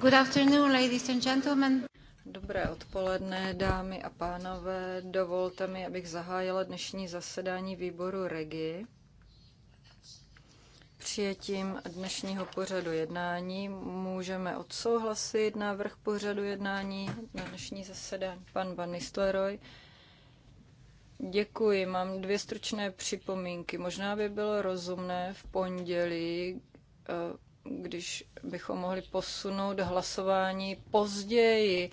Good afternoon, ladies and gentlemen. Dobré odpoledne, dámy a pánové. Dovolte mi, abych zahájila dnešní zasedání výboru REGI. Přijetím dnešního pořadu jednání můžeme odsouhlasit návrh pořadu jednání na dnešní zasedání. Pan Van Nistelrooy, Děkuji, mám dvě stručné připomínky. Možná by bylo rozumné v pondělí eh, když bychom mohli posunout hlasování později,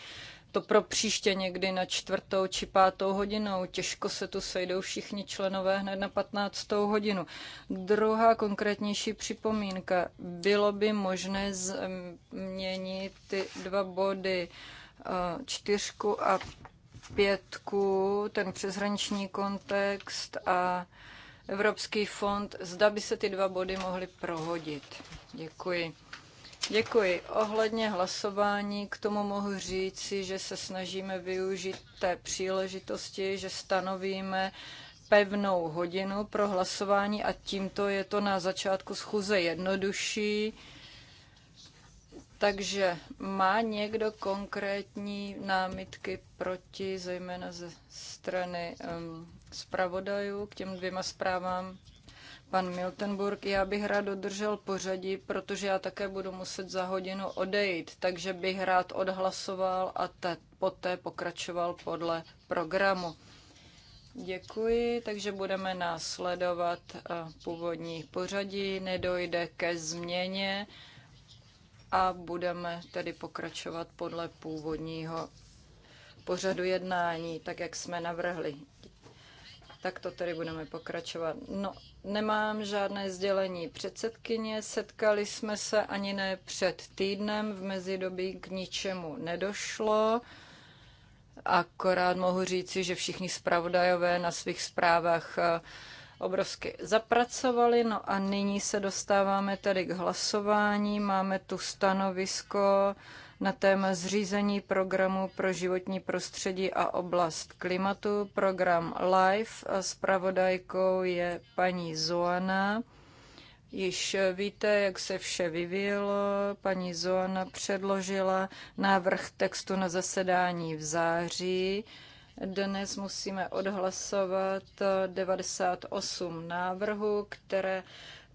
to pro příště někdy na čtvrtou či pátou hodinou. Těžko se tu sejdou všichni členové hned na patnáctou hodinu. Druhá konkrétnější připomínka. Bylo by možné změnit ty dva body eh, čtyřku a pětku, ten přeshraniční kontext a Evropský fond, zda by se ty dva body mohly prohodit. Děkuji. Děkuji. Ohledně hlasování k tomu mohu říci, že se snažíme využít té příležitosti, že stanovíme pevnou hodinu pro hlasování a tímto je to na začátku schůze jednodušší. Takže má někdo konkrétní námitky proti, zejména ze strany um, zpravodajů k těm dvěma zprávám? pan Miltenburg. Já bych rád dodržel pořadí, protože já také budu muset za hodinu odejít, takže bych rád odhlasoval a te, poté pokračoval podle programu. Děkuji, takže budeme následovat eh, původní pořadí, nedojde ke změně a budeme tedy pokračovat podle původního pořadu jednání, tak jak jsme navrhli. Tak to tedy budeme pokračovat. No, nemám žádné sdělení předsedkyně, setkali jsme se ani ne před týdnem, v mezidobí k ničemu nedošlo. Akorát mohu říci, že všichni zpravodajové na svých zprávách eh, obrovsky zapracovali. No a nyní se dostáváme tedy k hlasování. Máme tu stanovisko na téma zřízení programu pro životní prostředí a oblast klimatu. Program Live a zpravodajkou je paní Zoana. Již víte, jak se vše vyvíjelo. Paní Zoana předložila návrh textu na zasedání v září. Dnes musíme odhlasovat 98 návrhů, které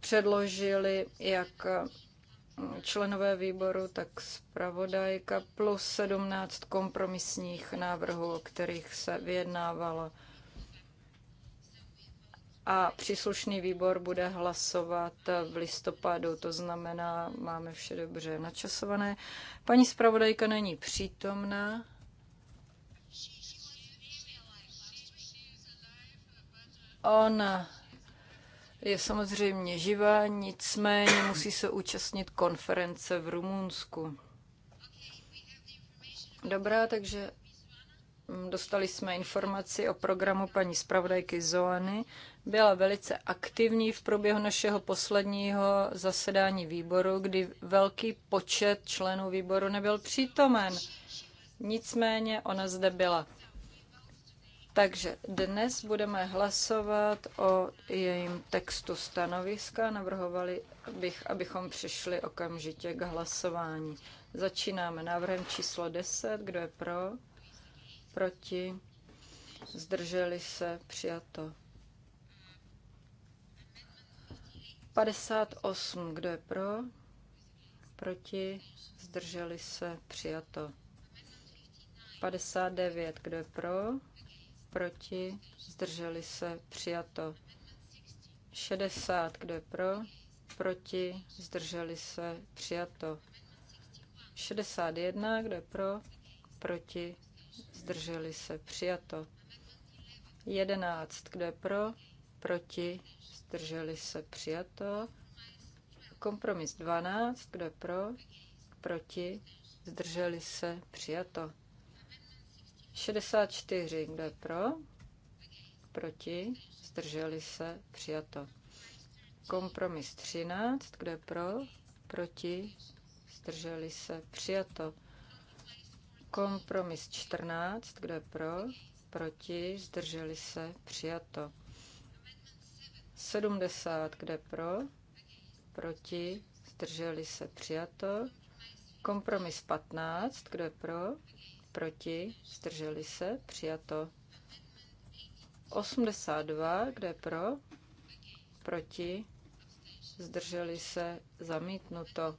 předložili jak členové výboru, tak zpravodajka plus 17 kompromisních návrhů, o kterých se vyjednávalo. A příslušný výbor bude hlasovat v listopadu, to znamená, máme vše dobře načasované. Paní zpravodajka není přítomná. Ona je samozřejmě živá, nicméně musí se účastnit konference v Rumunsku. Dobrá, takže mm, dostali jsme informaci o programu paní zpravodajky Zoany. Byla velice aktivní v průběhu našeho posledního zasedání výboru, kdy velký počet členů výboru nebyl přítomen. Nicméně ona zde byla takže dnes budeme hlasovat o jejím textu stanoviska. Navrhovali bych, abychom přišli okamžitě k hlasování. Začínáme návrhem číslo 10. Kdo je pro? Proti? Zdrželi se? Přijato. 58. Kdo je pro? Proti? Zdrželi se? Přijato. 59. Kdo je pro? proti, zdrželi se, přijato. 60, kdo je pro, proti, zdrželi se, přijato. 61, kdo je pro, proti, zdrželi se, přijato. 11, kdo je pro, proti, zdrželi se, přijato. Kompromis 12, kdo je pro, proti, zdrželi se, přijato. 64, kdo je pro? Proti? Zdrželi se? Přijato. Kompromis 13, kdo je pro? Proti? Zdrželi se? Přijato. Kompromis 14, kdo je pro? Proti? Zdrželi se? Přijato. 70, kdo je pro? Proti? Zdrželi se? Přijato. Kompromis 15, kdo je pro? proti, zdrželi se, přijato. 82, kde pro, proti, zdrželi se, zamítnuto.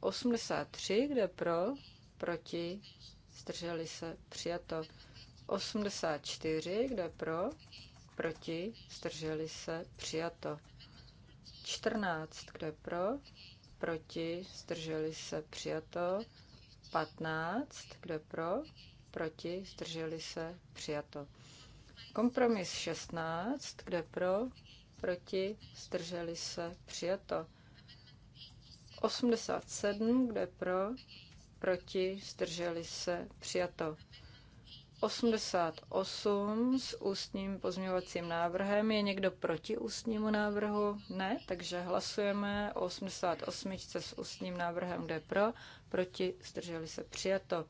83, kde pro, proti, zdrželi se, přijato. 84, kde pro, proti, zdrželi se, přijato. 14, kde pro, proti, zdrželi se, přijato. 15, kdo je pro, proti, zdrželi se, přijato. Kompromis 16, kdo je pro, proti, zdrželi se, přijato. 87, kdo je pro, proti, zdrželi se, přijato. 88 s ústním pozměňovacím návrhem. Je někdo proti ústnímu návrhu? Ne, takže hlasujeme o 88 s ústním návrhem, kde je pro, proti, zdrželi se přijato.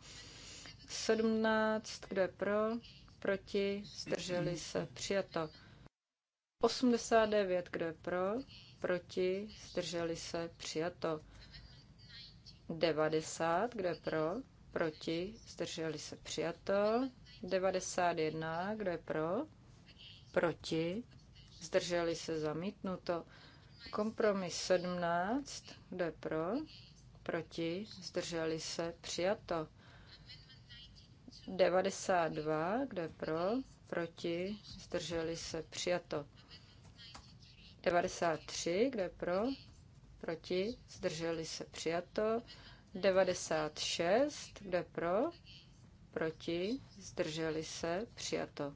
17, kde je pro, proti, zdrželi se přijato. 89, kde je pro, proti, zdrželi se přijato. 90, kde je pro, proti, zdrželi se přijato. 91, kdo je pro, proti, zdrželi se zamítnuto. Kompromis 17, kdo je pro, proti, zdrželi se přijato. 92, kdo je pro, proti, zdrželi se přijato. 93, kdo je pro, proti, zdrželi se přijato. 96, kdo je pro, proti, zdrželi se, přijato.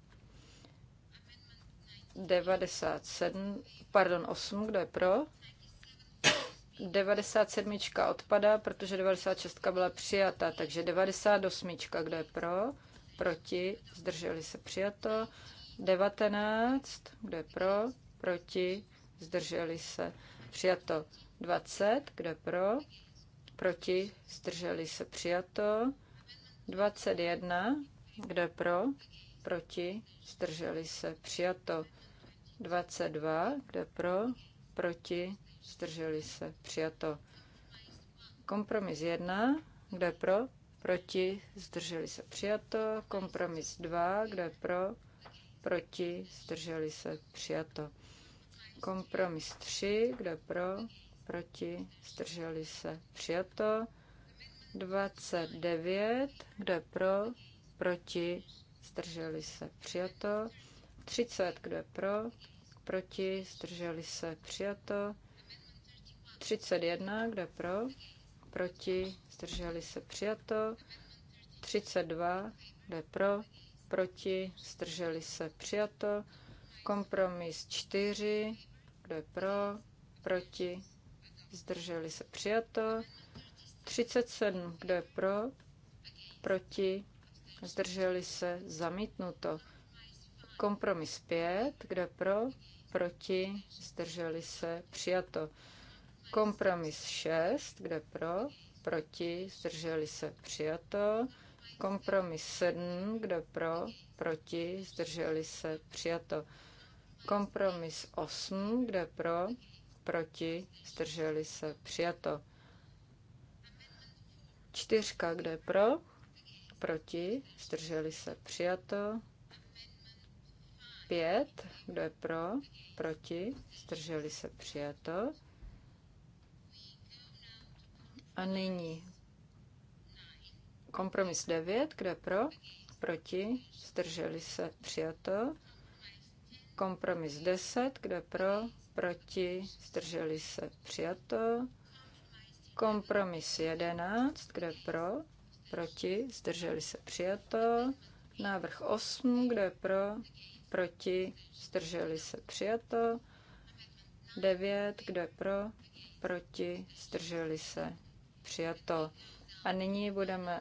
97, pardon, 8, kdo je pro. 97 odpadá, protože 96 byla přijata, takže 98, kdo je pro, proti, zdrželi se, přijato. 19, kdo je pro, proti, zdrželi se, přijato. 20, kdo je pro, proti, zdrželi se přijato. 21, kdo je pro, proti, zdrželi se přijato. 22, kdo je pro, proti, zdrželi se přijato. Kompromis 1, kdo je pro, proti, zdrželi se přijato. Kompromis 2, kdo je pro, proti, zdrželi se přijato. Kompromis 3, kdo je pro, proti, zdrželi se, přijato. 29, kdo je pro, proti, zdrželi se, přijato. 30, kdo je pro, proti, zdrželi se, přijato. 31, kdo je pro, proti, zdrželi se, přijato. 32, kdo je pro, proti, zdrželi se, přijato. Kompromis 4, kdo je pro, proti, zdrželi se přijato. 37, kdo je pro, proti, zdrželi se zamítnuto. Kompromis 5, kdo je pro, proti, zdrželi se přijato. Kompromis 6, kdo je pro, proti, zdrželi se přijato. Kompromis 7, kdo je pro, proti, zdrželi se, přijato. Kompromis 8, kdo je pro, proti, zdrželi se, přijato. Čtyřka, kde pro, proti, zdrželi se, přijato. Pět, kdo je pro, proti, zdrželi se, přijato. A nyní kompromis 9, je pro, proti, zdrželi se, přijato. Kompromis 10, kdo je pro, proti, zdrželi se, přijato. Kompromis 11, kde pro, proti, zdrželi se, přijato. Návrh 8, kde pro, proti, zdrželi se, přijato. 9, kde pro, proti, zdrželi se, přijato. A nyní budeme,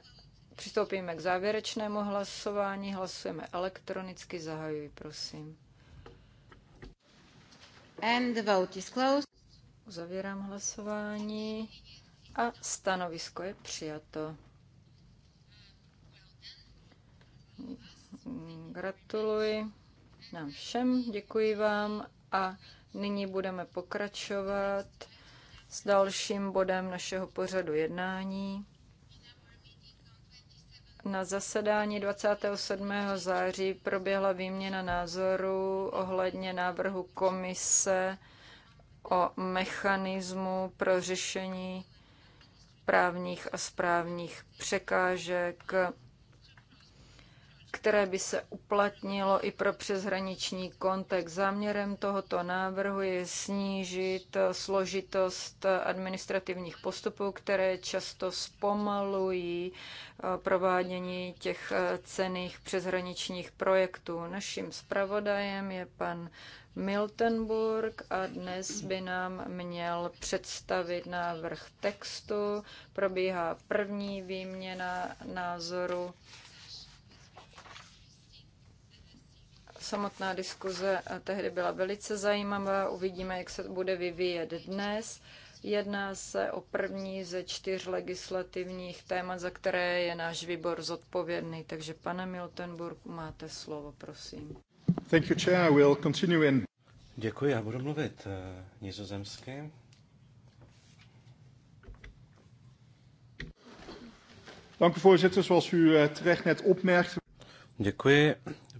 přistoupíme k závěrečnému hlasování. Hlasujeme elektronicky, zahajuji, prosím. And the vote is closed. Uzavírám hlasování a stanovisko je přijato. Gratuluji nám všem, děkuji vám a nyní budeme pokračovat s dalším bodem našeho pořadu jednání. Na zasedání 27. září proběhla výměna názorů ohledně návrhu komise o mechanismu pro řešení právních a správních překážek které by se uplatnilo i pro přeshraniční kontext. Záměrem tohoto návrhu je snížit složitost administrativních postupů, které často zpomalují eh, provádění těch eh, cených přeshraničních projektů. Naším zpravodajem je pan Miltenburg a dnes by nám měl představit návrh textu. Probíhá první výměna názoru samotná diskuze eh, tehdy byla velice zajímavá. Uvidíme, jak se bude vyvíjet dnes. Jedná se o první ze čtyř legislativních témat, za které je náš výbor zodpovědný. Takže pane Miltenburg, máte slovo, prosím. Thank you, Chair. We'll continue in... Děkuji, já budu mluvit eh, nizozemsky. Eh, Děkuji,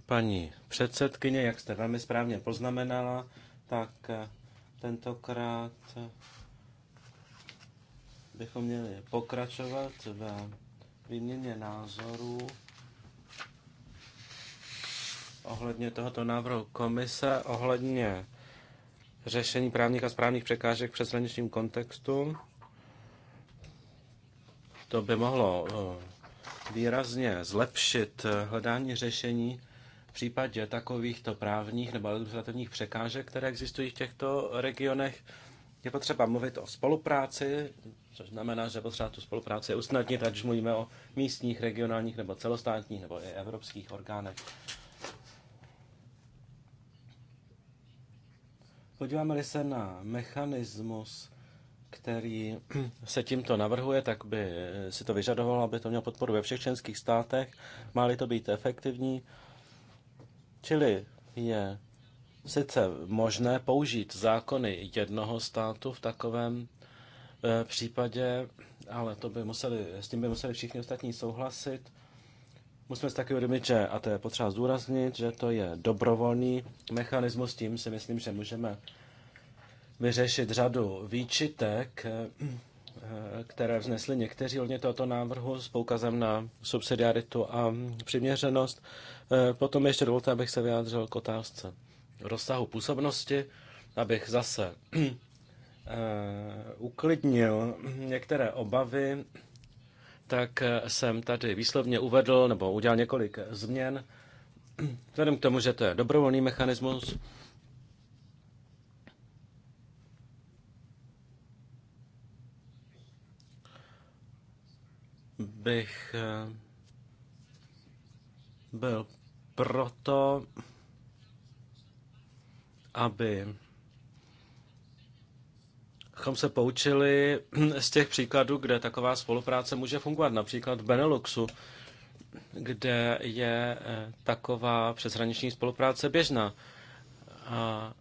paní předsedkyně, jak jste velmi správně poznamenala, tak eh, tentokrát eh, bychom měli pokračovat ve výměně názorů ohledně tohoto návrhu komise, ohledně řešení právních a správních překážek v přeshraničním kontextu. To by mohlo eh, výrazně zlepšit hledání řešení v případě takovýchto právních nebo administrativních překážek, které existují v těchto regionech, je potřeba mluvit o spolupráci, což znamená, že potřeba tu spolupráci usnadnit, ať už mluvíme o místních, regionálních nebo celostátních nebo i evropských orgánech. Podíváme-li se na mechanismus, který se tímto navrhuje, tak by si to vyžadovalo, aby to mělo podporu ve všech členských státech. Má-li to být efektivní, Čili je sice možné použít zákony jednoho státu v takovém eh, případě, ale to by museli, s tím by museli všichni ostatní souhlasit. Musíme si taky uvědomit, že, a to je potřeba zdůraznit, že to je dobrovolný mechanismus, tím si myslím, že můžeme vyřešit řadu výčitek eh, které vznesli někteří hodně tohoto návrhu s poukazem na subsidiaritu a přiměřenost. Eh, Potom ještě dovolte, abych se vyjádřil k otázce rozsahu působnosti, abych zase eh, uklidnil některé obavy, tak eh, jsem tady výslovně uvedl nebo udělal několik změn. Vzhledem k tomu, že to je dobrovolný mechanismus, bych eh, byl proto, aby chom se poučili z těch příkladů, kde taková spolupráce může fungovat. Například v Beneluxu, kde je eh, taková přeshraniční spolupráce běžná. A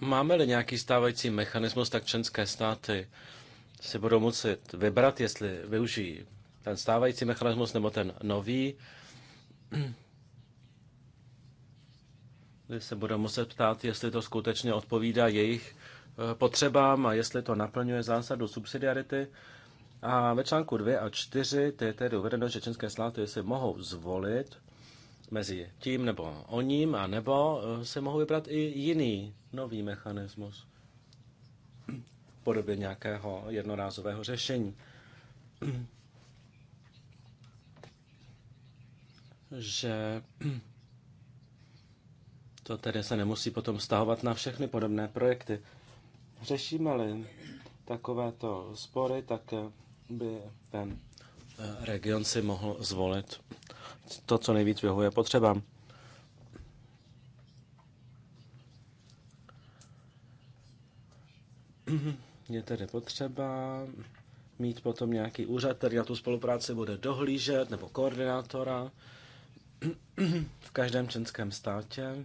máme-li nějaký stávající mechanismus, tak členské státy si budou moci vybrat, jestli využijí ten stávající mechanismus nebo ten nový. Kdy se budou muset ptát, jestli to skutečně odpovídá jejich eh, potřebám a jestli to naplňuje zásadu subsidiarity. A ve článku 2 a 4 to je tedy uvedeno, že české státy si mohou zvolit mezi tím nebo o ním, a nebo eh, se mohou vybrat i jiný nový mechanismus podobě nějakého jednorázového řešení. Že to tedy se nemusí potom stahovat na všechny podobné projekty. Řešíme-li takovéto spory, tak by ten eh, region si mohl zvolit to, co nejvíc vyhovuje potřebám. Mm-hmm. Je tedy potřeba mít potom nějaký úřad, který na tu spolupráci bude dohlížet, nebo koordinátora v každém členském státě.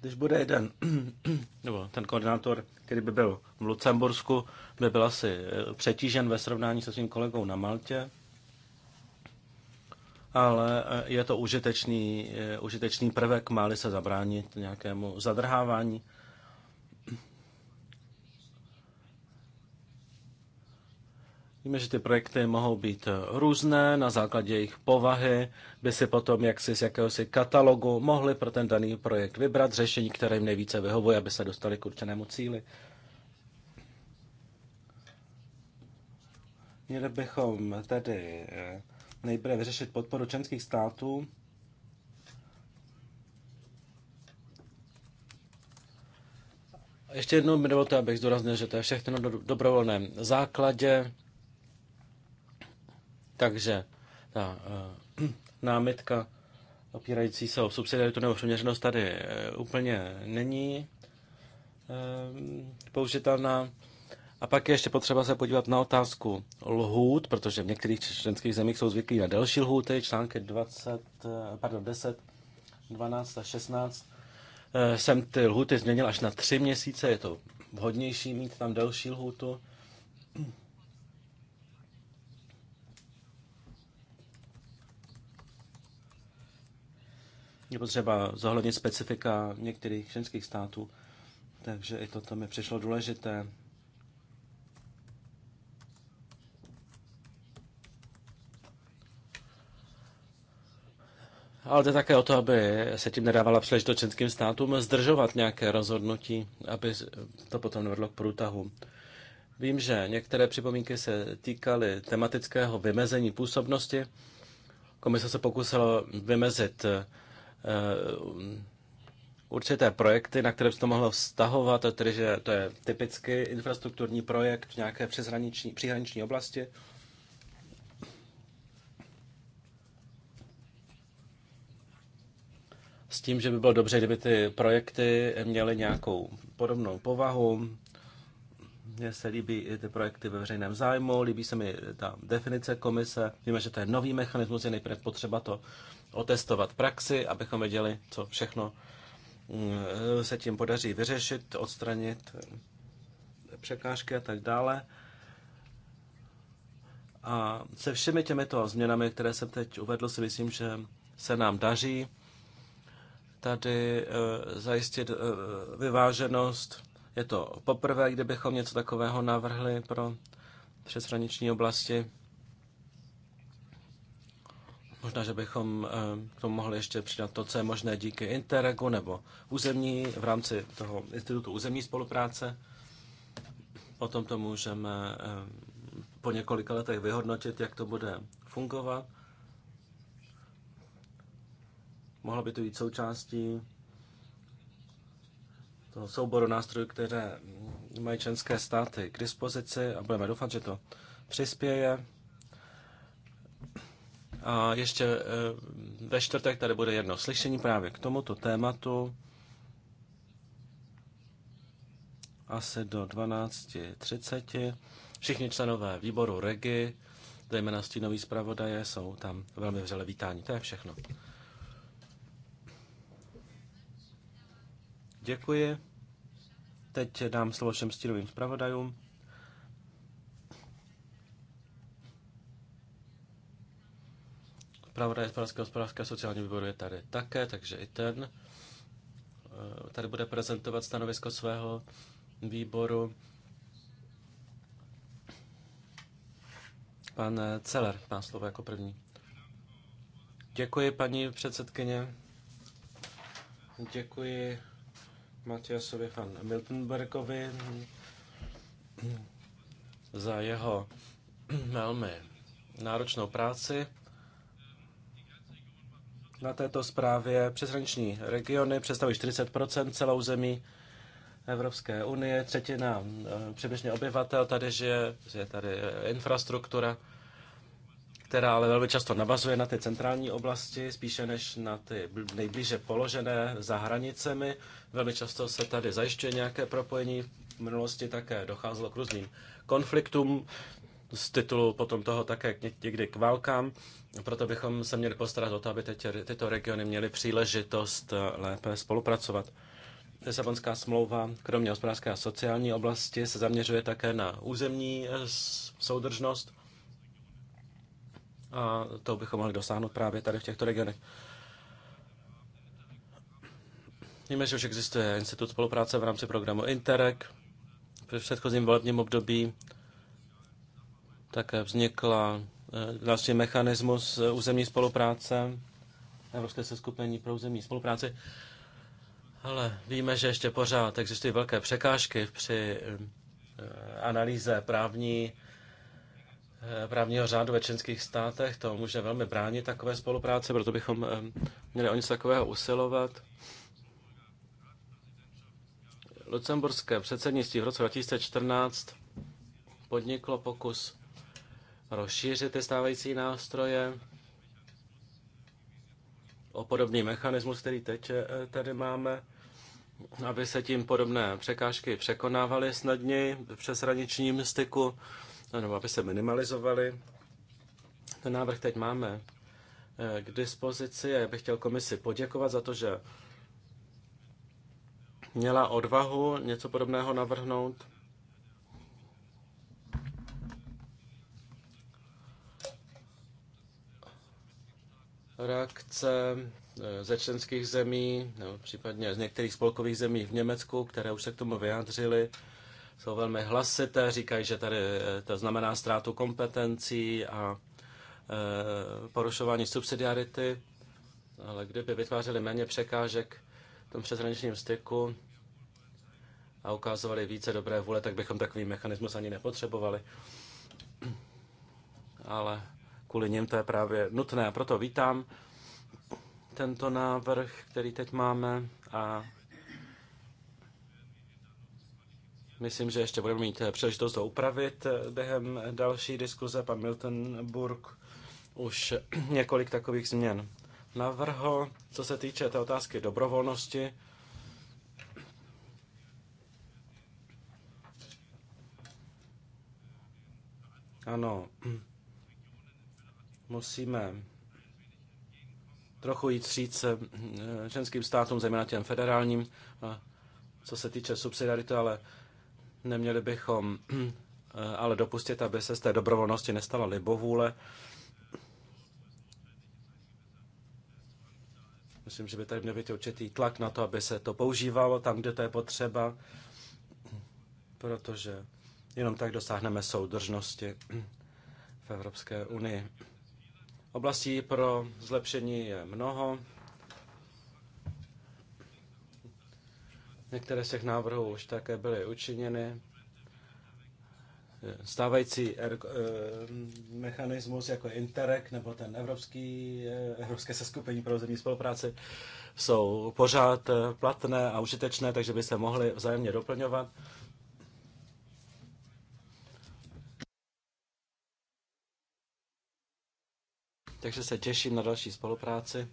Když bude jeden, nebo ten koordinátor, který by byl v Lucembursku, by byl asi eh, přetížen ve srovnání se svým kolegou na Maltě, ale eh, je to užitečný, eh, užitečný prvek, má se zabránit nějakému zadrhávání. Víme, že ty projekty mohou být eh, různé, na základě jejich povahy by si potom jaksi z jakéhosi katalogu mohli pro ten daný projekt vybrat řešení, které jim nejvíce vyhovuje, aby se dostali k určenému cíli. Měli bychom tedy nejprve vyřešit podporu členských států Ještě jednou mi dovolte, abych zdůraznil, že to je všechno na dobrovolném základě. Takže ta uh, námitka opírající se o subsidiaritu nebo přiměřenost tady uh, úplně není uh, použitelná. A pak je ještě potřeba se podívat na otázku lhůt, protože v některých členských zemích jsou zvyklí na delší lhůty, články 20, eh, pardon, 10, 12 a 16. Eh, jsem ty lhůty změnil až na tři měsíce, je to vhodnější mít tam delší lhůtu. Je potřeba zohlednit specifika některých členských států, takže i toto mi přišlo důležité. Ale jde také o to, aby se tím nedávala příležitost členským státům zdržovat nějaké rozhodnutí, aby to potom nevedlo k průtahu. Vím, že některé připomínky se týkaly tematického vymezení působnosti. Komise se pokusila vymezit eh, určité projekty, na které by se to mohlo vztahovat, tedy že to je typicky infrastrukturní projekt v nějaké přeshraniční, příhraniční oblasti. tím, že by bylo dobře, kdyby ty projekty měly nějakou podobnou povahu. Mně se líbí i ty projekty ve veřejném zájmu, líbí se mi ta definice komise. Víme, že to je nový mechanismus, je nejprve potřeba to otestovat v praxi, abychom věděli, co všechno mm, se tím podaří vyřešit, odstranit překážky a tak dále. A se všemi těmito změnami, které jsem teď uvedl, si myslím, že se nám daří tady eh, zajistit eh, vyváženost. Je to poprvé, kdybychom něco takového navrhli pro přeshraniční oblasti. Možná, že bychom eh, k tomu mohli ještě přidat to, co je možné díky Interregu nebo územní v rámci toho institutu územní spolupráce. Potom to můžeme po několika letech vyhodnotit, jak to bude fungovat. mohlo by to být součástí toho souboru nástrojů, které mají členské státy k dispozici a budeme doufat, že to přispěje. A ještě eh, ve čtvrtek tady bude jedno slyšení právě k tomuto tématu. Asi do 12.30. Všichni členové výboru REGI, zejména stínový zpravodaje, jsou tam velmi vřele vítáni. To je všechno. Děkuji. Teď dám slovo všem stínovým zpravodajům. Zpravodaj z Pražského hospodářského sociální výboru je tady také, takže i ten eh, tady bude prezentovat stanovisko svého výboru. Pan Celer má slovo jako první. Děkuji, paní předsedkyně. Děkuji Matiasovi van Miltenbergovi za jeho velmi náročnou práci na této zprávě. Přeshraniční regiony představují 40 celou zemí Evropské unie, třetina eh, přibližně obyvatel tady žije, je tady eh, infrastruktura která ale velmi často navazuje na ty centrální oblasti, spíše než na ty nejblíže položené za hranicemi. Velmi často se tady zajišťuje nějaké propojení. V minulosti také docházelo k různým konfliktům, z titulu potom toho také někdy k válkám. Proto bychom se měli postarat o to, aby teď, tyto regiony měly příležitost eh, lépe spolupracovat. Lisabonská smlouva, kromě hospodářské a sociální oblasti, se zaměřuje také na územní eh, soudržnost, a to bychom mohli dosáhnout právě tady v těchto regionech. Víme, že už existuje institut spolupráce v rámci programu Interreg. V předchozím volebním období také vznikla eh, vlastně další mechanismus eh, územní spolupráce, Evropské seskupení pro územní spolupráci. Ale víme, že ještě pořád existují velké překážky při eh, analýze právní Eh, právního řádu ve členských státech. To může velmi bránit takové spolupráce, proto bychom eh, měli o něco takového usilovat. Lucemburské předsednictví v roce 2014 podniklo pokus rozšířit ty stávající nástroje o podobný mechanismus, který teď eh, tady máme, aby se tím podobné překážky překonávaly snadněji v přeshraničním styku. No, nebo aby se minimalizovaly. Ten návrh teď máme eh, k dispozici a já bych chtěl komisi poděkovat za to, že měla odvahu něco podobného navrhnout. Reakce eh, ze členských zemí, nebo případně z některých spolkových zemí v Německu, které už se k tomu vyjádřily, jsou velmi hlasité, říkají, že tady eh, to znamená ztrátu kompetencí a eh, porušování subsidiarity, ale kdyby vytvářeli méně překážek v tom přeshraničním styku a ukázovali více dobré vůle, tak bychom takový mechanismus ani nepotřebovali. Ale kvůli ním to je právě nutné. Proto vítám tento návrh, který teď máme a Myslím, že ještě budeme mít eh, příležitost to upravit eh, během eh, další diskuze. Pan Burg už několik takových změn navrhl. Co se týče té otázky dobrovolnosti, ano, musíme trochu jít říct ženským státům, zejména těm federálním, co se týče subsidiarity, ale Neměli bychom eh, ale dopustit, aby se z té dobrovolnosti nestala libovůle. Myslím, že by tady měl být určitý tlak na to, aby se to používalo tam, kde to je potřeba, protože jenom tak dosáhneme soudržnosti v Evropské unii. Oblastí pro zlepšení je mnoho. Některé z těch návrhů už také byly učiněny. Stávající er, eh, mechanismus jako Interreg nebo ten Evropský, eh, Evropské seskupení pro zemní spolupráci jsou pořád eh, platné a užitečné, takže by se mohly vzájemně doplňovat. Takže se těším na další spolupráci.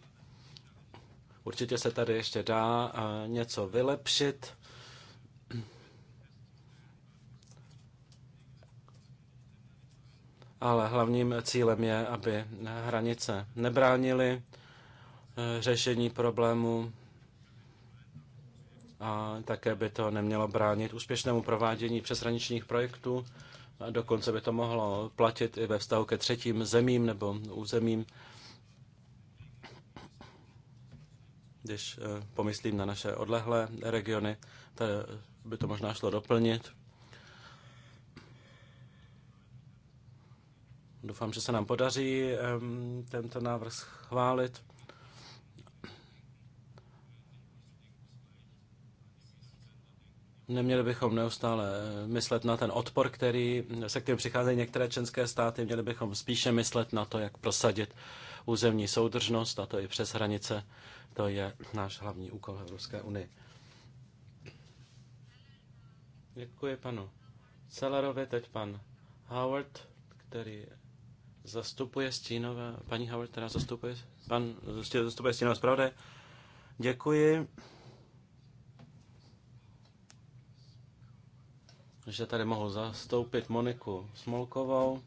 Určitě se tady ještě dá eh, něco vylepšit. Ale hlavním cílem je, aby hranice nebránily eh, řešení problému a také by to nemělo bránit úspěšnému provádění přeshraničních projektů. A dokonce by to mohlo platit i ve vztahu ke třetím zemím nebo územím, Když eh, pomyslím na naše odlehlé regiony, to by to možná šlo doplnit. Doufám, že se nám podaří tento návrh schválit. Neměli bychom neustále eh, myslet na ten odpor, který, se kterým přicházejí některé členské státy, měli bychom spíše myslet na to, jak prosadit uh, územní soudržnost, a to i přes hranice. To je náš hlavní úkol Evropské unie. Děkuji panu Celerovi, teď pan Howard, který zastupuje stínové, paní Howard, která zastupuje, pan zastupuje stínové zpravodaje. Děkuji. že tady mohu zastoupit Moniku Smolkovou.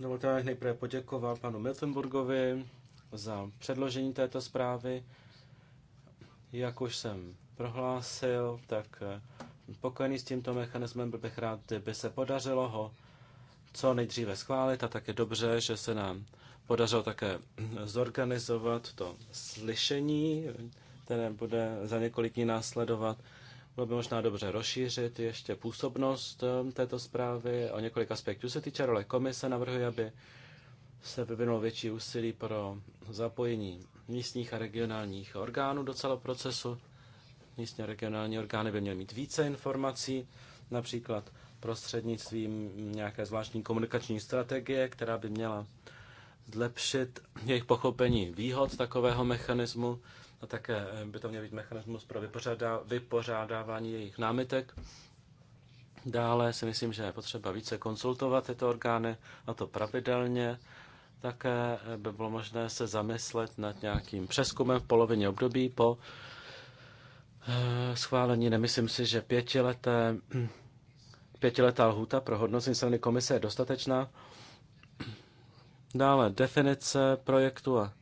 Dovolte mi nejprve poděkovat panu Miltenburgovi za předložení této zprávy. Jak už jsem prohlásil, tak eh, pokojený s tímto mechanismem bych rád, kdyby se podařilo ho co nejdříve schválit a tak je dobře, že se nám podařilo také zorganizovat to slyšení, které bude za několik dní následovat bylo by možná dobře rozšířit ještě působnost um, této zprávy o několik aspektů. Se týče role komise, navrhuji, aby se vyvinulo větší úsilí pro zapojení místních a regionálních orgánů do celého procesu. Místní a regionální orgány by měly mít více informací, například prostřednictvím nějaké zvláštní komunikační strategie, která by měla zlepšit jejich pochopení výhod takového mechanismu. A také eh, by to měl být mechanismus pro vypořádávání jejich námitek. Dále si myslím, že je potřeba více konsultovat tyto orgány, a to pravidelně. Také eh, by bylo možné se zamyslet nad nějakým přeskumem v polovině období po eh, schválení. Nemyslím si, že pětileté, pětiletá lhůta pro hodnocení strany komise je dostatečná. Dále definice projektu a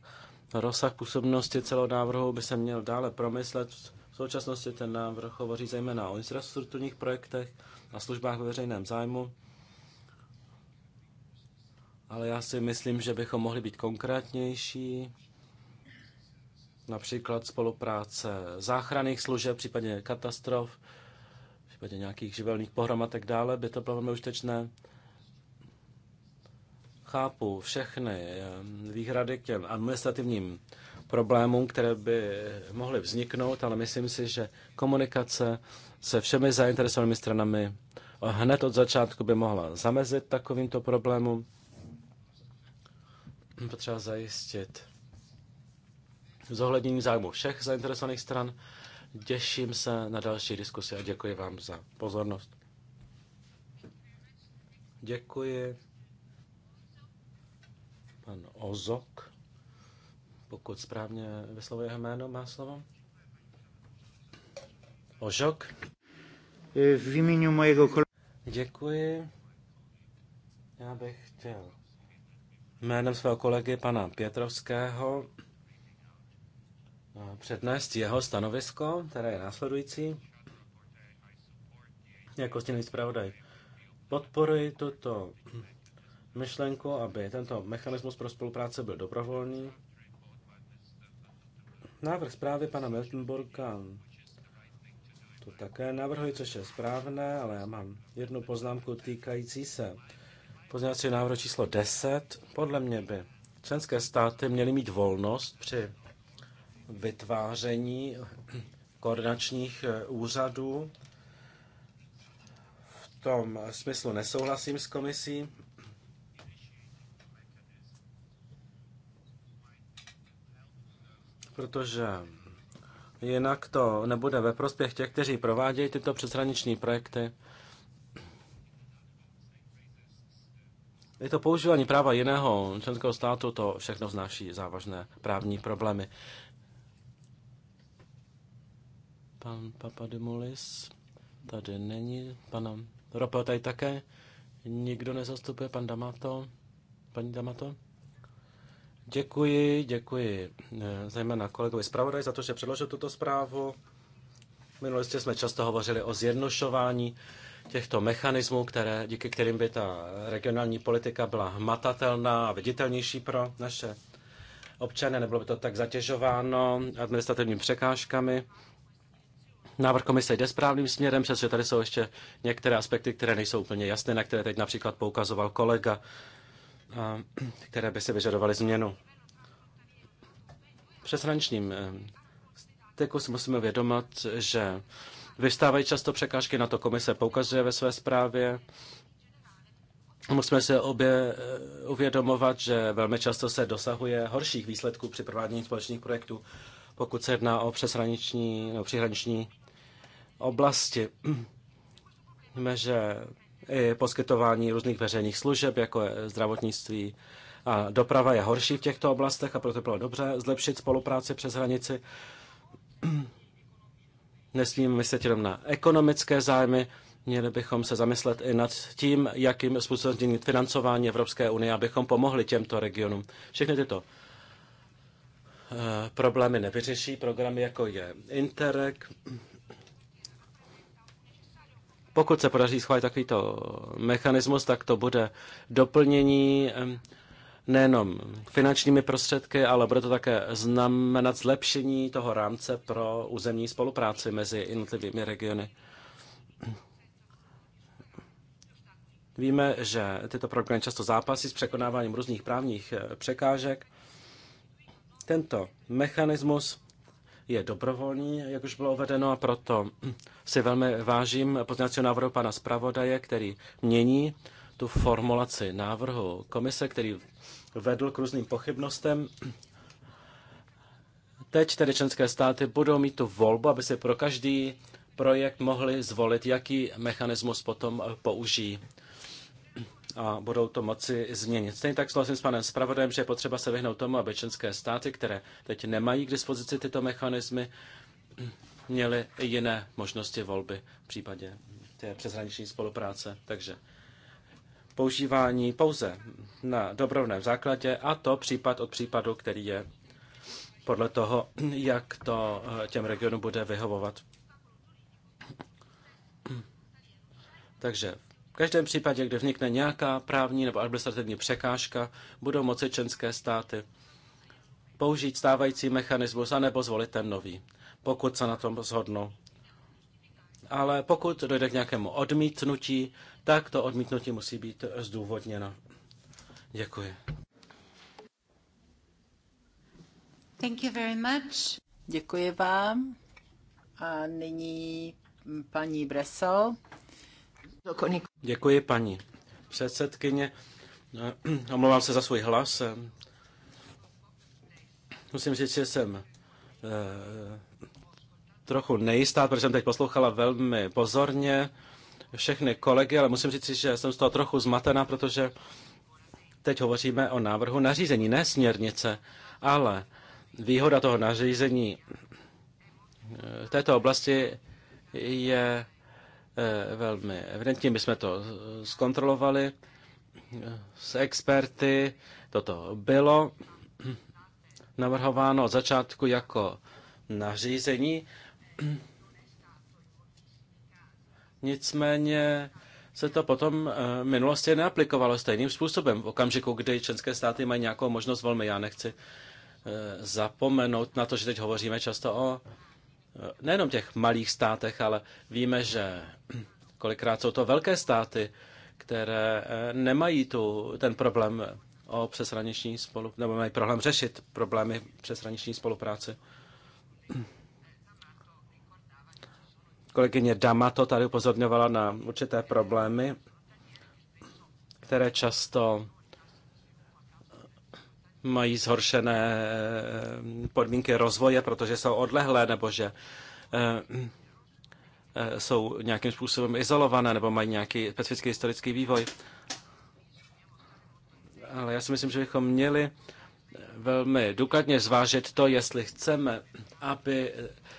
Rozsah působnosti celého návrhu by se měl dále promyslet. V současnosti ten návrh hovoří zejména o infrastrukturních projektech a službách ve veřejném zájmu. Ale já si myslím, že bychom mohli být konkrétnější. Například spolupráce záchranných služeb, případně katastrof, případně nějakých živelných pohrom a tak dále, by to bylo velmi užitečné chápu všechny eh, výhrady k těm administrativním problémům, které by mohly vzniknout, ale myslím si, že komunikace se všemi zainteresovanými stranami hned od začátku by mohla zamezit takovýmto problémům. Potřeba zajistit zohlednění zájmu všech zainteresovaných stran. Těším se na další diskusi a děkuji vám za pozornost. Děkuji. Pan Ozok, pokud správně vyslovuje jeho jméno, má slovo. Ozok. V jménu mojego kolegy. Děkuji. Já bych chtěl jménem svého kolegy pana Pětrovského eh, přednést jeho stanovisko, které je následující. Jako stěný zpravodaj podporuji tuto myšlenku, aby tento mechanismus pro spolupráci byl dobrovolný. Návrh zprávy pana Meltenburga to také navrhuji, což je správné, ale já mám jednu poznámku týkající se pozměňovací návrh číslo 10. Podle mě by členské státy měly mít volnost při vytváření koordinačních eh, úřadů. V tom smyslu nesouhlasím s komisí. protože jinak to nebude ve prospěch těch, kteří provádějí tyto přeshraniční projekty. Je to používání práva jiného členského státu, to všechno znáší závažné právní problémy. Pan Papadimulis tady není, Pan ropel tady také, nikdo nezastupuje, pan Damato, paní Damato. Děkuji, děkuji eh, zejména kolegovi zpravodaj za to, že předložil tuto zprávu. V minulosti jsme často hovořili o zjednošování těchto mechanismů, které, díky kterým by ta regionální politika byla hmatatelná a viditelnější pro naše občany, nebylo by to tak zatěžováno administrativními překážkami. Návrh komise jde správným směrem, přestože tady jsou ještě některé aspekty, které nejsou úplně jasné, na které teď například poukazoval kolega které by si vyžadovaly změnu. Přeshraničním eh, styku si musíme vědomat, že vystávají často překážky, na to komise poukazuje ve své zprávě. Musíme se obě eh, uvědomovat, že velmi často se dosahuje horších výsledků při provádění společných projektů, pokud se jedná o přeshraniční nebo přihraniční oblasti. Víme, že poskytování různých veřejných služeb, jako je zdravotnictví a doprava je horší v těchto oblastech a proto bylo dobře zlepšit spolupráci přes hranici. Nesmíme myslet jenom na ekonomické zájmy, měli bychom se zamyslet i nad tím, jakým způsobem změnit financování Evropské unie, abychom pomohli těmto regionům. Všechny tyto eh, problémy nevyřeší programy, jako je Interreg, pokud se podaří schválit takovýto mechanismus, tak to bude doplnění nejenom finančními prostředky, ale bude to také znamenat zlepšení toho rámce pro územní spolupráci mezi jednotlivými regiony. Víme, že tyto programy často zápasí s překonáváním různých právních eh, překážek. Tento mechanismus je dobrovolný, jak už bylo uvedeno, a proto si velmi vážím pozměňovacího návrhu pana zpravodaje, který mění tu formulaci návrhu komise, který vedl k různým pochybnostem. Teď tedy členské státy budou mít tu volbu, aby si pro každý projekt mohli zvolit, jaký mechanismus potom použijí a budou to moci změnit. Stejně tak souhlasím s panem zpravodajem, že je potřeba se vyhnout tomu, aby členské státy, které teď nemají k dispozici tyto mechanismy, měly jiné možnosti volby v případě té přeshraniční spolupráce. Takže používání pouze na dobrovném základě a to případ od případu, který je podle toho, jak to eh, těm regionům bude vyhovovat. Takže každém případě, kde vznikne nějaká právní nebo administrativní překážka, budou moci členské státy použít stávající mechanismus anebo zvolit ten nový, pokud se na tom zhodnou. Ale pokud dojde k nějakému odmítnutí, tak to odmítnutí musí být zdůvodněno. Děkuji. Thank you very much. Děkuji vám. A nyní paní Breso. Děkuji, paní předsedkyně. Eh, omlouvám se za svůj hlas. Eh, musím říct, že jsem eh, trochu nejistá, protože jsem teď poslouchala velmi pozorně všechny kolegy, ale musím říct, že jsem z toho trochu zmatená, protože teď hovoříme o návrhu nařízení, ne směrnice, ale výhoda toho nařízení v této oblasti je Eh, velmi evidentní. My jsme to zkontrolovali eh, s experty. Toto bylo navrhováno od začátku jako nařízení. Nicméně se to potom eh, v minulosti neaplikovalo stejným způsobem. V okamžiku, kdy členské státy mají nějakou možnost volby, já nechci zapomenout na to, že teď hovoříme často o Eh, nejenom těch malých státech, ale víme, že kolikrát jsou to velké státy, které eh, nemají tu, ten problém eh, o přeshraniční spolupráci, nebo mají problém řešit problémy přeshraniční spolupráce. Kolegyně Dama to tady upozorňovala na určité problémy, které často mají zhoršené eh, podmínky rozvoje, protože jsou odlehlé nebo že eh, eh, jsou nějakým způsobem izolované nebo mají nějaký specifický historický vývoj. Ale já si myslím, že bychom měli velmi důkladně zvážit to, jestli chceme, aby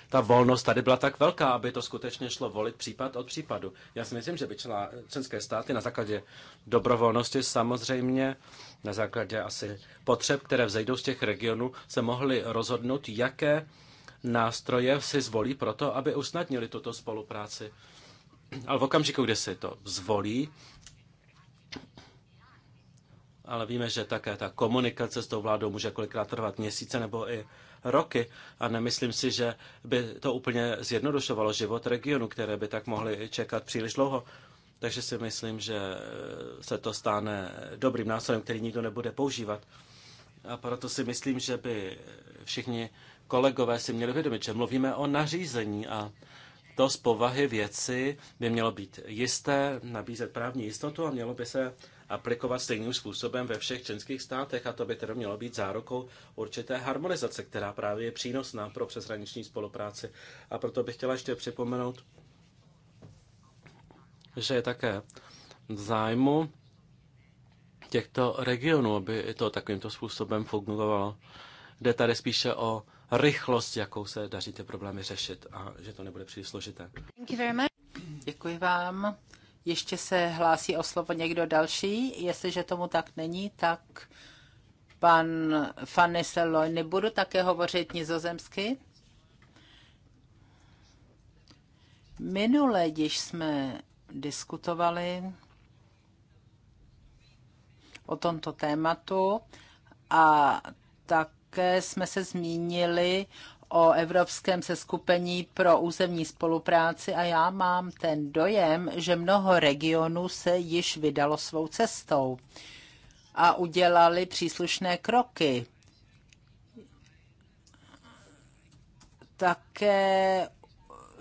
ta volnost tady byla tak velká, aby to skutečně šlo volit případ od případu. Já si myslím, že by členské státy na základě dobrovolnosti samozřejmě na základě asi potřeb, které vzejdou z těch regionů, se mohli rozhodnout, jaké nástroje si zvolí pro to, aby usnadnili tuto spolupráci. Ale v okamžiku, kdy si to zvolí, ale víme, že také ta komunikace s tou vládou může kolikrát trvat měsíce nebo i roky a nemyslím si, že by to úplně zjednodušovalo život regionu, které by tak mohly čekat příliš dlouho. Takže si myslím, že eh, se to stane dobrým nástrojem, který nikdo nebude používat. A proto si myslím, že by eh, všichni kolegové si měli vědomit, že mluvíme o nařízení a to z povahy věci by mělo být jisté, nabízet právní jistotu a mělo by se aplikovat stejným způsobem ve všech členských státech a to by tedy mělo být zárukou určité harmonizace, která právě je přínosná pro přeshraniční spolupráci. A proto bych chtěla ještě připomenout že je také v zájmu těchto regionů, aby to takovýmto způsobem fungovalo. Jde tady spíše o rychlost, jakou se daří ty problémy řešit a že to nebude příliš složité. Děkuji vám. Ještě se hlásí o slovo někdo další. Jestliže tomu tak není, tak pan Faniseloj, nebudu také hovořit nizozemsky. Minule, když jsme diskutovali o tomto tématu a také jsme se zmínili o Evropském seskupení pro územní spolupráci a já mám ten dojem, že mnoho regionů se již vydalo svou cestou a udělali příslušné kroky. Také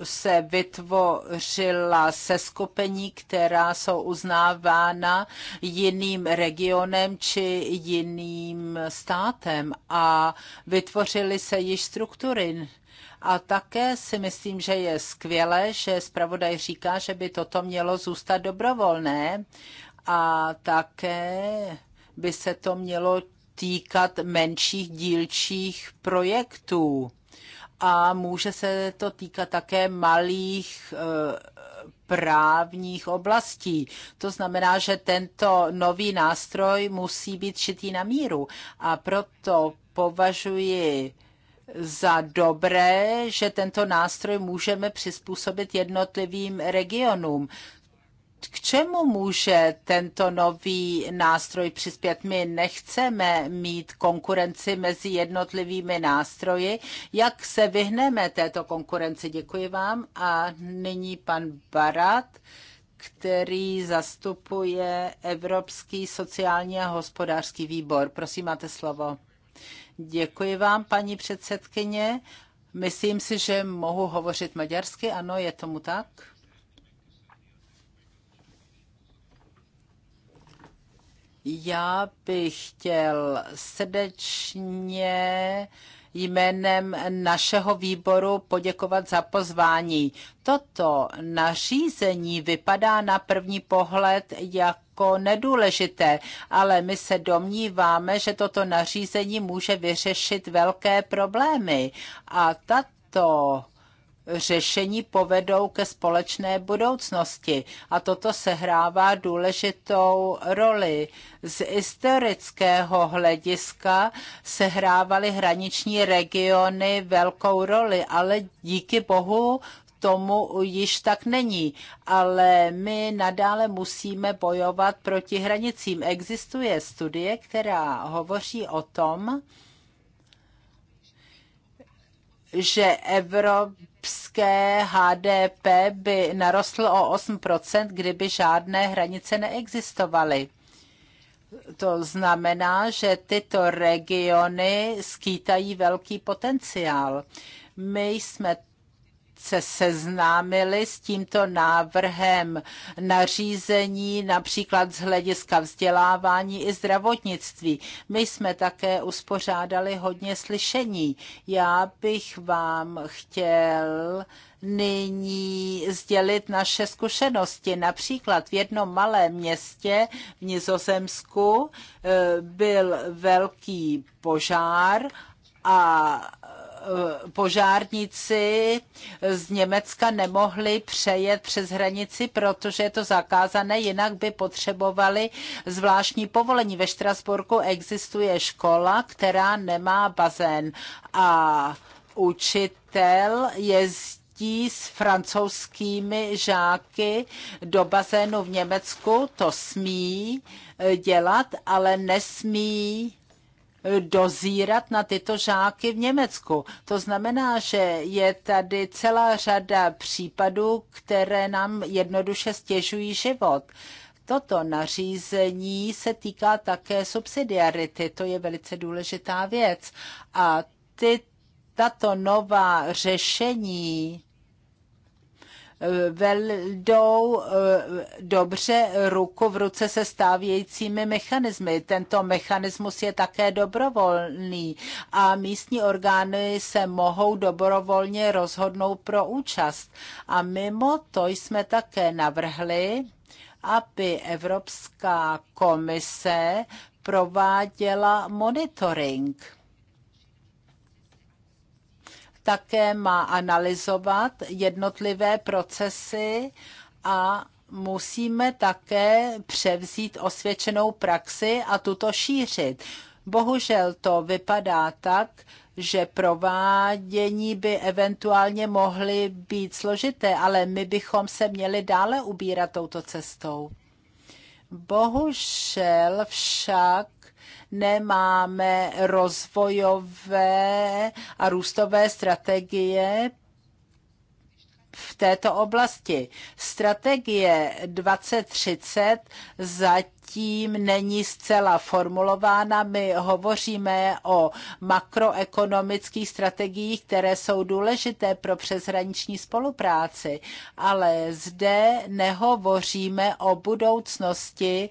se vytvořila seskupení, která jsou uznávána jiným regionem či jiným státem a vytvořily se již struktury. A také si myslím, že je skvělé, že zpravodaj říká, že by toto mělo zůstat dobrovolné a také by se to mělo týkat menších dílčích projektů a může se to týkat také malých eh, právních oblastí. To znamená, že tento nový nástroj musí být šitý na míru a proto považuji za dobré, že tento nástroj můžeme přizpůsobit jednotlivým regionům k čemu může tento nový nástroj přispět? My nechceme mít konkurenci mezi jednotlivými nástroji. Jak se vyhneme této konkurenci? Děkuji vám. A nyní pan Barat, který zastupuje Evropský sociální a hospodářský výbor. Prosím, máte slovo. Děkuji vám, paní předsedkyně. Myslím si, že mohu hovořit maďarsky. Ano, je tomu tak? Já bych chtěl srdečně jménem našeho výboru poděkovat za pozvání. Toto nařízení vypadá na první pohled jako nedůležité, ale my se domníváme, že toto nařízení může vyřešit velké problémy. A tato řešení povedou ke společné budoucnosti. A toto sehrává důležitou roli. Z historického hlediska sehrávaly hraniční regiony velkou roli, ale díky bohu tomu již tak není. Ale my nadále musíme bojovat proti hranicím. Existuje studie, která hovoří o tom, že Evropa evropské HDP by narostl o 8%, kdyby žádné hranice neexistovaly. To znamená, že tyto regiony skýtají velký potenciál. My jsme se seznámili s tímto návrhem nařízení, například z hlediska vzdělávání i zdravotnictví. My jsme také uspořádali hodně slyšení. Já bych vám chtěl nyní sdělit naše zkušenosti. Například v jednom malém městě v Nizozemsku eh, byl velký požár a Eh, požárníci z Německa nemohli přejet přes hranici, protože je to zakázané, jinak by potřebovali zvláštní povolení. Ve Štrasburku existuje škola, která nemá bazén a učitel jezdí s francouzskými žáky do bazénu v Německu, to smí eh, dělat, ale nesmí dozírat na tyto žáky v Německu. To znamená, že je tady celá řada případů, které nám jednoduše stěžují život. Toto nařízení se týká také subsidiarity, to je velice důležitá věc. A ty, tato nová řešení veldou eh, dobře ruku v ruce se stávějícími mechanismy. Tento mechanismus je také dobrovolný a místní orgány se mohou dobrovolně rozhodnout pro účast. A mimo to jsme také navrhli, aby Evropská komise prováděla monitoring také má analyzovat jednotlivé procesy a musíme také převzít osvědčenou praxi a tuto šířit. Bohužel to vypadá tak, že provádění by eventuálně mohly být složité, ale my bychom se měli dále ubírat touto cestou. Bohužel však nemáme rozvojové a růstové strategie v této oblasti. Strategie 2030 zatím není zcela formulována. My hovoříme o makroekonomických strategiích, které jsou důležité pro přeshraniční spolupráci, ale zde nehovoříme o budoucnosti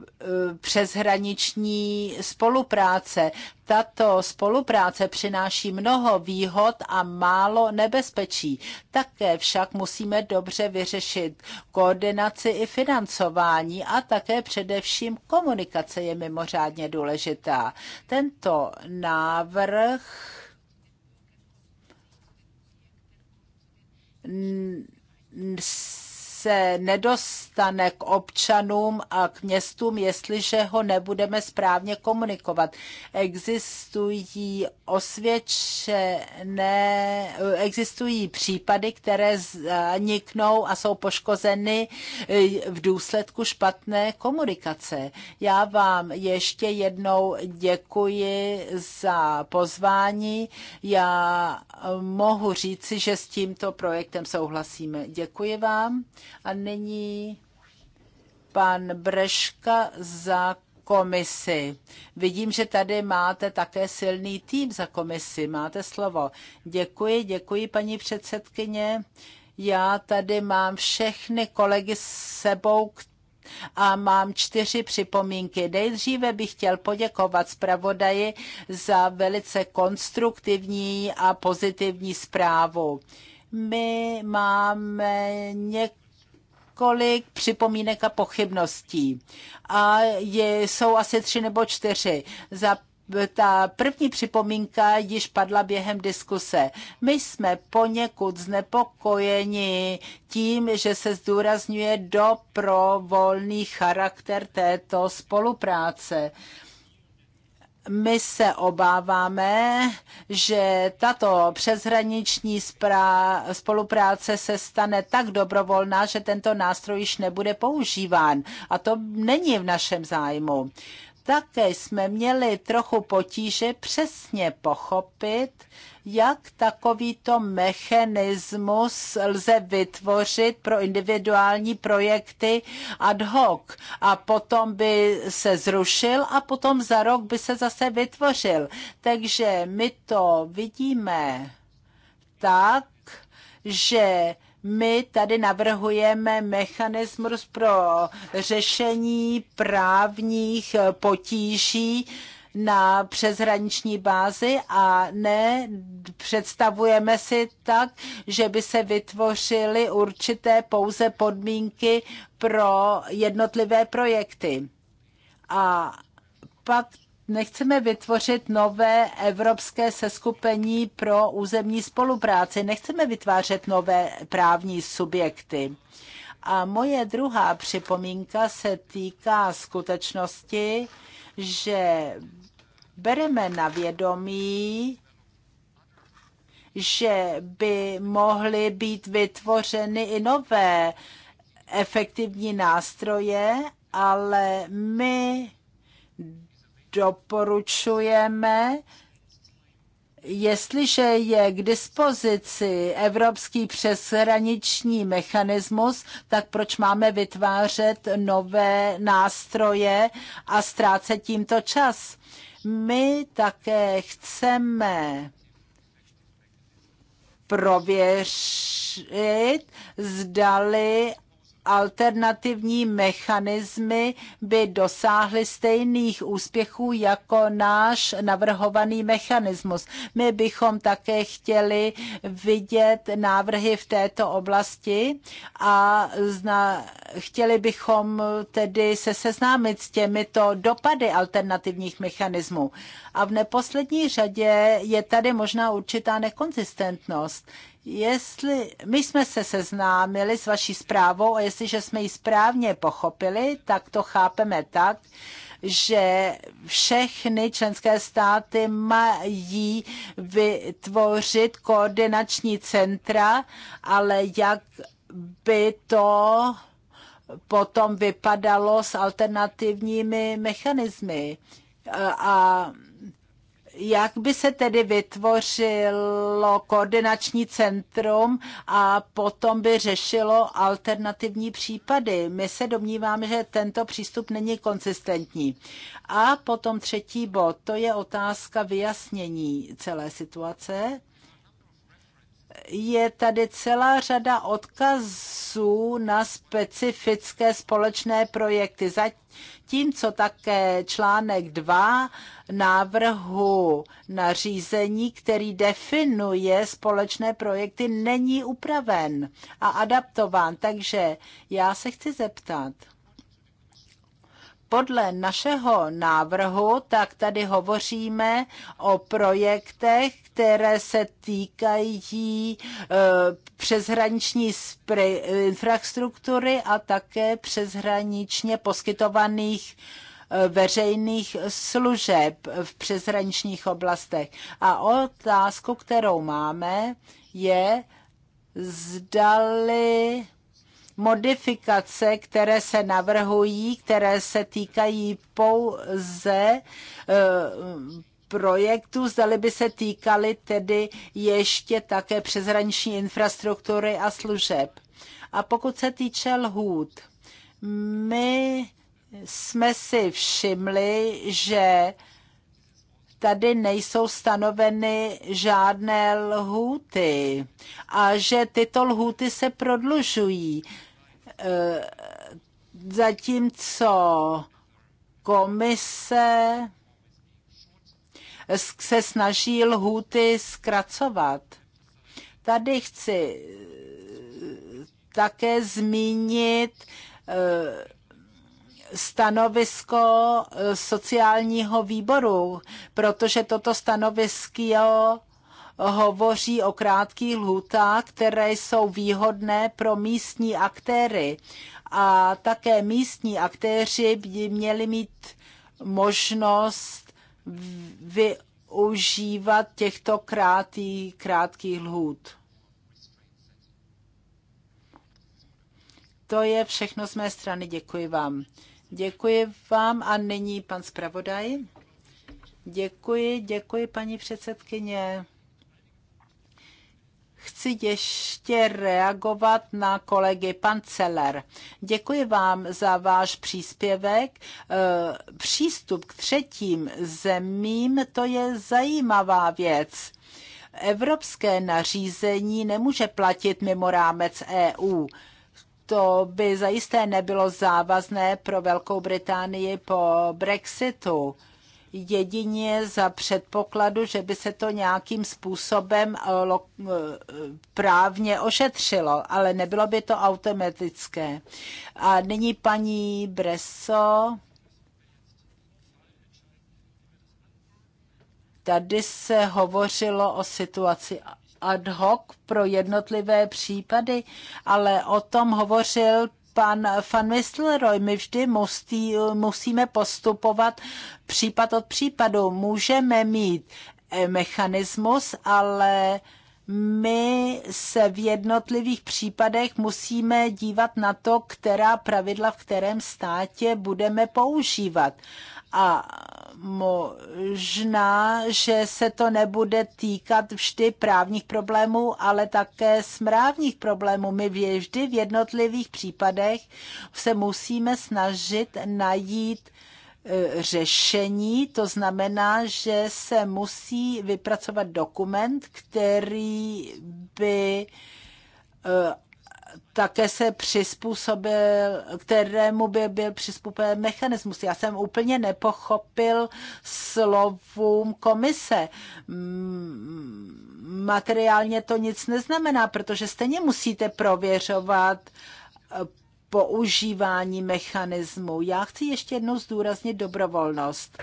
Eh, přeshraniční spolupráce. Tato spolupráce přináší mnoho výhod a málo nebezpečí. Také však musíme dobře vyřešit koordinaci i financování a také především komunikace je mimořádně důležitá. Tento návrh s se nedostane k občanům a k městům, jestliže ho nebudeme správně komunikovat. Existují osvědčené, existují případy, které zaniknou a jsou poškozeny v důsledku špatné komunikace. Já vám ještě jednou děkuji za pozvání. Já mohu říci, že s tímto projektem souhlasíme. Děkuji vám a nyní pan Breška za komisi. Vidím, že tady máte také silný tým za komisi. Máte slovo. Děkuji, děkuji, paní předsedkyně. Já tady mám všechny kolegy s sebou, a mám čtyři připomínky. Nejdříve bych chtěl poděkovat zpravodaji za velice konstruktivní a pozitivní zprávu. My máme několik několik připomínek a pochybností. A je, jsou asi tři nebo čtyři. Za ta první připomínka již padla během diskuse. My jsme poněkud znepokojeni tím, že se zdůrazňuje doprovolný charakter této spolupráce my se obáváme, že tato přeshraniční spolupráce se stane tak dobrovolná, že tento nástroj již nebude používán. A to není v našem zájmu. Také jsme měli trochu potíže přesně pochopit, jak takovýto mechanismus lze vytvořit pro individuální projekty ad hoc a potom by se zrušil a potom za rok by se zase vytvořil. Takže my to vidíme tak, že my tady navrhujeme mechanismus pro řešení právních potíží, na přeshraniční bázi a ne představujeme si tak, že by se vytvořily určité pouze podmínky pro jednotlivé projekty. A pak nechceme vytvořit nové evropské seskupení pro územní spolupráci, nechceme vytvářet nové právní subjekty. A moje druhá připomínka se týká skutečnosti, že bereme na vědomí, že by mohly být vytvořeny i nové efektivní nástroje, ale my doporučujeme, jestliže je k dispozici evropský přeshraniční mechanismus, tak proč máme vytvářet nové nástroje a ztrácet tímto čas? My také chceme prověřit, zdali alternativní mechanismy by dosáhly stejných úspěchů jako náš navrhovaný mechanismus. My bychom také chtěli vidět návrhy v této oblasti a zna, chtěli bychom tedy se seznámit s těmito dopady alternativních mechanismů. A v neposlední řadě je tady možná určitá nekonzistentnost. Jestli my jsme se seznámili s vaší zprávou a jestliže jsme ji správně pochopili, tak to chápeme tak, že všechny členské státy mají vytvořit koordinační centra, ale jak by to potom vypadalo s alternativními mechanismy. A jak by se tedy vytvořilo koordinační centrum a potom by řešilo alternativní případy. My se domníváme, že tento přístup není konsistentní. A potom třetí bod, to je otázka vyjasnění celé situace je tady celá řada odkazů na specifické společné projekty. Zatímco také článek 2 návrhu nařízení, který definuje společné projekty, není upraven a adaptován. Takže já se chci zeptat podle našeho návrhu, tak tady hovoříme o projektech, které se týkají e, přeshraniční infrastruktury a také přeshraničně poskytovaných e, veřejných služeb v přeshraničních oblastech. A otázku, kterou máme, je, zdali modifikace, které se navrhují, které se týkají pouze eh, projektu, zdali by se týkaly tedy ještě také přeshraniční infrastruktury a služeb. A pokud se týče lhůt, my jsme si všimli, že tady nejsou stanoveny žádné lhůty a že tyto lhůty se prodlužují. Eh, zatímco komise se snaží lhůty zkracovat. Tady chci eh, také zmínit eh, stanovisko eh, sociálního výboru, protože toto stanovisko hovoří o krátkých lhůtách, které jsou výhodné pro místní aktéry. A také místní aktéři by měli mít možnost využívat těchto krátkých lhůt. To je všechno z mé strany. Děkuji vám. Děkuji vám a nyní pan zpravodaj. Děkuji, děkuji paní předsedkyně. Chci ještě reagovat na kolegy pan Celer. Děkuji vám za váš příspěvek. Eh, přístup k třetím zemím, to je zajímavá věc evropské nařízení nemůže platit mimo rámec EU to by zajisté nebylo závazné pro Velkou Británii po Brexitu. Jedině za předpokladu, že by se to nějakým způsobem eh, eh, právně ošetřilo, ale nebylo by to automatické. A nyní paní Breso. Tady se hovořilo o situaci ad hoc pro jednotlivé případy, ale o tom hovořil pan van Mistelrooy, my vždy musí, musíme postupovat případ od případu. Můžeme mít mechanismus, ale my se v jednotlivých případech musíme dívat na to, která pravidla v kterém státě budeme používat. A možná, že se to nebude týkat vždy právních problémů, ale také smrávních problémů. My vždy v jednotlivých případech se musíme snažit najít řešení, to znamená, že se musí vypracovat dokument, který by eh, také se přizpůsobil, kterému by byl přizpůsoben mechanismus. Já jsem úplně nepochopil slovům komise. Materiálně to nic neznamená, protože stejně musíte prověřovat používání mechanismu. Já chci ještě jednou zdůraznit dobrovolnost.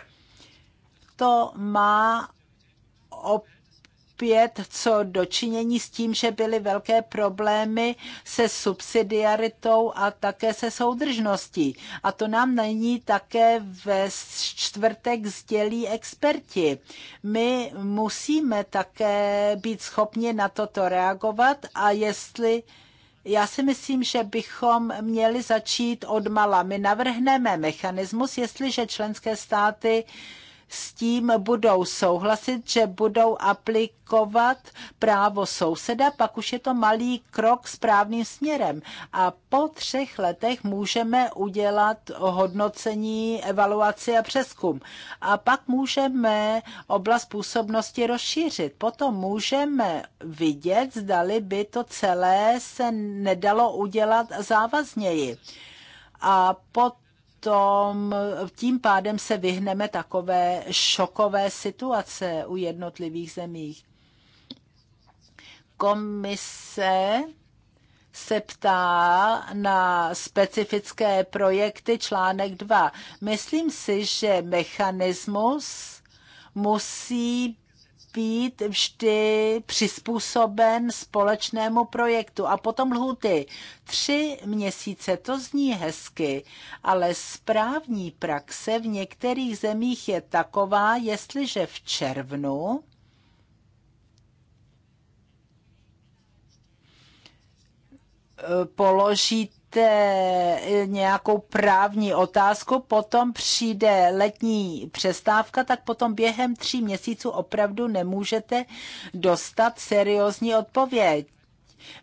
To má opět co dočinění s tím, že byly velké problémy se subsidiaritou a také se soudržností. A to nám není také ve čtvrtek sdělí experti. My musíme také být schopni na toto reagovat a jestli já si myslím, že bychom měli začít odmala. My navrhneme mechanismus, jestliže členské státy uh, s tím budou souhlasit, že budou aplikovat právo souseda, pak už je to malý krok správným směrem. A po třech letech můžeme udělat hodnocení, evaluaci a přeskum. A pak můžeme oblast působnosti rozšířit. Potom můžeme vidět, zdali by to celé se nedalo udělat závazněji. A potom potom tím pádem se vyhneme takové šokové situace u jednotlivých zemích. Komise se ptá na specifické projekty článek 2. Myslím si, že mechanismus musí být vždy přizpůsoben společnému projektu. A potom lhuty. Tři měsíce, to zní hezky, ale správní praxe v některých zemích je taková, jestliže v červnu položíte Eh, nějakou právní otázku, potom přijde letní přestávka, tak potom během tří měsíců opravdu nemůžete dostat seriózní odpověď.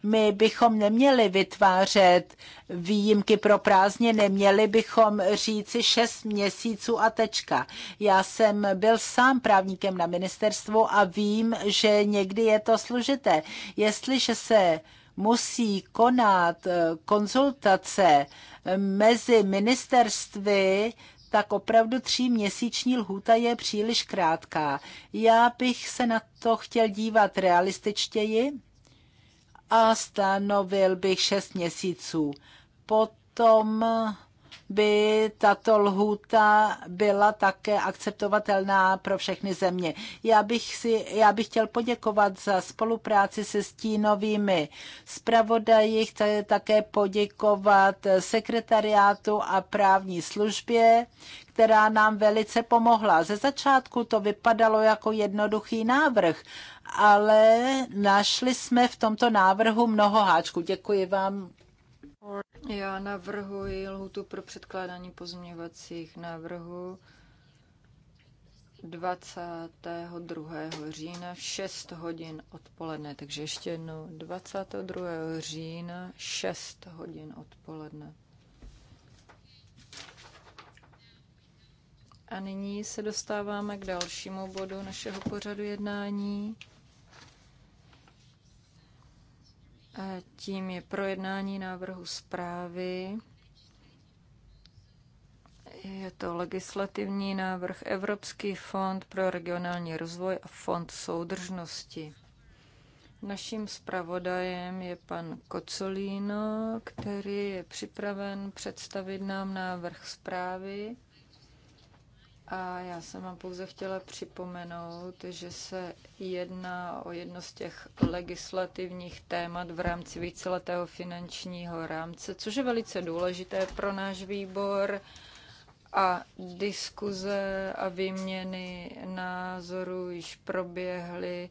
My bychom neměli vytvářet výjimky pro prázdně, neměli bychom říci šest měsíců a tečka. Já jsem byl sám právníkem na ministerstvu a vím, že někdy je to složité. Jestliže se musí konat eh, konzultace eh, mezi ministerstvy, tak opravdu tříměsíční lhůta je příliš krátká. Já bych se na to chtěl dívat realističtěji a stanovil bych šest měsíců. Potom by tato lhůta byla také akceptovatelná pro všechny země. Já bych, si, já bych chtěl poděkovat za spolupráci se stínovými zpravodaji, chtěl také poděkovat sekretariátu a právní službě, která nám velice pomohla. Ze začátku to vypadalo jako jednoduchý návrh, ale našli jsme v tomto návrhu mnoho háčků. Děkuji vám já navrhuji lhutu pro předkládání pozměňovacích návrhů 22. října v 6 hodin odpoledne. Takže ještě jednou 22. října 6 hodin odpoledne. A nyní se dostáváme k dalšímu bodu našeho pořadu jednání. A tím je projednání návrhu zprávy. Je to legislativní návrh Evropský fond pro regionální rozvoj a fond soudržnosti. Naším zpravodajem je pan Kocolíno, který je připraven představit nám návrh zprávy. A já jsem vám pouze chtěla připomenout, že se jedná o jedno z těch legislativních témat v rámci víceletého finančního rámce, což je velice důležité pro náš výbor a diskuze a výměny názorů již proběhly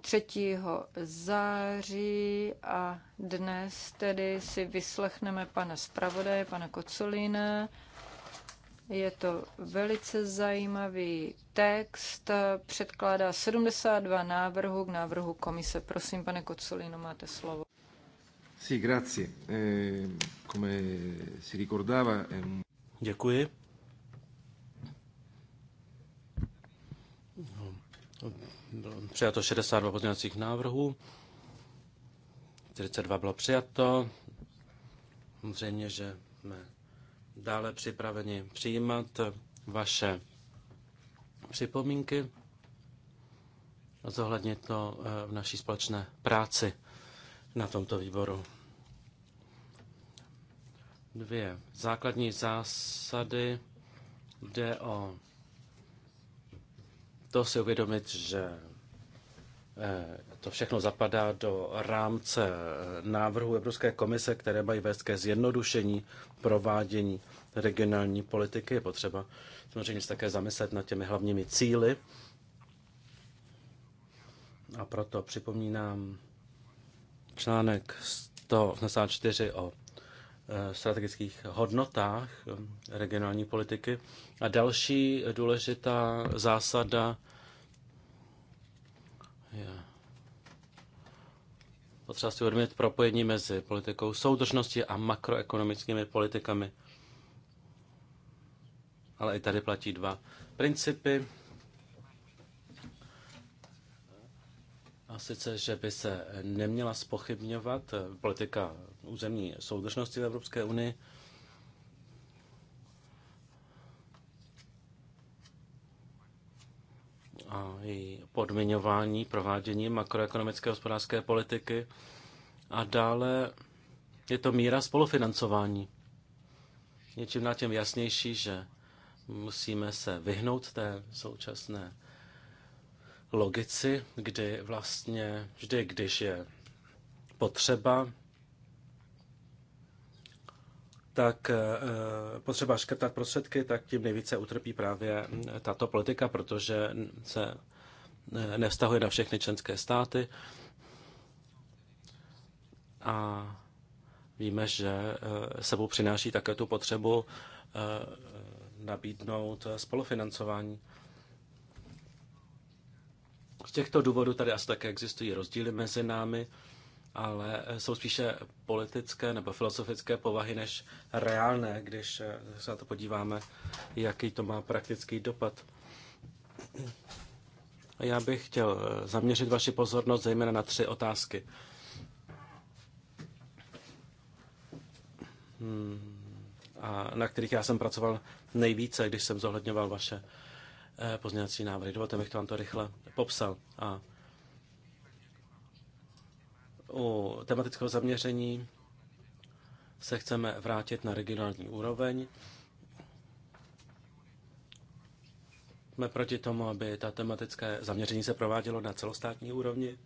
3. září a dnes tedy si vyslechneme pana zpravodaje, pana Kocolína, je to velice zajímavý text. Předkládá 72 návrhů k návrhu komise. Prosím, pane Kocolino, máte slovo. Sì, grazie. Eh, come si ricordava, è Děkuji. No, no, přijato 62 pozměňovacích návrhů, 42 bylo přijato. Samozřejmě, že jsme dále připraveni přijímat vaše připomínky a zohlednit to eh, v naší společné práci na tomto výboru. Dvě základní zásady jde o to si uvědomit, že eh, to všechno zapadá do rámce návrhu Evropské komise, které mají vést ke zjednodušení provádění regionální politiky. Je potřeba samozřejmě se také zamyslet nad těmi hlavními cíly. A proto připomínám článek 184 o e, strategických hodnotách regionální politiky. A další důležitá zásada potřeba si uvědomit propojení mezi politikou soudržnosti a makroekonomickými politikami. Ale i tady platí dva principy. A sice, že by se neměla spochybňovat politika územní soudržnosti v Evropské unii, odměňování, provádění makroekonomické hospodářské politiky a dále je to míra spolufinancování. Je čím na těm jasnější, že musíme se vyhnout té současné logici, kdy vlastně vždy, když je potřeba, tak eh, potřeba škrtat prostředky, tak tím nejvíce utrpí právě eh, tato politika, protože se nevztahuje na všechny členské státy. A víme, že eh, sebou přináší také tu potřebu eh, nabídnout spolufinancování. Z těchto důvodů tady asi také existují rozdíly mezi námi, ale eh, jsou spíše politické nebo filozofické povahy než reálné, když se na to podíváme, jaký to má praktický dopad. A já bych chtěl eh, zaměřit vaši pozornost zejména na tři otázky. Hmm. A na kterých já jsem pracoval nejvíce, když jsem zohledňoval vaše eh, pozměňovací návrhy. Dovolte, bych to vám to rychle popsal. A u tematického zaměření se chceme vrátit na regionální úroveň. Jsme proti tomu, aby ta tematické zaměření se provádělo na celostátní úrovni.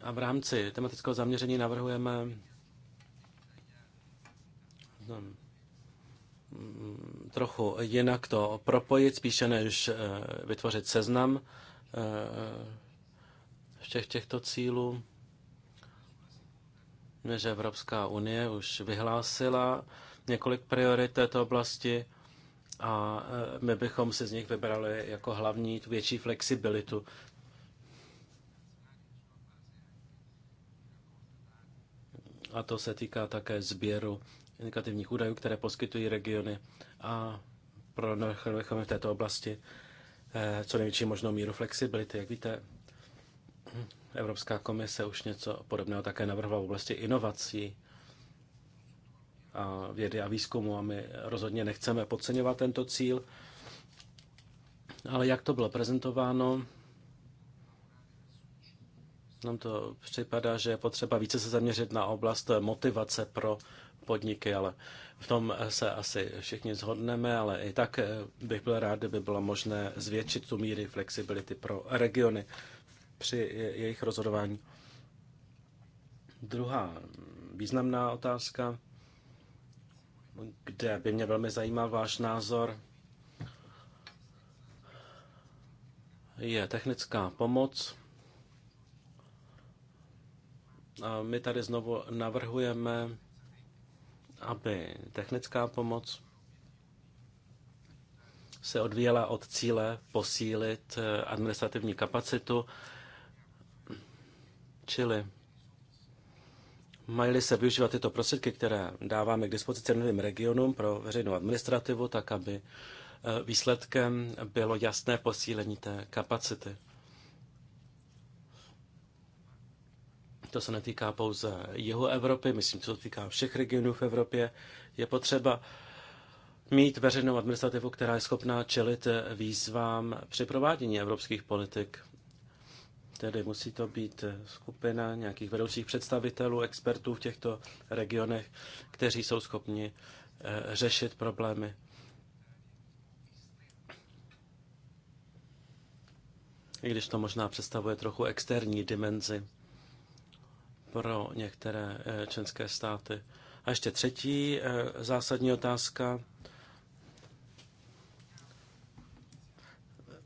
A v rámci tematického zaměření navrhujeme no, mm, trochu jinak to propojit, spíše než eh, vytvořit seznam eh, všech těchto cílů, než Evropská unie už vyhlásila několik priorit této oblasti a e, my bychom si z nich vybrali jako hlavní tu větší flexibilitu. A to se týká také sběru indikativních údajů, které poskytují regiony a pro bychom v této oblasti e, co největší možnou míru flexibility. Jak víte, Evropská komise už něco podobného také navrhla v oblasti inovací a vědy a výzkumu a my rozhodně nechceme podceňovat tento cíl. Ale jak to bylo prezentováno, nám to připadá, že je potřeba více se zaměřit na oblast motivace pro podniky, ale v tom se asi všichni zhodneme, ale i tak bych byl rád, kdyby bylo možné zvětšit tu míry flexibility pro regiony při jejich rozhodování. Druhá významná otázka kde by mě velmi zajímal váš názor, je technická pomoc. A my tady znovu navrhujeme, aby technická pomoc se odvíjela od cíle posílit administrativní kapacitu, čili Mají se využívat tyto prostředky, které dáváme k dispozici novým regionům pro veřejnou administrativu, tak aby e, výsledkem bylo jasné posílení té kapacity. To se netýká pouze jihu Evropy, myslím, to týká všech regionů v Evropě. Je potřeba mít veřejnou administrativu, která je schopná čelit výzvám při provádění evropských politik Tedy musí to být eh, skupina nějakých vedoucích představitelů, expertů v těchto regionech, kteří jsou schopni eh, řešit problémy. I když to možná představuje trochu externí dimenzi pro některé eh, členské státy. A ještě třetí zásadní otázka.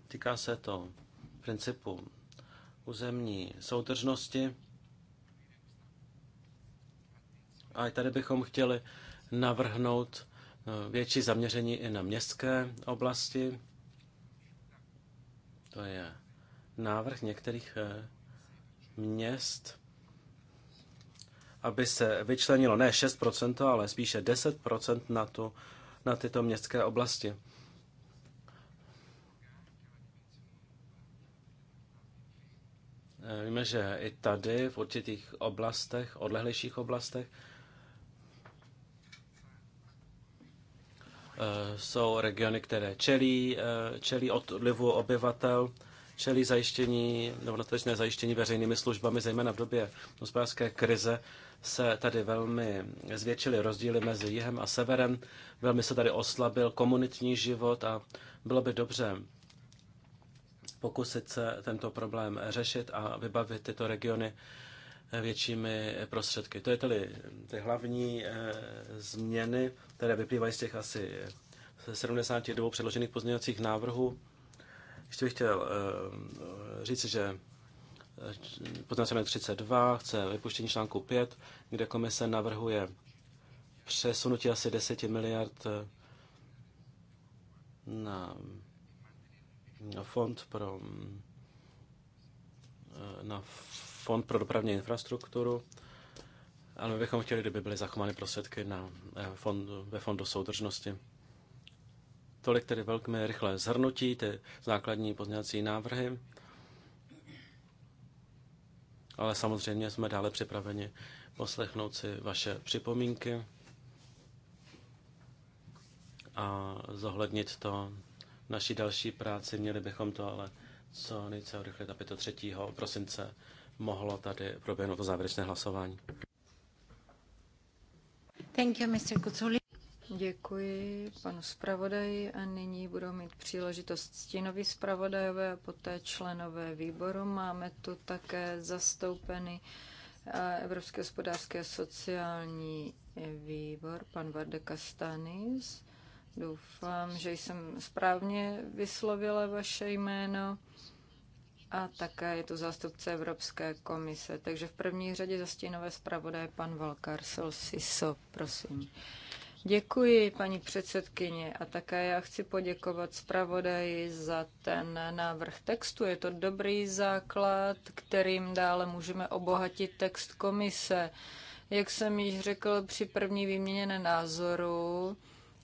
Týká se to principu územní soudržnosti. A tady bychom chtěli navrhnout eh, větší zaměření i na městské oblasti. To je návrh některých eh, měst, aby se vyčlenilo ne 6%, ale spíše 10% na, tu, na tyto městské oblasti. Eh, víme, že i tady v určitých oblastech, odlehlejších oblastech, eh, jsou regiony, které čelí, eh, čelí odlivu obyvatel, čelí zajištění nebo dostatečné zajištění veřejnými službami, zejména v době hospodářské krize se tady velmi zvětšily rozdíly mezi jihem a severem, velmi se tady oslabil komunitní život a bylo by dobře, pokusit se tento problém řešit a vybavit tyto regiony většími prostředky. To je tedy ty hlavní eh, změny, které vyplývají z těch asi 72 předložených pozměňovacích návrhů. Ještě bych chtěl eh, říct, že eh, poznáme 32 chce vypuštění článku 5, kde komise navrhuje přesunutí asi 10 miliard na fond pro, mm, eh, na fond pro dopravní infrastrukturu, ale my bychom chtěli, kdyby byly zachovány prostředky na eh, fond, ve fondu soudržnosti. Tolik tedy velké rychlé zhrnutí, ty základní pozměňovací návrhy. Ale samozřejmě jsme dále připraveni poslechnout si vaše připomínky a zohlednit to naší další práci. Měli bychom to ale co nejce urychlit, aby to 3. prosince mohlo tady proběhnout to závěrečné hlasování. Thank you, Mr. Kuculi. Děkuji panu zpravodaji a nyní budou mít příležitost stínoví zpravodajové a poté členové výboru. Máme tu také zastoupeny eh, evropské hospodářské a sociální výbor, pan Varde Kastanis. Doufám, že jsem správně vyslovila vaše jméno. A také je to zástupce Evropské komise. Takže v první řadě za stínové zpravodaje pan Valkar Solsiso, prosím. Děkuji, paní předsedkyně, a také já chci poděkovat zpravodaji za ten návrh textu. Je to dobrý základ, kterým dále můžeme obohatit text komise. Jak jsem již řekl při první výměně názoru,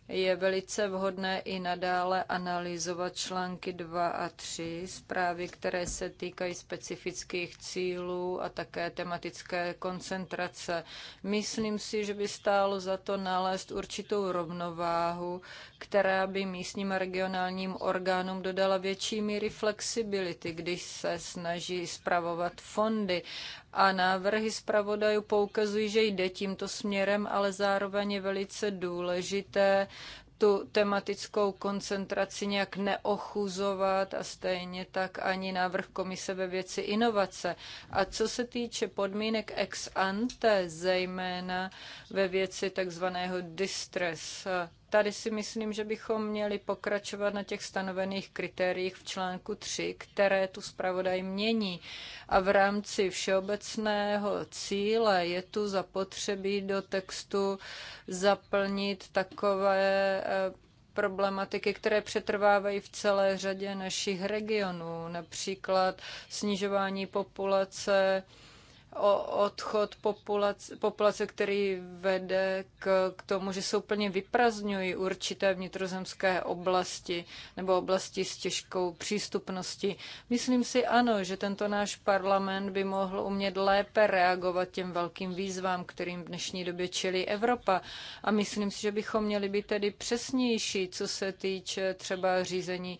je velice vhodné i nadále analyzovat články 2 a 3, zprávy, které se týkají specifických cílů a také tematické koncentrace. Myslím si, že by stálo za to nalézt určitou rovnováhu, která by místním a regionálním orgánům dodala větší míry flexibility, když se snaží spravovat fondy. A návrhy zpravodajů poukazují, že jde tímto směrem, ale zároveň je velice důležité tu tematickou koncentraci nějak neochuzovat a stejně tak ani návrh komise ve věci inovace. A co se týče podmínek ex ante, zejména ve věci takzvaného distress, Tady si myslím, že bychom měli pokračovat na těch stanovených kritériích v článku 3, které tu zpravodaj mění. A v rámci všeobecného cíle je tu zapotřebí do textu zaplnit takové eh, problematiky, které přetrvávají v celé řadě našich regionů, například snižování populace, o odchod populace, populace který vede k, k tomu, že se úplně vyprazňují určité vnitrozemské oblasti nebo oblasti s těžkou přístupností. Myslím si ano, že tento náš parlament by mohl umět lépe reagovat těm velkým výzvám, kterým v dnešní době čelí Evropa. A myslím si, že bychom měli být tedy přesnější, co se týče třeba řízení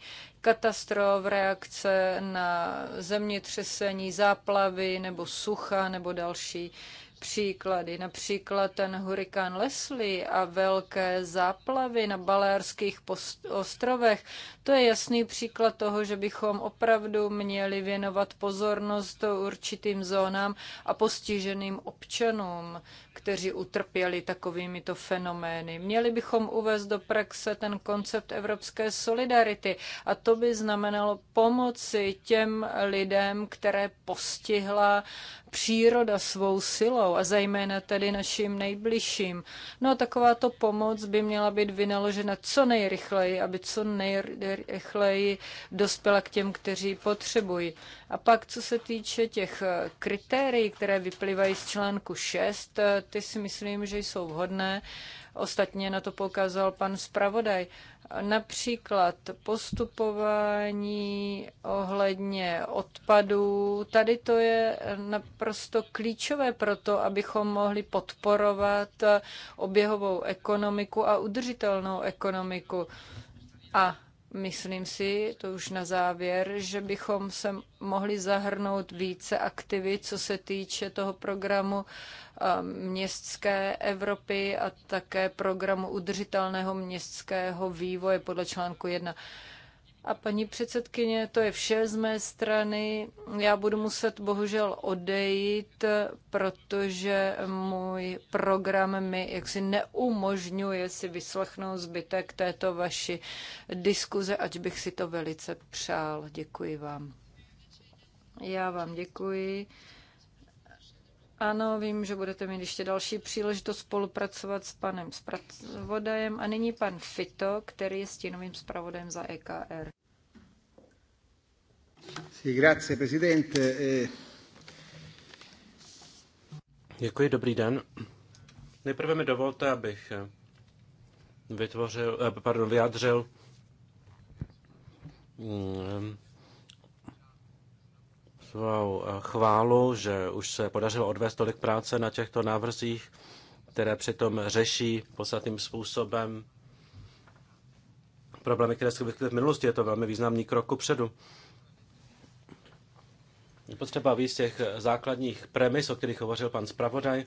katastrof, reakce na zemětřesení, záplavy nebo sucha nebo další příklady. Například ten hurikán Leslie a velké záplavy na Balérských ostrovech. To je jasný příklad toho, že bychom opravdu měli věnovat pozornost určitým zónám a postiženým občanům kteří utrpěli takovýmito fenomény. Měli bychom uvést do praxe ten koncept evropské solidarity a to by znamenalo pomoci těm lidem, které postihla příroda svou silou a zejména tedy našim nejbližším. No a takováto pomoc by měla být vynaložena co nejrychleji, aby co nejrychleji dospěla k těm, kteří potřebují. A pak, co se týče těch kritérií, které vyplývají z článku 6, ty si myslím, že jsou vhodné. Ostatně na to poukázal pan zpravodaj. Například postupování ohledně odpadů. Tady to je naprosto klíčové pro to, abychom mohli podporovat oběhovou ekonomiku a udržitelnou ekonomiku. A Myslím si, to už na závěr, že bychom se mohli zahrnout více aktivit, co se týče toho programu městské Evropy a také programu udržitelného městského vývoje podle článku 1. A paní předsedkyně, to je vše z mé strany. Já budu muset bohužel odejít, protože můj program mi jaksi neumožňuje si vyslechnout zbytek této vaší diskuze, ať bych si to velice přál. Děkuji vám. Já vám děkuji. Ano, vím, že budete mít ještě další příležitost spolupracovat s panem zpravodajem a nyní pan Fito, který je stínovým zpravodajem za EKR. Sí, grazie, presidente. Eh, Děkuji, dobrý den. Nejprve mi dovolte, abych eh, vytvořil, eh, pardon, vyjádřil mm, svou eh, chválu, že už se podařilo odvést tolik práce na těchto návrzích, které přitom řeší podstatným způsobem problémy, které se vyskytly v minulosti. Je to velmi významný krok předu. Je potřeba víc těch základních premis, o kterých hovořil pan zpravodaj.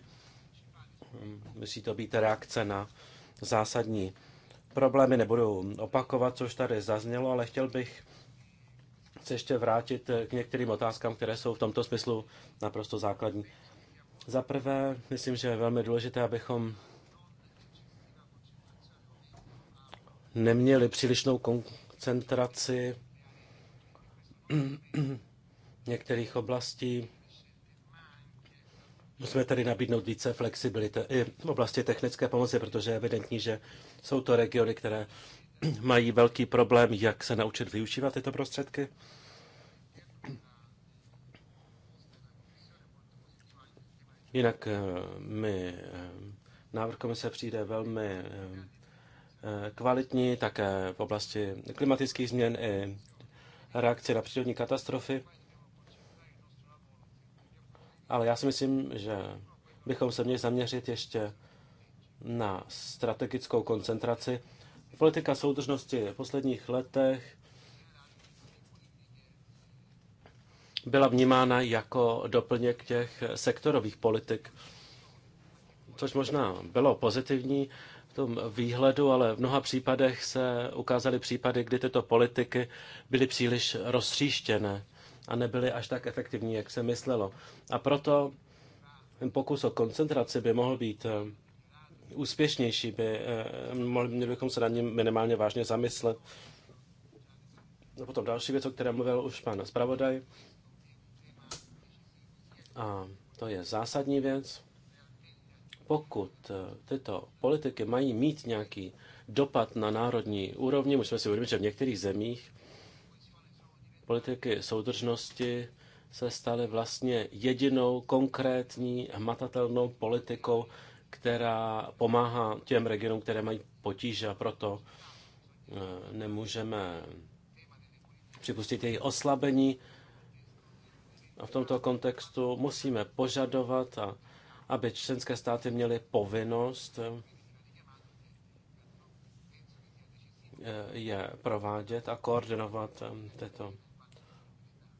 Musí to být reakce na zásadní problémy. Nebudu opakovat, což tady zaznělo, ale chtěl bych se ještě vrátit eh, k některým otázkám, které jsou v tomto smyslu naprosto základní. Za prvé, myslím, že je velmi důležité, abychom neměli přílišnou koncentraci některých oblastí. Musíme tady nabídnout více flexibility i v oblasti technické pomoci, protože je evidentní, že jsou to regiony, které mají velký problém, jak se naučit využívat tyto prostředky. Jinak eh, mi eh, návrh komise přijde velmi eh, kvalitní, také v oblasti klimatických změn i reakce na přírodní katastrofy. Ale já si myslím, že bychom se měli zaměřit ještě na strategickou koncentraci Politika soudržnosti v posledních letech byla vnímána jako doplněk těch sektorových politik, což možná bylo pozitivní v tom výhledu, ale v mnoha případech se ukázaly případy, kdy tyto politiky byly příliš rozstříštěné a nebyly až tak efektivní, jak se myslelo. A proto ten pokus o koncentraci by mohl být úspěšnější, by, eh, měli bychom se na ním minimálně vážně zamyslet. A no, potom další věc, o které mluvil už pan zpravodaj. A to je zásadní věc. Pokud eh, tyto politiky mají mít nějaký dopad na národní úrovni, musíme si uvědomit, že v některých zemích politiky soudržnosti se staly vlastně jedinou konkrétní hmatatelnou politikou která pomáhá těm regionům, které mají potíže a proto eh, nemůžeme připustit její oslabení. A v tomto kontextu musíme požadovat, a, aby členské státy měly povinnost eh, je provádět a koordinovat eh, tyto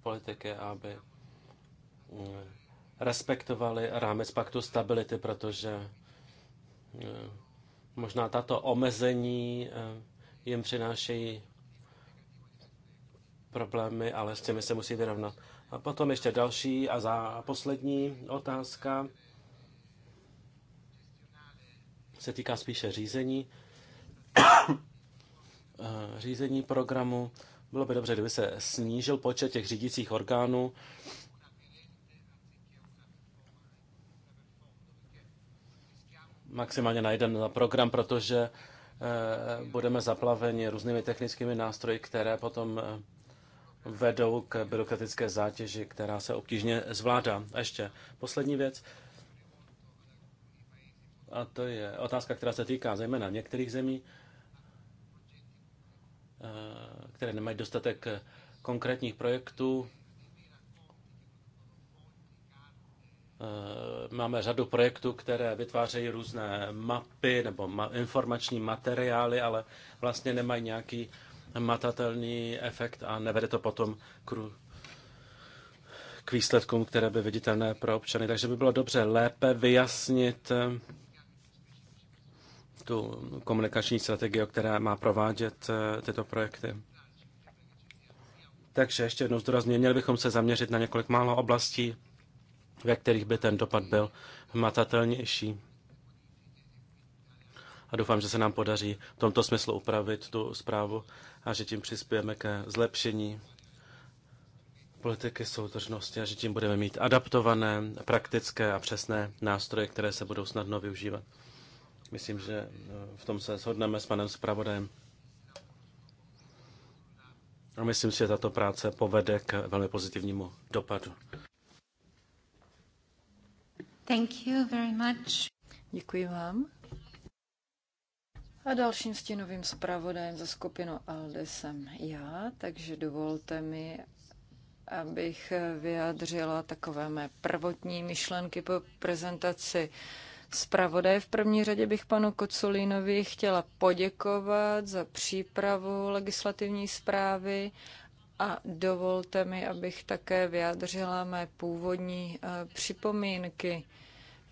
politiky, aby respektovali rámec paktu stability, protože Eh, možná tato omezení eh, jim přinášejí problémy, ale s těmi se musí vyrovnat. A potom ještě další a za poslední otázka se týká spíše řízení. Eh, řízení programu. Bylo by dobře, kdyby se snížil počet těch řídících orgánů, maximálně na jeden program, protože eh, budeme zaplaveni různými technickými nástroji, které potom eh, vedou k byrokratické zátěži, která se obtížně zvládá. A ještě poslední věc. A to je otázka, která se týká zejména některých zemí, eh, které nemají dostatek konkrétních projektů Eh, máme řadu projektů, které vytvářejí různé mapy nebo ma- informační materiály, ale vlastně nemají nějaký matatelný efekt a nevede to potom k, k výsledkům, které by viditelné pro občany. Takže by bylo dobře lépe vyjasnit eh, tu komunikační strategii, která má provádět eh, tyto projekty. Takže ještě jednou zdůrazně, měli bychom se zaměřit na několik málo oblastí, ve kterých by ten dopad byl matatelnější. A doufám, že se nám podaří v tomto smyslu upravit tu zprávu a že tím přispějeme ke zlepšení politiky soudržnosti a že tím budeme mít adaptované, praktické a přesné nástroje, které se budou snadno využívat. Myslím, že no, v tom se shodneme s panem zpravodajem. A myslím, si, že tato práce povede k velmi pozitivnímu dopadu. Thank you very much. Děkuji vám. A dalším stínovým zpravodajem za skupinu ALDE jsem já, takže dovolte mi, abych vyjádřila takové mé prvotní myšlenky po prezentaci zpravodaje. V první řadě bych panu Kocolínovi chtěla poděkovat za přípravu legislativní zprávy a dovolte mi, abych také vyjádřila mé původní eh, připomínky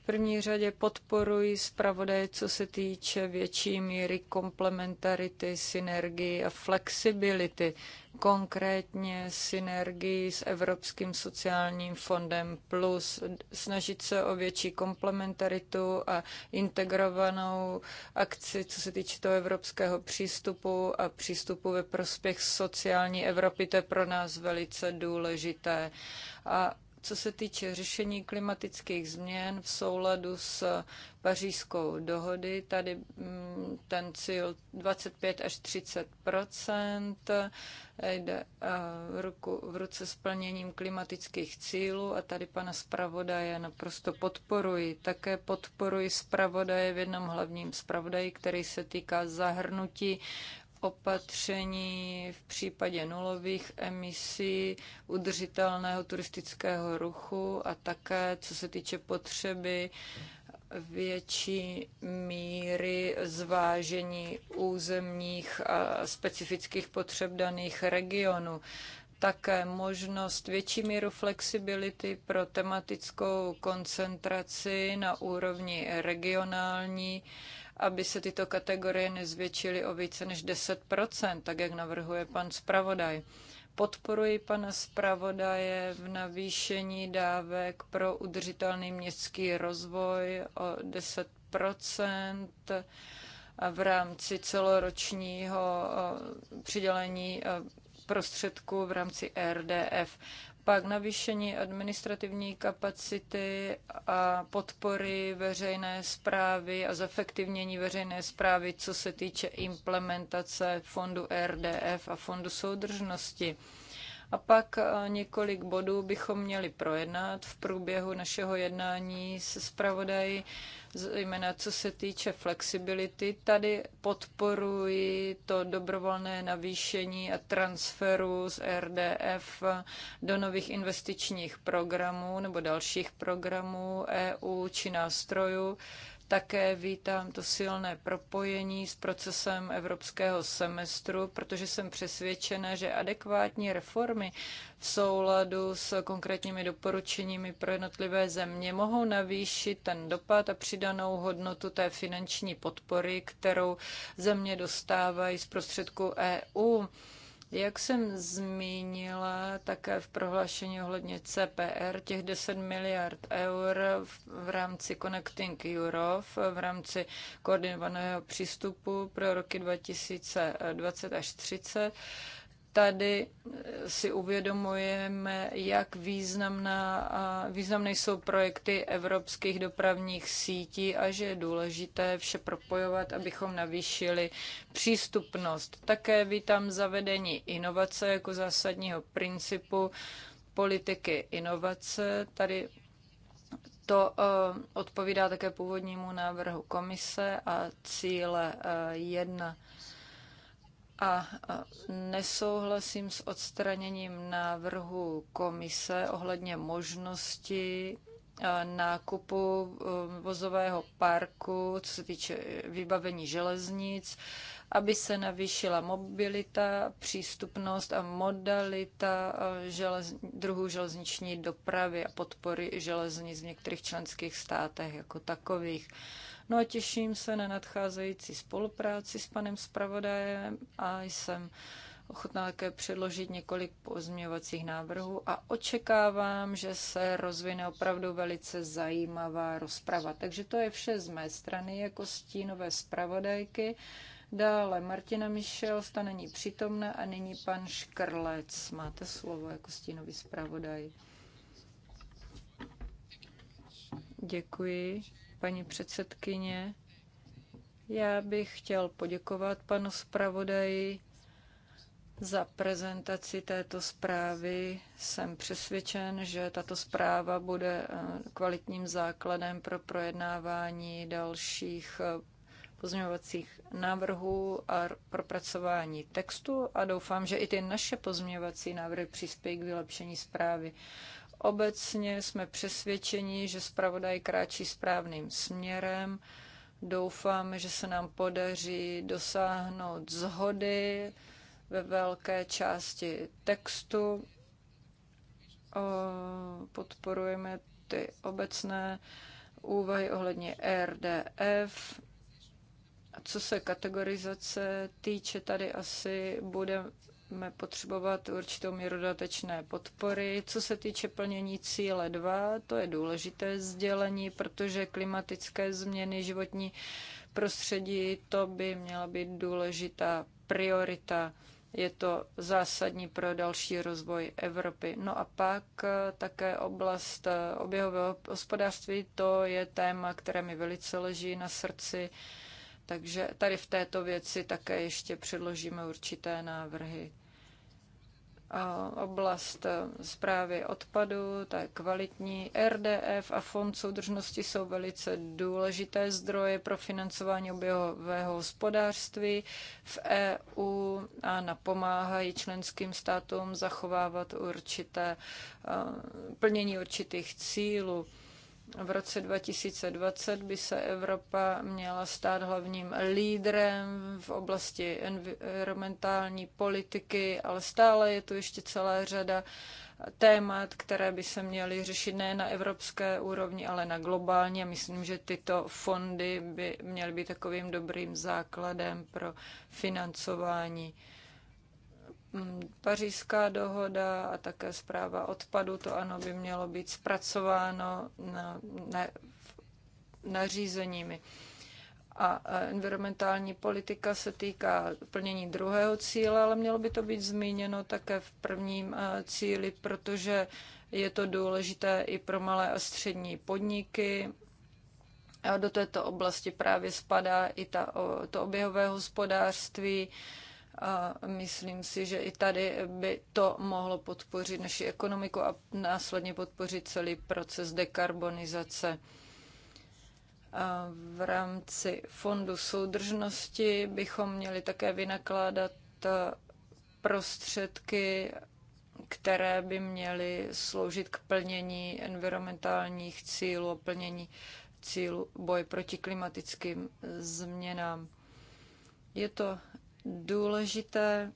první řadě podporuji zpravodaje, co se týče větší míry komplementarity, synergii a flexibility, konkrétně synergii s Evropským sociálním fondem plus snažit se o větší komplementaritu a integrovanou akci, co se týče toho evropského přístupu a přístupu ve prospěch sociální Evropy. To je pro nás velice důležité. A co se týče řešení klimatických změn v souladu s pařížskou dohody, tady mm, ten cíl 25 až 30 eh, jde eh, v, ruku, v ruce s plněním klimatických cílů a tady pana zpravodaje naprosto podporuji. Také podporuji zpravodaje v jednom hlavním zpravodaji, který se týká zahrnutí opatření v případě nulových emisí, udržitelného turistického ruchu a také, co se týče potřeby větší míry zvážení územních a specifických potřeb daných regionů také možnost větší míru flexibility pro tematickou koncentraci na úrovni regionální aby se tyto kategorie nezvětšily o více než 10 tak jak navrhuje pan zpravodaj. Podporuji pana zpravodaje v navýšení dávek pro udržitelný městský rozvoj o 10 v rámci celoročního eh, přidělení eh, prostředků v rámci RDF pak navýšení administrativní kapacity a podpory veřejné zprávy a zefektivnění veřejné zprávy, co se týče implementace fondu RDF a fondu soudržnosti. A pak eh, několik bodů bychom měli projednat v průběhu našeho jednání se zpravodají, zejména co se týče flexibility. Tady podporuji to dobrovolné navýšení a transferu z RDF do nových investičních programů nebo dalších programů EU či nástrojů také vítám to silné propojení s procesem evropského semestru, protože jsem přesvědčena, že adekvátní reformy v souladu s konkrétními doporučeními pro jednotlivé země mohou navýšit ten dopad a přidanou hodnotu té finanční podpory, kterou země dostávají z prostředku e EU. Jak jsem zmínila také v prohlášení ohledně CPR, těch 10 miliard eur v, v rámci Connecting Europe, v rámci koordinovaného přístupu pro roky 2020 až 30 tady eh, si uvědomujeme, jak významná, významné jsou projekty evropských dopravních sítí a že je důležité vše propojovat, abychom navýšili přístupnost. Také vítám zavedení inovace jako zásadního principu politiky inovace. Tady to eh, odpovídá také původnímu návrhu komise a cíle eh, jedna a nesouhlasím s odstraněním návrhu komise ohledně možnosti nákupu e, vozového parku, co se týče vybavení železnic, aby se navýšila mobilita, přístupnost a modalita e, želez, druhů železniční dopravy a podpory železnic v některých členských státech jako takových. No a těším se na nadcházející spolupráci s panem zpravodajem a jsem ochotná také předložit několik pozměňovacích návrhů a očekávám, že se rozvine opravdu velice zajímavá rozprava. Takže to je vše z mé strany jako stínové zpravodajky. Dále Martina Michel, ta není přítomna a nyní pan Škrlec. Máte slovo jako stínový zpravodaj. Děkuji, paní předsedkyně. Já bych chtěl poděkovat panu zpravodaji za prezentaci této zprávy. Jsem přesvědčen, že tato zpráva bude eh, kvalitním základem pro projednávání dalších eh, pozměňovacích návrhů a propracování textu a doufám, že i ty naše pozměňovací návrhy přispějí k vylepšení zprávy. Obecně jsme přesvědčeni, že zpravodaj kráčí správným směrem. Doufáme, že se nám podaří dosáhnout zhody ve velké části textu. Podporujeme ty obecné úvahy ohledně RDF. co se kategorizace týče, tady asi bude budeme potřebovat určitou míru dodatečné podpory. Co se týče plnění cíle 2, to je důležité sdělení, protože klimatické změny životní prostředí, to by měla být důležitá priorita. Je to zásadní pro další rozvoj Evropy. No a pak eh, také oblast eh, oběhového hospodářství, to je téma, které mi velice leží na srdci. Takže tady v této věci také ještě předložíme určité návrhy. Oblast zprávy odpadu, ta je kvalitní. RDF a Fond soudržnosti jsou velice důležité zdroje pro financování oběhového hospodářství v EU a napomáhají členským státům zachovávat určité plnění určitých cílů. V roce 2020 by se Evropa měla stát hlavním lídrem v oblasti environmentální politiky, ale stále je tu ještě celá řada témat, které by se měly řešit ne na evropské úrovni, ale na globální. A myslím, že tyto fondy by měly být takovým dobrým základem pro financování Mm, pařížská dohoda a také zpráva odpadu, to ano, by mělo být zpracováno na, na, nařízeními. A e, environmentální politika se týká plnění druhého cíle, ale mělo by to být zmíněno také v prvním e, cíli, protože je to důležité i pro malé a střední podniky. A do této oblasti právě spadá i ta, to oběhové hospodářství. A myslím si, že i tady by to mohlo podpořit naši ekonomiku a následně podpořit celý proces dekarbonizace. A v rámci fondu soudržnosti bychom měli také vynakládat e, prostředky, které by měly sloužit k plnění environmentálních cílů, plnění cílu boje proti klimatickým změnám. Je to důležité,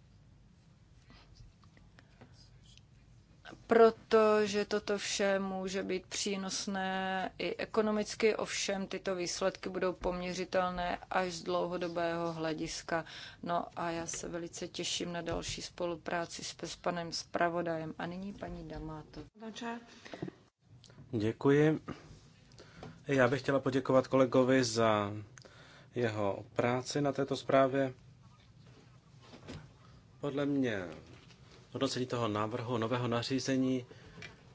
protože toto vše může být přínosné i ekonomicky, ovšem tyto výsledky budou poměřitelné až z dlouhodobého hlediska. No a já se velice těším na další spolupráci s, s panem zpravodajem. A nyní paní Damáto. Děkuji. Já bych chtěla poděkovat kolegovi za jeho práci na této zprávě. Podle mě hodnocení toho návrhu nového nařízení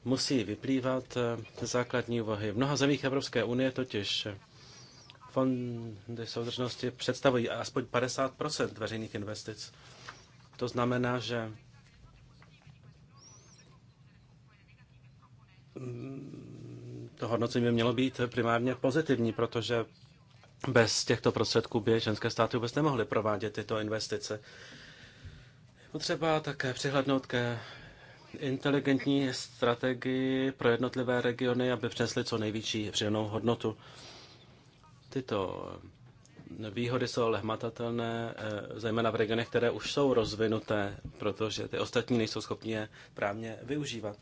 musí vyplývat eh, základní úvahy. V mnoha zemích Evropské unie totiž eh, fondy soudržnosti představují aspoň 50 veřejných investic. To znamená, že mm, to hodnocení by mělo být primárně pozitivní, protože bez těchto prostředků by ženské státy vůbec nemohly provádět tyto investice. Potřeba také přihlednout ke inteligentní strategii pro jednotlivé regiony, aby přinesly co největší přidanou hodnotu. Tyto výhody jsou ale hmatatelné, eh, zejména v regionech, které už jsou rozvinuté, protože ty ostatní nejsou schopni je právně využívat.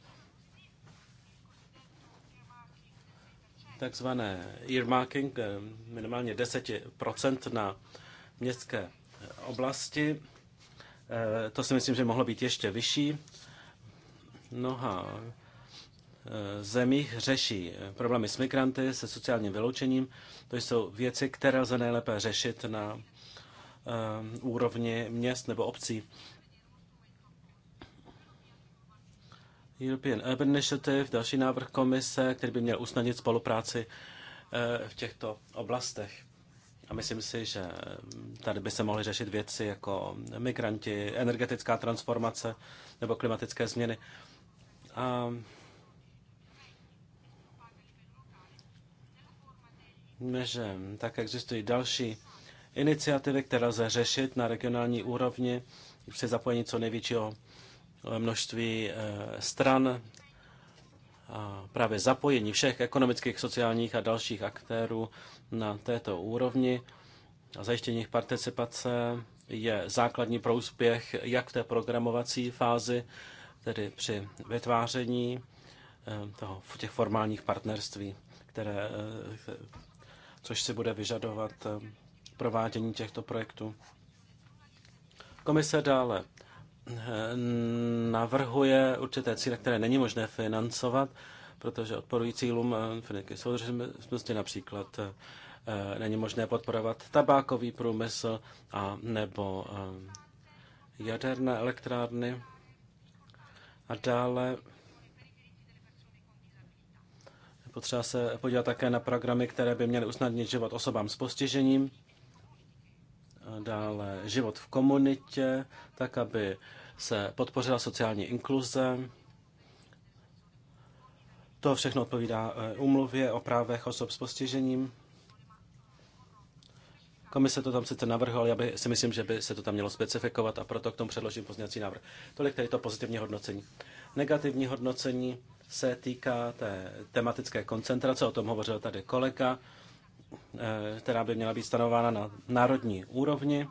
Takzvané earmarking, eh, minimálně 10% na městské oblasti, Eh, to si myslím, že mohlo být ještě vyšší. Mnoha eh, zemích řeší eh, problémy s migranty, se sociálním vyloučením. To jsou věci, které lze nejlépe řešit na úrovni měst nebo obcí. European Urban Initiative, další návrh komise, který by měl usnadnit spolupráci v těchto oblastech. A myslím si, že tady by se mohly řešit věci jako migranti, energetická transformace nebo klimatické změny. A že tak existují další iniciativy, které lze řešit na regionální úrovni při zapojení co největšího množství eh, stran právě zapojení všech ekonomických, sociálních a dalších aktérů na této úrovni a zajištění jejich participace je základní pro úspěch jak v té programovací fázi, tedy při vytváření eh, toho, těch formálních partnerství, které, eh, což si bude vyžadovat eh, provádění těchto projektů. Komise dále navrhuje určité cíle, které není možné financovat, protože odporují cílům eh, finanční soudržnosti například eh, eh, není možné podporovat tabákový průmysl a nebo jaderné elektrárny. A dále potřeba se podívat také na programy, které by měly usnadnit život osobám s postižením dále život v komunitě, tak aby se podpořila sociální inkluze. To všechno odpovídá umluvě eh, o právech osob s postižením. Komise to tam sice navrhovala, já by, si myslím, že by se to tam mělo specifikovat a proto k tomu předložím pozněcí návrh. Tolik tady to pozitivní hodnocení. Negativní hodnocení se týká té tematické koncentrace, o tom hovořil tady kolega. Eh, která by měla být stanována na národní úrovni.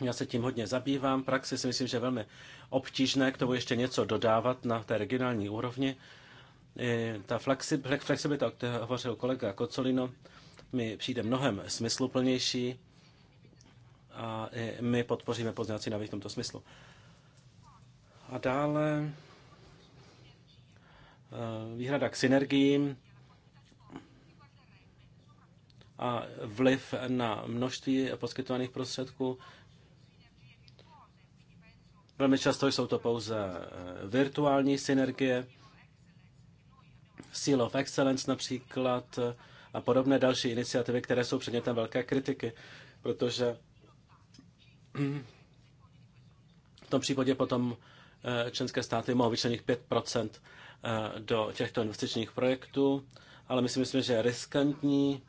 Já se tím hodně zabývám. Praxi si myslím, že je velmi obtížné k tomu ještě něco dodávat na té regionální úrovni. Ta flexibilita, o které hovořil kolega Kocolino, mi přijde mnohem smysluplnější a my podpoříme pozněvací návrh v tomto smyslu. A dále eh, výhrada k synergiím a vliv na množství poskytovaných prostředků. Velmi často jsou to pouze eh, virtuální synergie, Seal of Excellence například eh, a podobné další iniciativy, které jsou předmětem velké kritiky, protože v tom případě potom eh, členské státy mohou vyčlenit 5 do těchto investičních projektů, ale my si myslíme, že je riskantní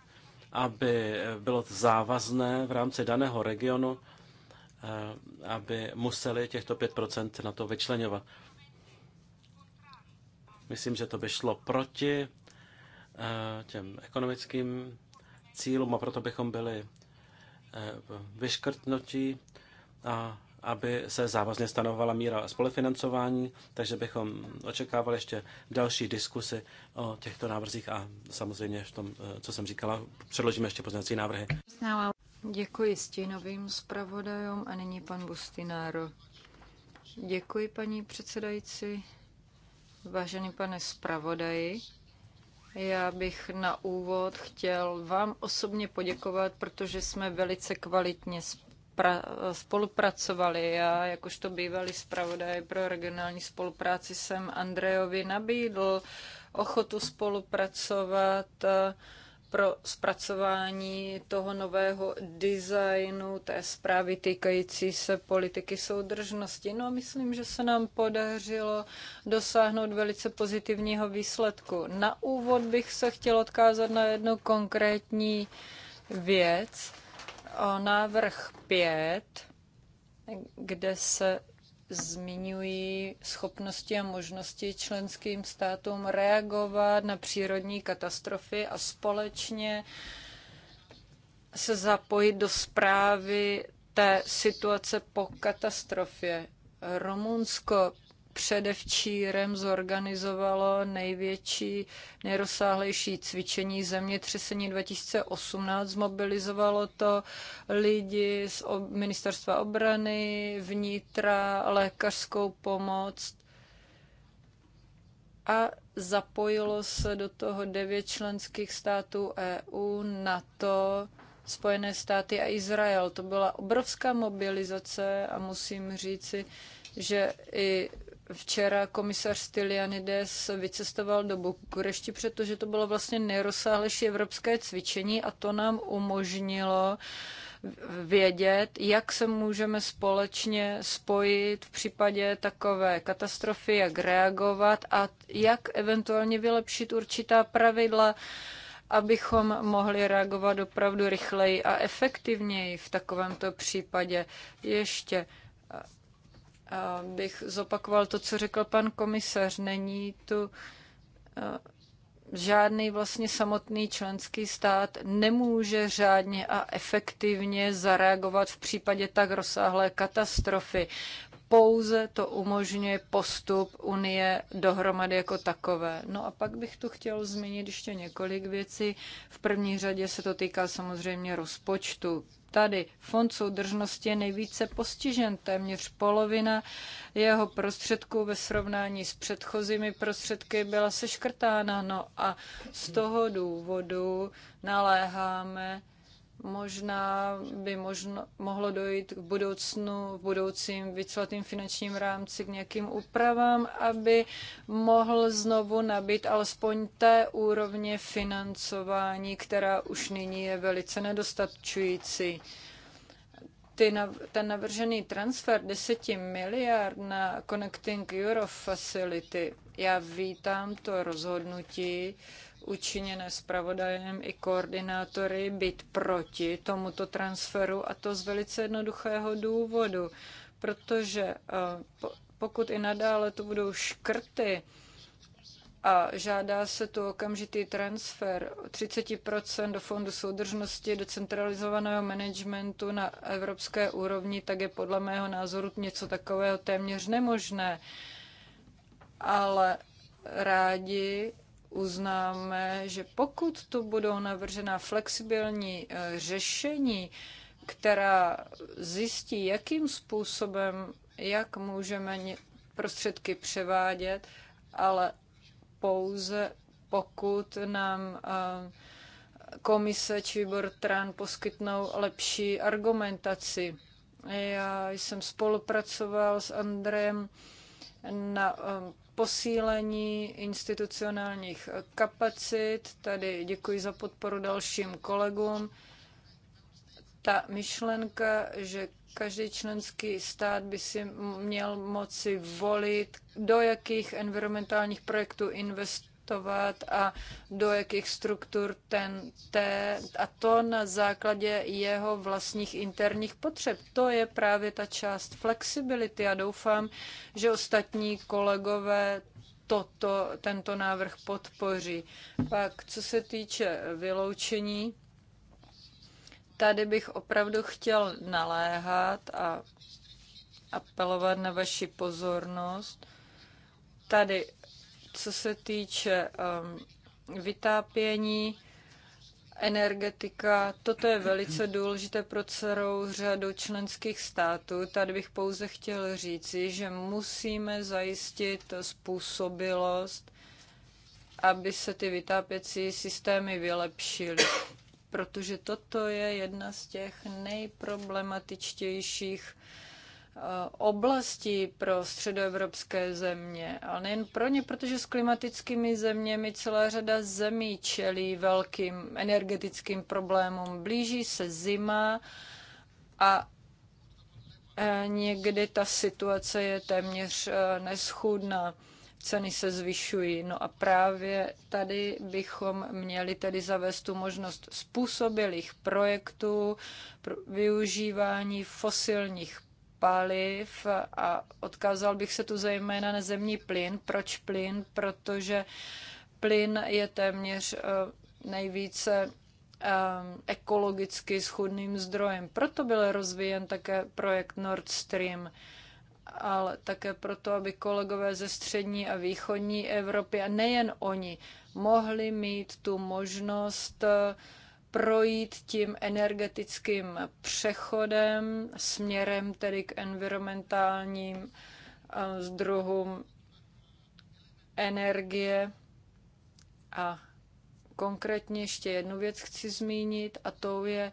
aby bylo závazné v rámci daného regionu, eh, aby museli těchto 5% na to vyčlenovat. Myslím, že to by šlo proti eh, těm ekonomickým cílům a proto bychom byli eh, vyškrtnutí a aby se závazně stanovala míra spolufinancování, takže bychom očekávali ještě další diskusy o těchto návrzích a samozřejmě v tom, eh, co jsem říkala, předložíme ještě pozměňovací návrhy. Děkuji stínovým zpravodajům a nyní pan Bustináro. Děkuji, paní předsedající. Vážený pane zpravodaji, já bych na úvod chtěl vám osobně poděkovat, protože jsme velice kvalitně spolupracovali spolupracovali. Já, jakožto bývalý zpravodaj pro regionální spolupráci, jsem Andrejovi nabídl ochotu spolupracovat eh, pro zpracování toho nového designu té zprávy týkající se politiky soudržnosti. No a myslím, že se nám podařilo dosáhnout velice pozitivního výsledku. Na úvod bych se chtěl odkázat na jednu konkrétní věc o návrh 5, kde se zmiňují schopnosti a možnosti členským státům reagovat na přírodní katastrofy a společně se zapojit do zprávy té situace po katastrofě. Rumunsko předevčírem zorganizovalo největší, nejrozsáhlejší cvičení zemětřesení 2018. Zmobilizovalo to lidi z ministerstva obrany, vnitra, lékařskou pomoc a zapojilo se do toho devět členských států EU, NATO, Spojené státy a Izrael. To byla obrovská mobilizace a musím říci, že i Včera komisař Stylianides vycestoval do Bukurešti, protože to bylo vlastně nejrozsáhlejší evropské cvičení a to nám umožnilo vědět, jak se můžeme společně spojit v případě takové katastrofy, jak reagovat a jak eventuálně vylepšit určitá pravidla, abychom mohli reagovat opravdu rychleji a efektivněji v takovémto případě. Ještě bych zopakoval to, co řekl pan komisař. Není tu žádný vlastně samotný členský stát nemůže řádně a efektivně zareagovat v případě tak rozsáhlé katastrofy. Pouze to umožňuje postup Unie dohromady jako takové. No a pak bych tu chtěl zmínit ještě několik věcí. V první řadě se to týká samozřejmě rozpočtu tady fond soudržnosti je nejvíce postižen. Téměř polovina jeho prostředků ve srovnání s předchozími prostředky byla seškrtána. No a z toho důvodu naléháme možná by možno, mohlo dojít k budoucnu, v budoucím víceletým finančním rámci k nějakým úpravám, aby mohl znovu nabít alespoň té úrovně financování, která už nyní je velice nedostačující. Ty, ten navržený transfer 10 miliard na Connecting Euro Facility, já vítám to rozhodnutí, učiněné zpravodajem i koordinátory, být proti tomuto transferu a to z velice jednoduchého důvodu, protože eh, pokud i nadále to budou škrty, a žádá se tu okamžitý transfer 30% do Fondu soudržnosti, do centralizovaného managementu na evropské úrovni, tak je podle mého názoru něco takového téměř nemožné. Ale rádi uznáme, že pokud tu budou navržena flexibilní eh, řešení, která zjistí, jakým způsobem, jak můžeme prostředky převádět, ale pouze pokud nám eh, komise či výbor TRAN poskytnou lepší argumentaci. Já jsem spolupracoval s Andrem na eh, posílení institucionálních eh, kapacit. Tady děkuji za podporu dalším kolegům. Ta myšlenka, že každý členský stát by si měl moci volit, do jakých environmentálních projektů investovat, reflektovat a do jakých struktur ten té, a to na základě jeho vlastních interních potřeb. To je právě ta část flexibility. a doufám, že ostatní kolegové toto, tento návrh podpoří. Pak, co se týče vyloučení, tady bych opravdu chtěl naléhat a apelovat na vaši pozornost. Tady co se týče um, vytápění, energetika, toto je velice důležité pro celou řadu členských států. Tady bych pouze chtěl říci, že musíme zajistit způsobilost, aby se ty vytápěcí systémy vylepšily. Protože toto je jedna z těch nejproblematičtějších Eh, oblasti pro středoevropské země, ale nejen pro ně, protože s klimatickými zeměmi celá řada zemí čelí velkým energetickým problémům. Blíží se zima a eh, někdy ta situace je téměř eh, neschůdná ceny se zvyšují. No a právě tady bychom měli tedy zavést tu možnost způsobilých projektů pro využívání fosilních biopaliv a odkázal bych se tu zejména na zemní plyn. Proč plyn? Protože plyn je téměř eh, nejvíce eh, ekologicky schudným zdrojem. Proto byl rozvíjen také projekt Nord Stream ale také proto, aby kolegové ze střední a východní Evropy, a nejen oni, mohli mít tu možnost eh, projít tím energetickým přechodem směrem tedy k environmentálním eh, zdrohům energie. A konkrétně ještě jednu věc chci zmínit, a to je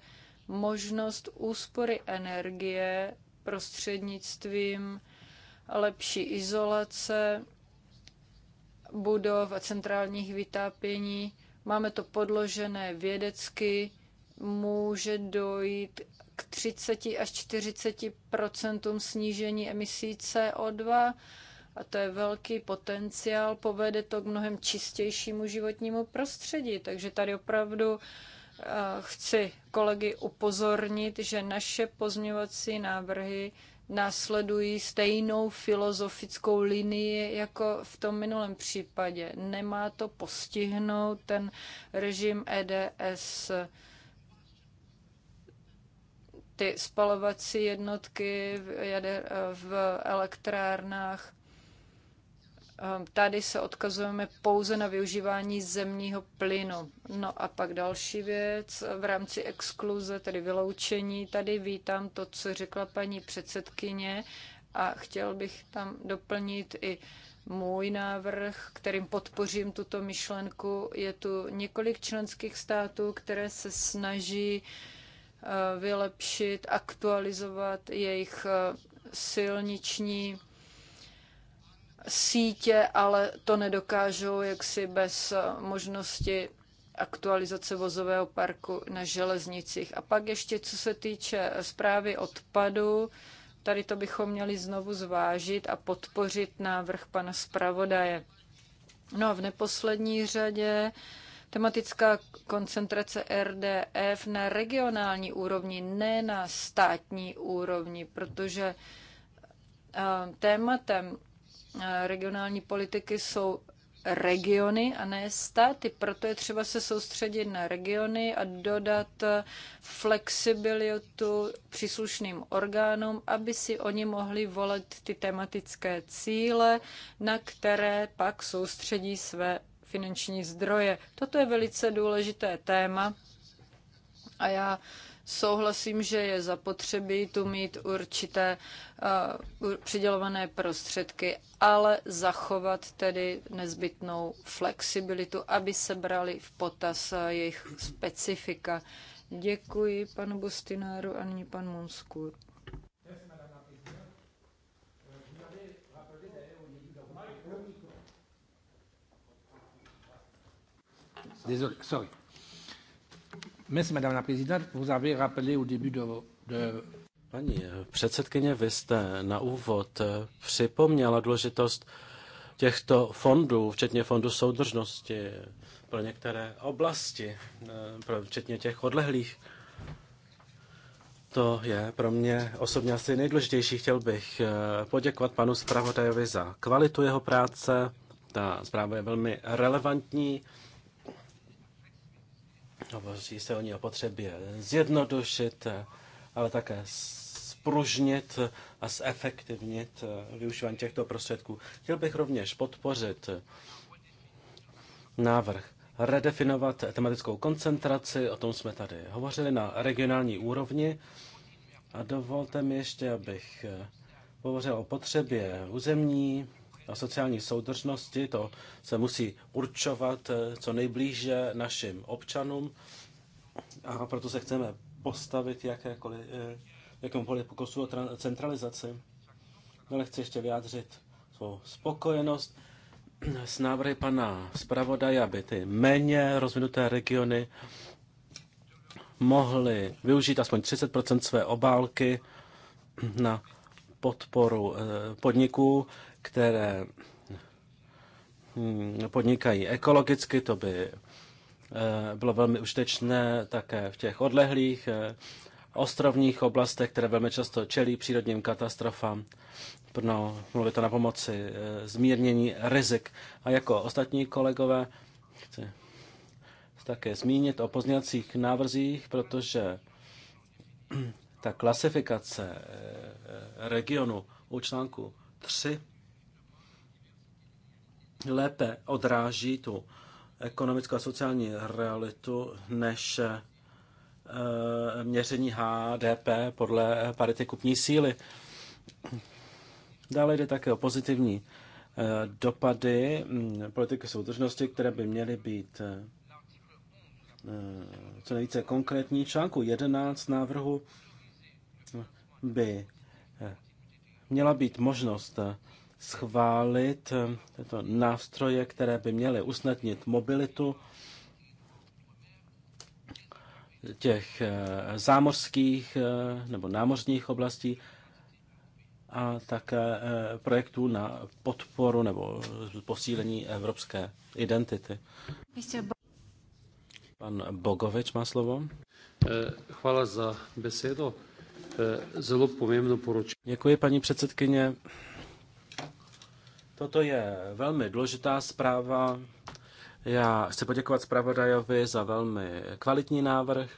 možnost úspory energie prostřednictvím lepší izolace budov a centrálních vytápění máme to podložené vědecky, může dojít k 30 až 40 snížení emisí CO2 a to je velký potenciál, povede to k mnohem čistějšímu životnímu prostředí. Takže tady opravdu eh, chci kolegy upozornit, že naše pozměňovací návrhy následují stejnou filozofickou linii jako v tom minulém případě. Nemá to postihnout ten režim EDS. Ty spalovací jednotky v, jader, v elektrárnách Ehm, tady se odkazujeme pouze na využívání zemního plynu. No a pak další věc v rámci exkluze, tedy vyloučení. Tady vítám to, co řekla paní předsedkyně a chtěl bych tam doplnit i můj návrh, kterým podpořím tuto myšlenku. Je tu několik členských států, které se snaží ehm, vylepšit, aktualizovat jejich ehm, silniční sítě, ale to nedokážou jaksi bez eh, možnosti aktualizace vozového parku na železnicích. A pak ještě, co se týče eh, zprávy odpadu, tady to bychom měli znovu zvážit a podpořit návrh pana zpravodaje. No a v neposlední řadě tematická koncentrace RDF na regionální úrovni, ne na státní úrovni, protože eh, tématem Eh, regionální politiky jsou regiony a ne státy. Proto je třeba se soustředit na regiony a dodat eh, flexibilitu příslušným orgánům, aby si oni mohli volit ty tematické cíle, na které pak soustředí své finanční zdroje. Toto je velice důležité téma a já Souhlasím, že je zapotřebí tu mít určité uh, přidělované prostředky, ale zachovat tedy nezbytnou flexibilitu, aby se brali v potaz uh, jejich specifika. Děkuji panu Bustináru a nyní pan Monskur. Désolé, sorry. Merci, Madame la Présidente. Vous avez rappelé au début de, de... Paní eh, předsedkyně, vy jste na úvod eh, připomněla důležitost těchto fondů, včetně fondu soudržnosti eh, pro některé oblasti, pro, včetně těch odlehlých. To je pro mě osobně asi nejdůležitější. Chtěl bych poděkovat panu zpravodajovi za kvalitu jeho práce. Ta zpráva je velmi relevantní Hovoří se o ní o potřebě zjednodušit, ale také spružnit a zefektivnit využívání těchto prostředků. Chtěl bych rovněž podpořit návrh redefinovat tematickou koncentraci, o tom jsme tady hovořili na regionální úrovni. A dovolte mi ještě, abych hovořil o potřebě územní a sociální soudržnosti. To se musí určovat eh, co nejblíže našim občanům a proto se chceme postavit jakékoliv, eh, jakémukoliv pokusu o centralizaci. Ale chci ještě vyjádřit svou spokojenost s návrhy pana zpravodaje, aby ty méně rozvinuté regiony mohly využít aspoň 30 své obálky na podporu eh, podniků, které hm, podnikají ekologicky, to by eh, bylo velmi užitečné také v těch odlehlých eh, ostrovních oblastech, které velmi často čelí přírodním katastrofám. No, mluvit to na pomoci eh, zmírnění rizik. A jako ostatní kolegové chci také zmínit o pozněcích návrzích, protože ta klasifikace regionu u článku 3 lépe odráží tu ekonomickou a sociální realitu než eh, měření HDP podle parity kupní síly. Dále jde také o pozitivní eh, dopady mm, politiky soudržnosti, které by měly být eh, co nejvíce konkrétní. Článku 11 návrhu by měla být možnost schválit eh, tyto nástroje, které by měly usnadnit mobilitu těch eh, zámořských eh, nebo námořních oblastí a také projektů na podporu nebo posílení evropské identity. Pan Bogovič má slovo. Chvala za besedo. Zelo pomembno poročilo. Děkuji, paní předsedkyně. Toto je velmi důležitá zpráva. Já chci poděkovat zpravodajovi za velmi kvalitní návrh.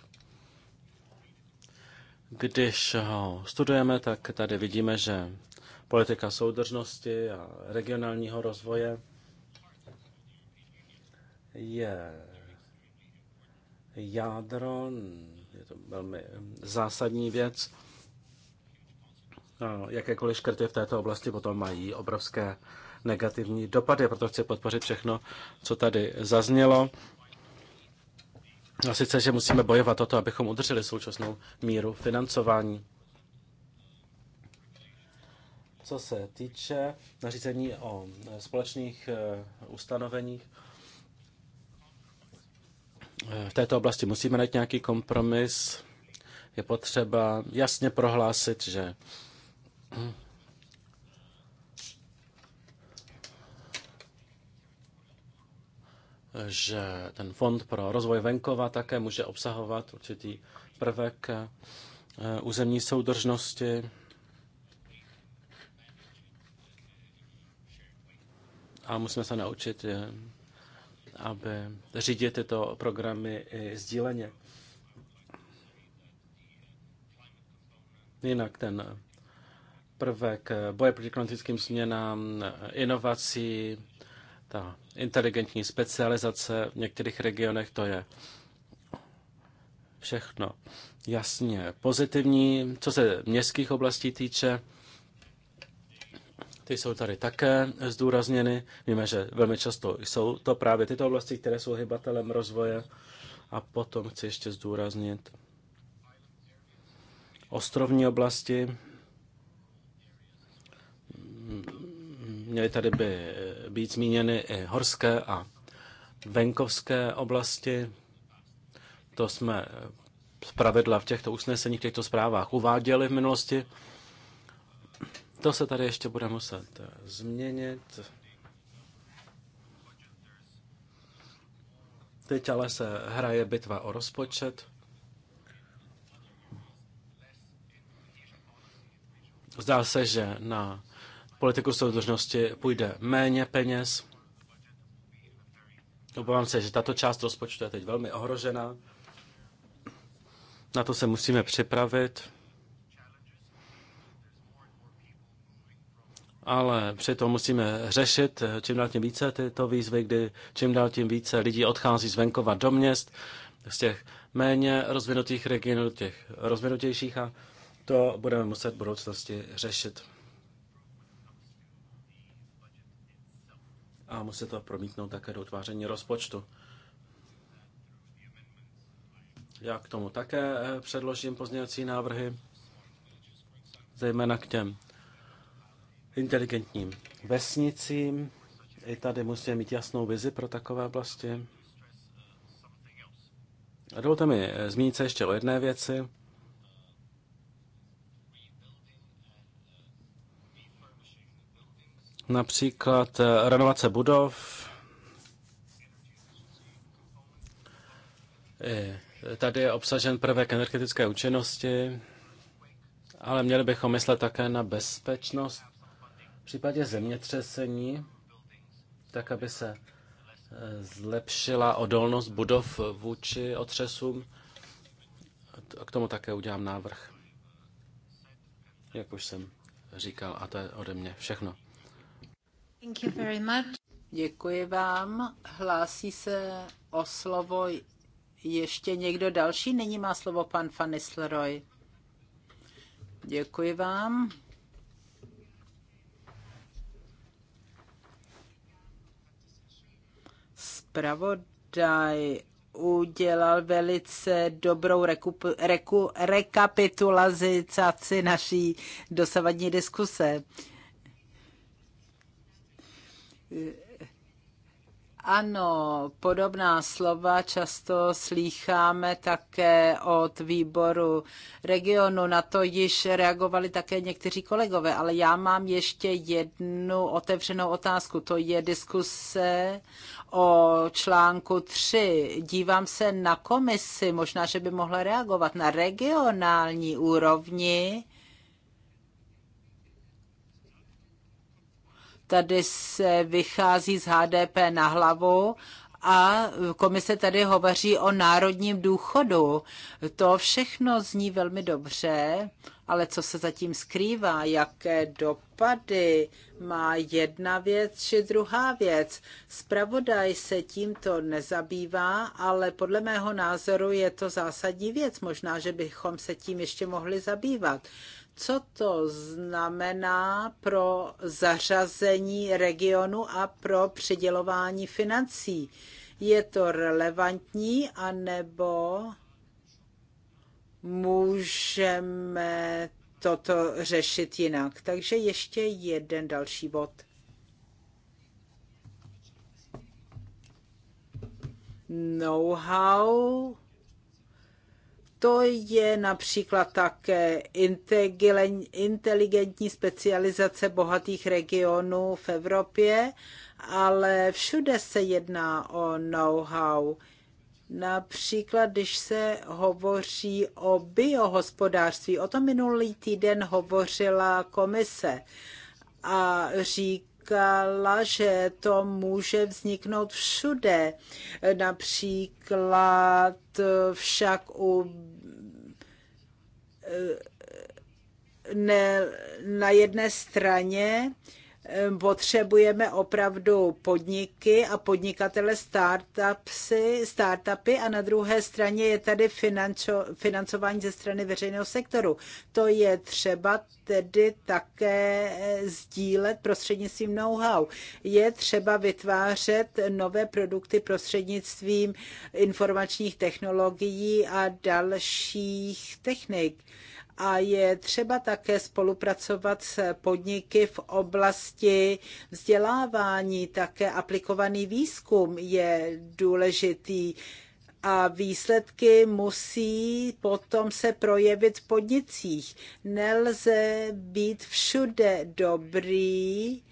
Když ho studujeme, tak tady vidíme, že politika soudržnosti a regionálního rozvoje je jádro, je to velmi zásadní věc. Jakékoliv škrty v této oblasti potom mají obrovské negativní dopady, proto chci podpořit všechno, co tady zaznělo. A sice, že musíme bojovat o to, abychom udrželi současnou míru financování. Co se týče nařízení o společných eh, ustanoveních, eh, v této oblasti musíme najít nějaký kompromis. Je potřeba jasně prohlásit, že že ten fond pro rozvoj venkova také může obsahovat určitý prvek eh, územní soudržnosti. A musíme se naučit, eh, aby řídit tyto programy i sdíleně. Jinak ten prvek boje proti klimatickým změnám, inovací, ta inteligentní specializace v některých regionech, to je všechno jasně pozitivní. Co se městských oblastí týče, ty jsou tady také zdůrazněny. Víme, že velmi často jsou to právě tyto oblasti, které jsou hybatelem rozvoje. A potom chci ještě zdůraznit ostrovní oblasti. Měly tady by být zmíněny i horské a venkovské oblasti. To jsme zpravidla v těchto usneseních, v těchto zprávách uváděli v minulosti. To se tady ještě bude muset eh, změnit. Teď ale se hraje bitva o rozpočet. Zdá se, že na politiku soudržnosti půjde méně peněz. Obávám se, že tato část rozpočtu je teď velmi ohrožena. Na to se musíme připravit. Ale přitom musíme řešit eh, čím dál tím více tyto výzvy, kdy čím dál tím více lidí odchází z venkova do měst, z těch méně rozvinutých regionů, těch rozvinutějších a to budeme muset v budoucnosti řešit. a musí to promítnout také do utváření rozpočtu. Já k tomu také eh, předložím pozměňovací návrhy, zejména k těm inteligentním vesnicím. I tady musíme mít jasnou vizi pro takové oblasti. A dovolte mi eh, zmínit se ještě o jedné věci. například eh, renovace budov. Tady je obsažen prvek energetické účinnosti, ale měli bychom myslet také na bezpečnost v případě zemětřesení, tak aby se eh, zlepšila odolnost budov vůči otřesům. K tomu také udělám návrh, jak už jsem říkal, a to je ode mě všechno. Děkuji vám. Hlásí se o slovo ještě někdo další? Nyní má slovo pan Fanisleroy. Děkuji vám. Spravodaj udělal velice dobrou reku, reku, rekapitulaci naší dosavadní diskuse. Ano, podobná slova často slýcháme také od výboru regionu. Na to již reagovali také někteří kolegové, ale já mám ještě jednu otevřenou otázku. To je diskuse o článku 3. Dívám se na komisi, možná, že by mohla reagovat na regionální úrovni Tady se vychází z HDP na hlavu a komise tady hovoří o národním důchodu. To všechno zní velmi dobře, ale co se zatím skrývá, jaké dopady má jedna věc či druhá věc. Spravodaj se tímto nezabývá, ale podle mého názoru je to zásadní věc. Možná, že bychom se tím ještě mohli zabývat co to znamená pro zařazení regionu a pro přidělování financí. Je to relevantní, anebo můžeme toto řešit jinak. Takže ještě jeden další bod. Know-how to je například také inteligentní specializace bohatých regionů v Evropě, ale všude se jedná o know-how. Například, když se hovoří o biohospodářství, o tom minulý týden hovořila komise a říká, říkala, že to může vzniknout všude. Například však u eh, ne, na jedné straně potřebujeme opravdu podniky a podnikatele startupsy, startupy a na druhé straně je tady financo, financování ze strany veřejného sektoru. To je třeba tedy také eh, sdílet prostřednictvím know-how. Je třeba vytvářet nové produkty prostřednictvím informačních technologií a dalších technik a je třeba také spolupracovat s podniky v oblasti vzdělávání, také aplikovaný výzkum je důležitý a výsledky musí potom se projevit v podnicích. Nelze být všude dobrý,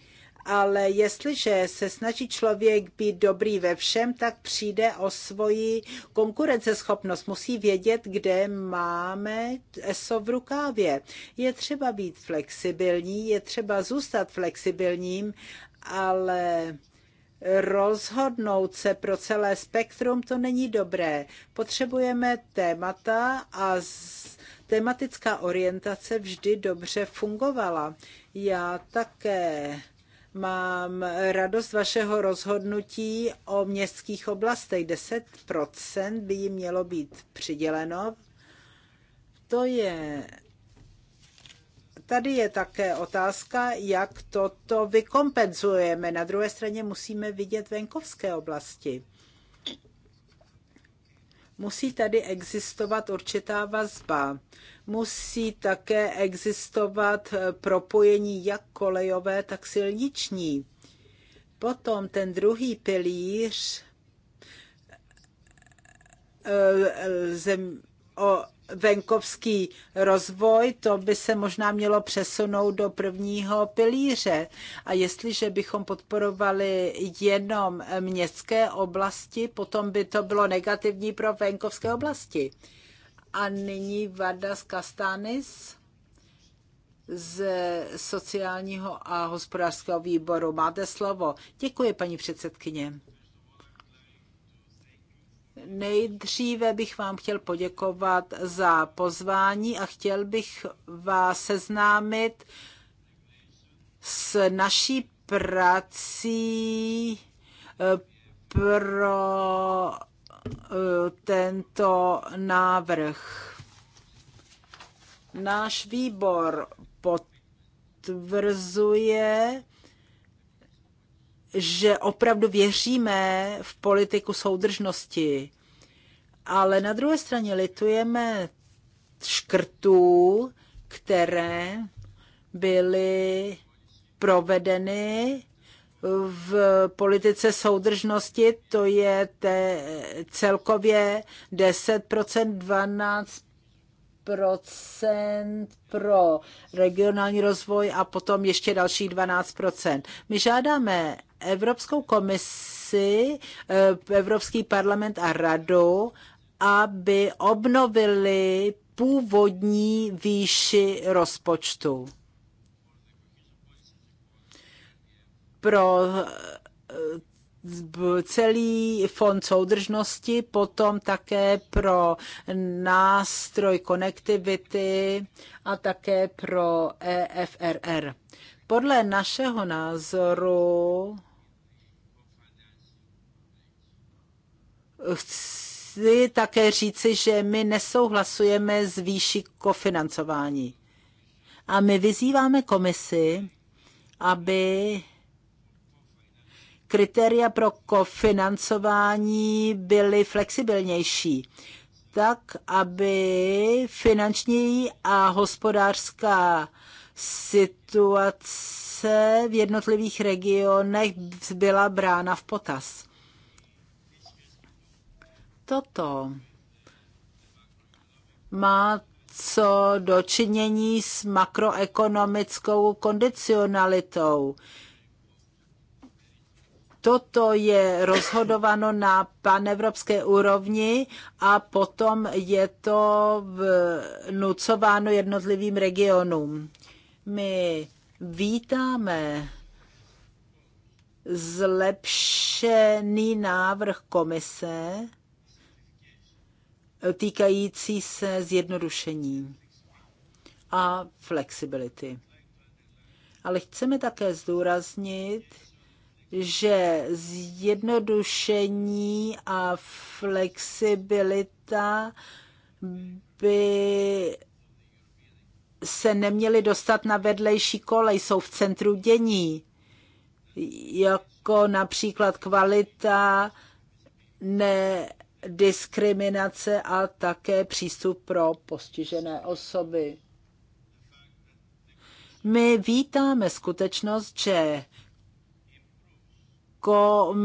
ale jestliže se snaží člověk být dobrý ve všem, tak přijde o svoji konkurenceschopnost. Musí vědět, kde máme ESO v rukávě. Je třeba být flexibilní, je třeba zůstat flexibilním, ale rozhodnout se pro celé spektrum, to není dobré. Potřebujeme témata a tematická orientace vždy dobře fungovala. Já také Mám radost vašeho rozhodnutí o městských oblastech. 10% by jim mělo být přiděleno. To je tady je také otázka, jak toto vykompenzujeme. Na druhé straně musíme vidět venkovské oblasti. Musí tady existovat určitá vazba. Musí také existovat eh, propojení jak kolejové, tak silniční. Potom ten druhý pilíř eh, eh, zem, o venkovský rozvoj, to by se možná mělo přesunout do prvního pilíře. A jestliže bychom podporovali jenom městské oblasti, potom by to bylo negativní pro venkovské oblasti. A nyní Vada z Kastanis z sociálního a hospodářského výboru. Máte slovo. Děkuji, paní předsedkyně. Nejdříve bych vám chtěl poděkovat za pozvání a chtěl bych vás seznámit s naší prací eh, pro eh, tento návrh. Náš výbor potvrzuje že opravdu věříme v politiku soudržnosti. Ale na druhé straně litujeme škrtů, které byly provedeny v politice soudržnosti, to je te celkově 10%, 12%, procent pro regionální rozvoj a potom ještě další 12 procent. My žádáme Evropskou komisi, eh, Evropský parlament a radu, aby obnovili původní výši rozpočtu. Pro eh, celý fond soudržnosti, potom také pro nástroj konektivity a také pro EFRR. Podle našeho názoru chci také říci, že my nesouhlasujeme s výší kofinancování. A my vyzýváme komisi, aby kritéria pro kofinancování byly flexibilnější tak, aby finanční a hospodářská situace v jednotlivých regionech byla brána v potaz. Toto má co dočinění s makroekonomickou kondicionalitou. Toto je rozhodováno na panevropské úrovni a potom je to vnucováno jednotlivým regionům. My vítáme zlepšený návrh komise týkající se zjednodušení a flexibility. Ale chceme také zdůraznit, že zjednodušení a flexibilita by se neměly dostat na vedlejší kolej, jsou v centru dění, jako například kvalita, nediskriminace a také přístup pro postižené osoby. My vítáme skutečnost, že kom,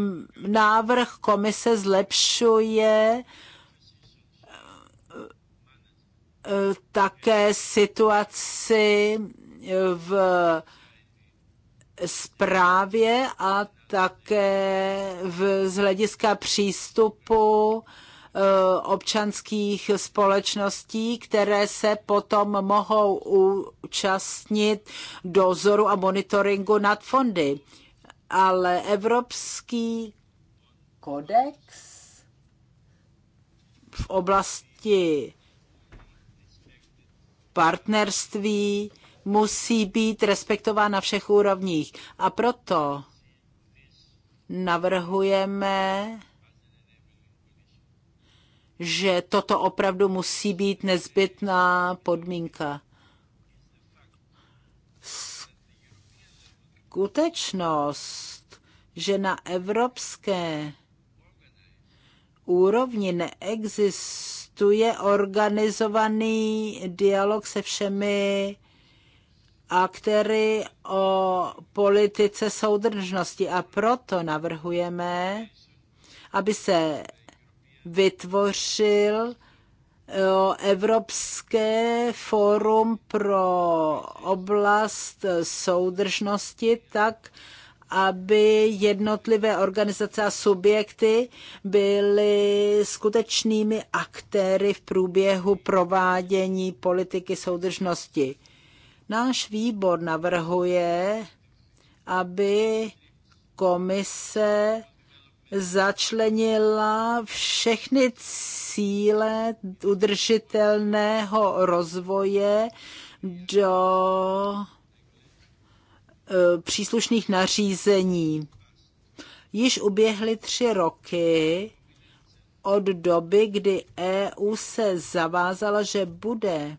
návrh komise zlepšuje eh, také situaci eh, v zprávě a také v, z hlediska přístupu eh, občanských společností, které se potom mohou účastnit dozoru a monitoringu nad fondy ale Evropský kodex v oblasti partnerství musí být respektován na všech úrovních. A proto navrhujeme, že toto opravdu musí být nezbytná podmínka. skutečnost, že na evropské úrovni neexistuje organizovaný dialog se všemi aktéry o politice soudržnosti a proto navrhujeme, aby se vytvořil Evropské fórum pro oblast soudržnosti tak, aby jednotlivé organizace a subjekty byly skutečnými aktéry v průběhu provádění politiky soudržnosti. Náš výbor navrhuje, aby komise začlenila všechny cíle udržitelného rozvoje do e, příslušných nařízení. Již uběhly tři roky od doby, kdy EU se zavázala, že bude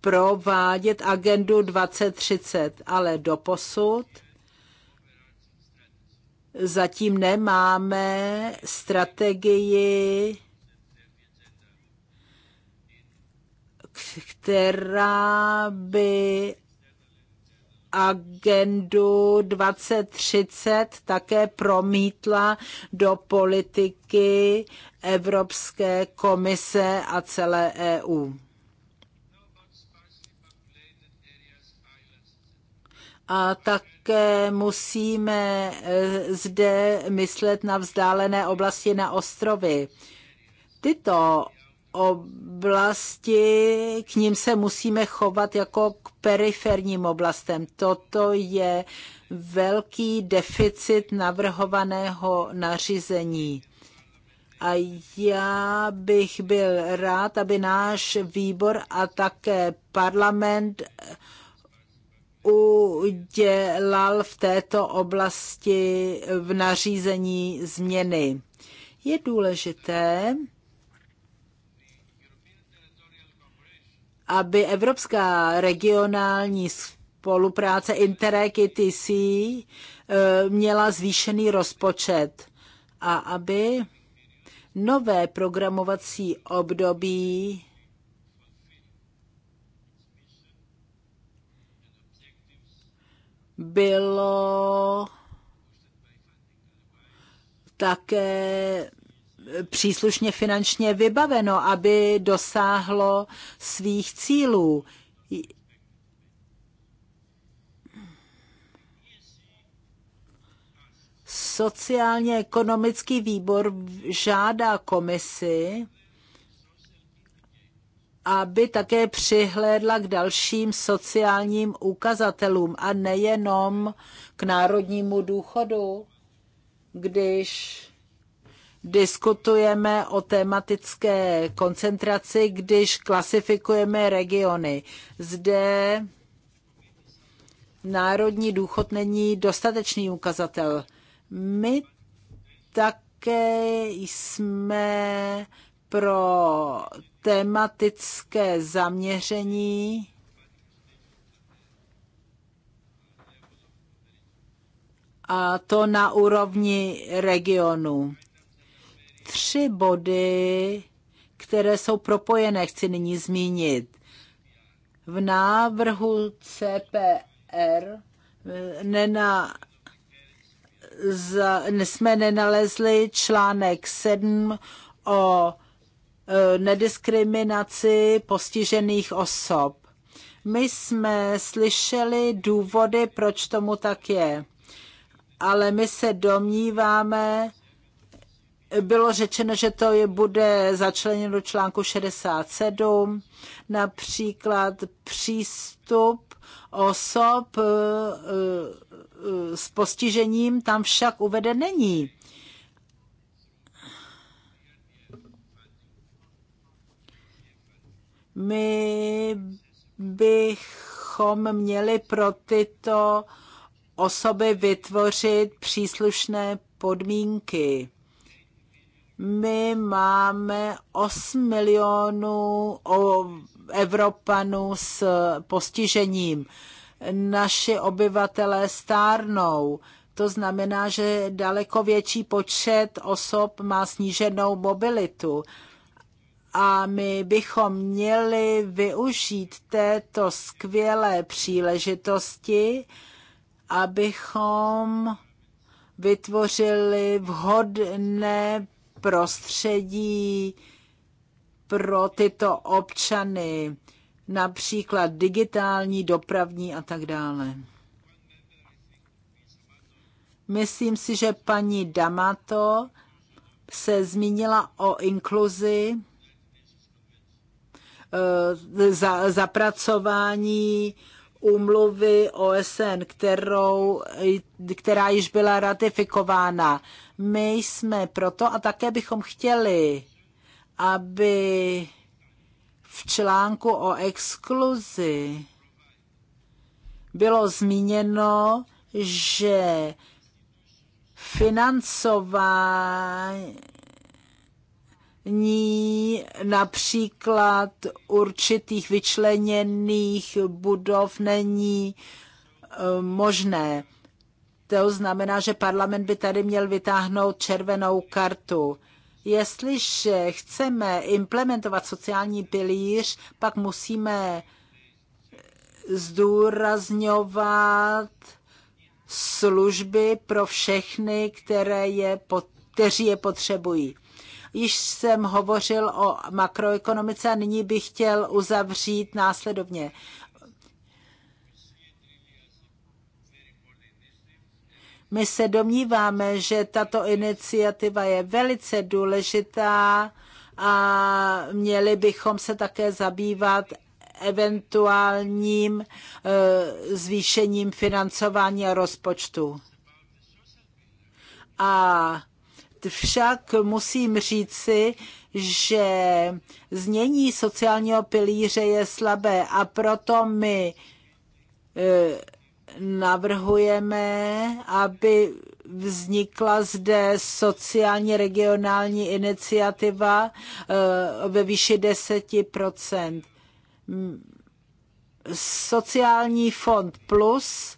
provádět agendu 2030, ale doposud zatím nemáme strategii, která by agendu 2030 také promítla do politiky Evropské komise a celé EU. a také musíme eh, zde myslet na vzdálené oblasti, na ostrovy. Tyto oblasti, k ním se musíme chovat jako k periferním oblastem. Toto je velký deficit navrhovaného nařízení. A já bych byl rád, aby náš výbor a také parlament udělal v této oblasti v nařízení změny. Je důležité, aby Evropská regionální spolupráce Interreg ITC e, měla zvýšený rozpočet a aby nové programovací období bylo také příslušně finančně vybaveno, aby dosáhlo svých cílů. Sociálně-ekonomický výbor žádá komisi, aby také přihlédla k dalším sociálním ukazatelům a nejenom k národnímu důchodu, když diskutujeme o tematické koncentraci, když klasifikujeme regiony. Zde národní důchod není dostatečný ukazatel. My také jsme pro tematické zaměření a to na úrovni regionu. Tři body, které jsou propojené, chci nyní zmínit. V návrhu CPR nena, za, jsme nenalezli článek 7 o Eh, nediskriminaci postižených osob. My jsme slyšeli důvody, proč tomu tak je, ale my se domníváme, bylo řečeno, že to je, bude začleněno do článku 67, například přístup osob eh, eh, s postižením tam však uveden není. My bychom měli pro tyto osoby vytvořit příslušné podmínky. My máme 8 milionů Evropanů s postižením. Naši obyvatelé stárnou. To znamená, že daleko větší počet osob má sníženou mobilitu a my bychom měli využít této skvělé příležitosti, abychom vytvořili vhodné prostředí pro tyto občany, například digitální, dopravní a tak dále. Myslím si, že paní Damato se zmínila o inkluzi Eh, za, zapracování umluvy OSN, kterou, která již byla ratifikována. My jsme proto a také bychom chtěli, aby v článku o exkluzi bylo zmíněno, že financování ní například určitých vyčleněných budov není eh, možné. To znamená, že parlament by tady měl vytáhnout červenou kartu. Jestliže chceme implementovat sociální pilíř, pak musíme zdůrazňovat služby pro všechny, které je, kteří je potřebují. Již jsem hovořil o makroekonomice a nyní bych chtěl uzavřít následovně. My se domníváme, že tato iniciativa je velice důležitá a měli bychom se také zabývat eventuálním eh, zvýšením financování a rozpočtu. A však musím říci, že znění sociálního pilíře je slabé a proto my eh, navrhujeme, aby vznikla zde sociálně regionální iniciativa eh, ve výši 10 Sociální fond plus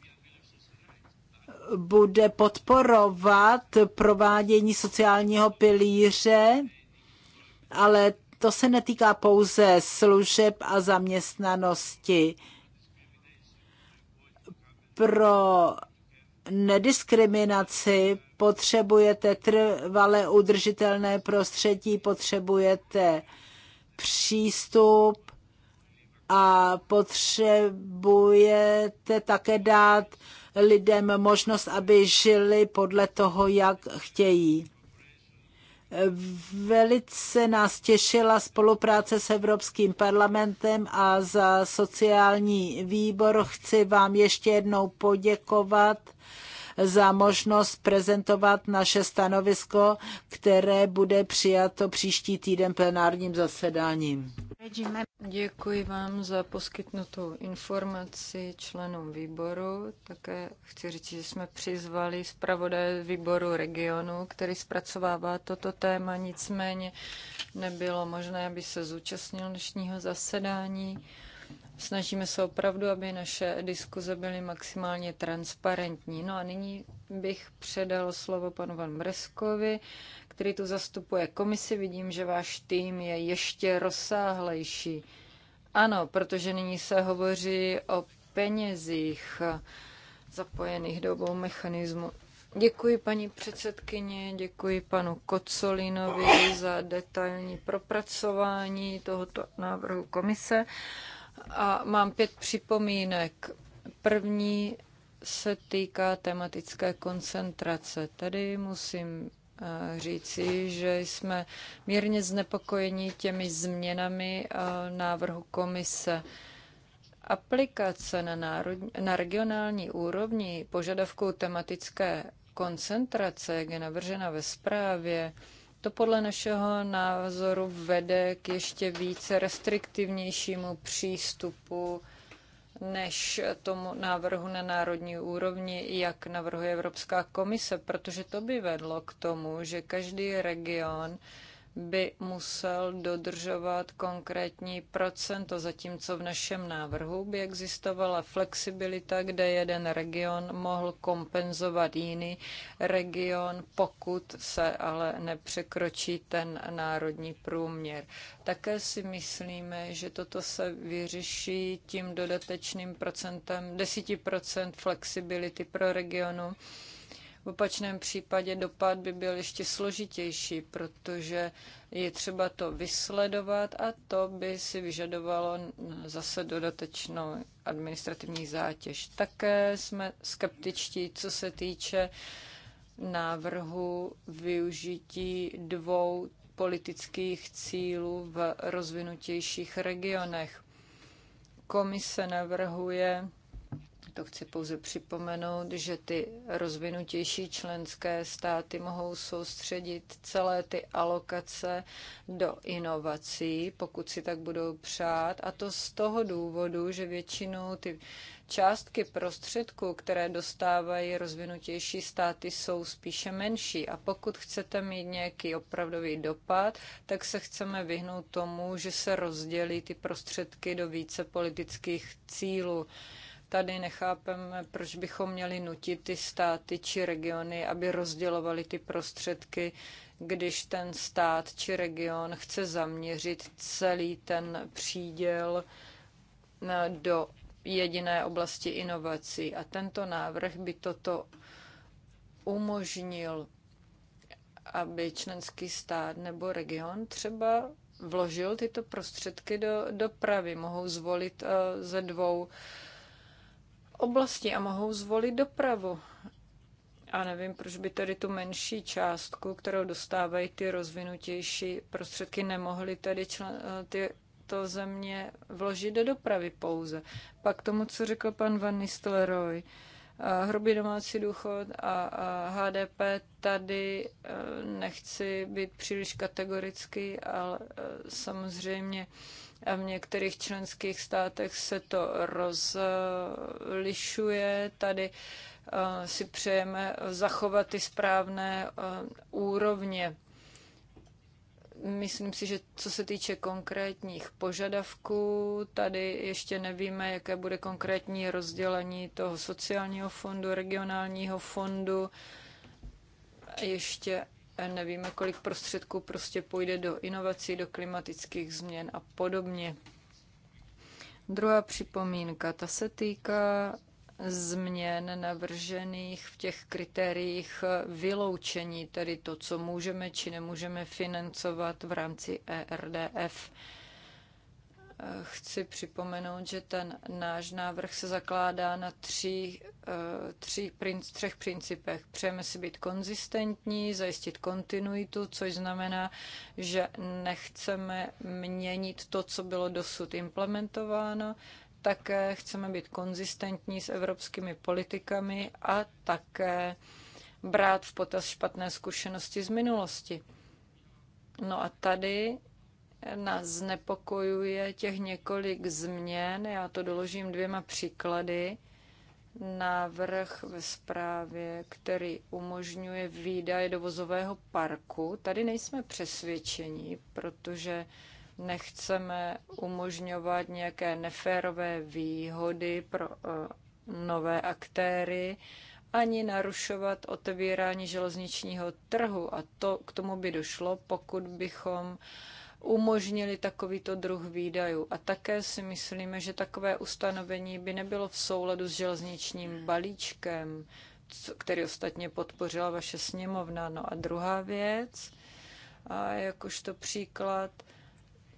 bude podporovat provádění sociálního pilíře, ale to se netýká pouze služeb a zaměstnanosti. Pro nediskriminaci potřebujete trvale udržitelné prostředí, potřebujete přístup a potřebujete také dát lidem možnost, aby žili podle toho, jak chtějí. Velice nás těšila spolupráce s Evropským parlamentem a za sociální výbor chci vám ještě jednou poděkovat za možnost prezentovat naše stanovisko, které bude přijato příští týden plenárním zasedáním. Děkuji vám za poskytnutou informaci členům výboru. Také chci říct, že jsme přizvali zpravodaje výboru regionu, který zpracovává toto téma, nicméně nebylo možné, aby se zúčastnil dnešního zasedání. Snažíme se opravdu, aby naše diskuze byly maximálně transparentní. No a nyní bych předal slovo panu Van Breskovi který tu zastupuje komisi. Vidím, že váš tým je ještě rozsáhlejší. Ano, protože nyní se hovoří o penězích zapojených do obou mechanismu. Děkuji paní předsedkyně, děkuji panu Kocolinovi za detailní propracování tohoto návrhu komise. A mám pět připomínek. První se týká tematické koncentrace. Tady musím Eh, říci, že jsme mírně znepokojeni těmi změnami eh, návrhu komise. Aplikace na, na regionální úrovni požadavků tematické koncentrace, jak je navržena ve zprávě, to podle našeho názoru vede k ještě více restriktivnějšímu přístupu než tomu návrhu na národní úrovni, jak navrhuje Evropská komise, protože to by vedlo k tomu, že každý region by musel dodržovat konkrétní procento, zatímco v našem návrhu by existovala flexibilita, kde jeden region mohl kompenzovat jiný region, pokud se ale nepřekročí ten národní průměr. Také si myslíme, že toto se vyřeší tím dodatečným procentem 10% flexibility pro regionu, v opačném případě dopad by byl ještě složitější, protože je třeba to vysledovat a to by si vyžadovalo zase dodatečnou administrativní zátěž. Také jsme skeptičtí, co se týče návrhu využití dvou politických cílů v rozvinutějších regionech. Komise navrhuje to chci pouze připomenout, že ty rozvinutější členské státy mohou soustředit celé ty alokace do inovací, pokud si tak budou přát. A to z toho důvodu, že většinou ty částky prostředků, které dostávají rozvinutější státy, jsou spíše menší. A pokud chcete mít nějaký opravdový dopad, tak se chceme vyhnout tomu, že se rozdělí ty prostředky do více politických cílů. Tady nechápeme, proč bychom měli nutit ty státy či regiony, aby rozdělovali ty prostředky, když ten stát či region chce zaměřit celý ten příděl eh, do jediné oblasti inovací. A tento návrh by toto umožnil, aby členský stát nebo region třeba vložil tyto prostředky do dopravy. Mohou zvolit eh, ze dvou uh, oblasti a mohou zvolit dopravu. A nevím, proč by tady tu menší částku, kterou dostávají ty rozvinutější prostředky, nemohly tady člen, ty to země vložit do dopravy pouze. Pak tomu, co řekl pan Van Nistelrooy, eh, hrubý domácí důchod a, a HDP, tady eh, nechci být příliš kategorický, ale eh, samozřejmě a V některých členských státech se to rozlišuje. Tady eh, si přejeme zachovat ty správné eh, úrovně. Myslím si, že co se týče konkrétních požadavků, tady ještě nevíme, jaké bude konkrétní rozdělení toho sociálního fondu, regionálního fondu. Ještě nevíme, kolik prostředků prostě půjde do inovací, do klimatických změn a podobně. Druhá připomínka, ta se týká změn navržených v těch kritériích vyloučení, tedy to, co můžeme či nemůžeme financovat v rámci ERDF chci připomenout, že ten náš návrh se zakládá na tří, eh, tří, třech principech. Přejeme si být konzistentní, zajistit kontinuitu, což znamená, že nechceme měnit to, co bylo dosud implementováno, také chceme být konzistentní s evropskými politikami a také brát v potaz špatné zkušenosti z minulosti. No a tady nás znepokojuje těch několik změn. Já to doložím dvěma příklady. Návrh ve zprávě, který umožňuje výdaje dovozového parku. Tady nejsme přesvědčeni, protože nechceme umožňovat nějaké neférové výhody pro eh, nové aktéry ani narušovat otevírání železničního trhu. A to k tomu by došlo, pokud bychom uh, umožnili takovýto druh výdajů. A také si myslíme, že takové ustanovení by nebylo v souladu s železničním balíčkem, který ostatně podpořila vaše sněmovna. No a druhá věc, a jakožto příklad,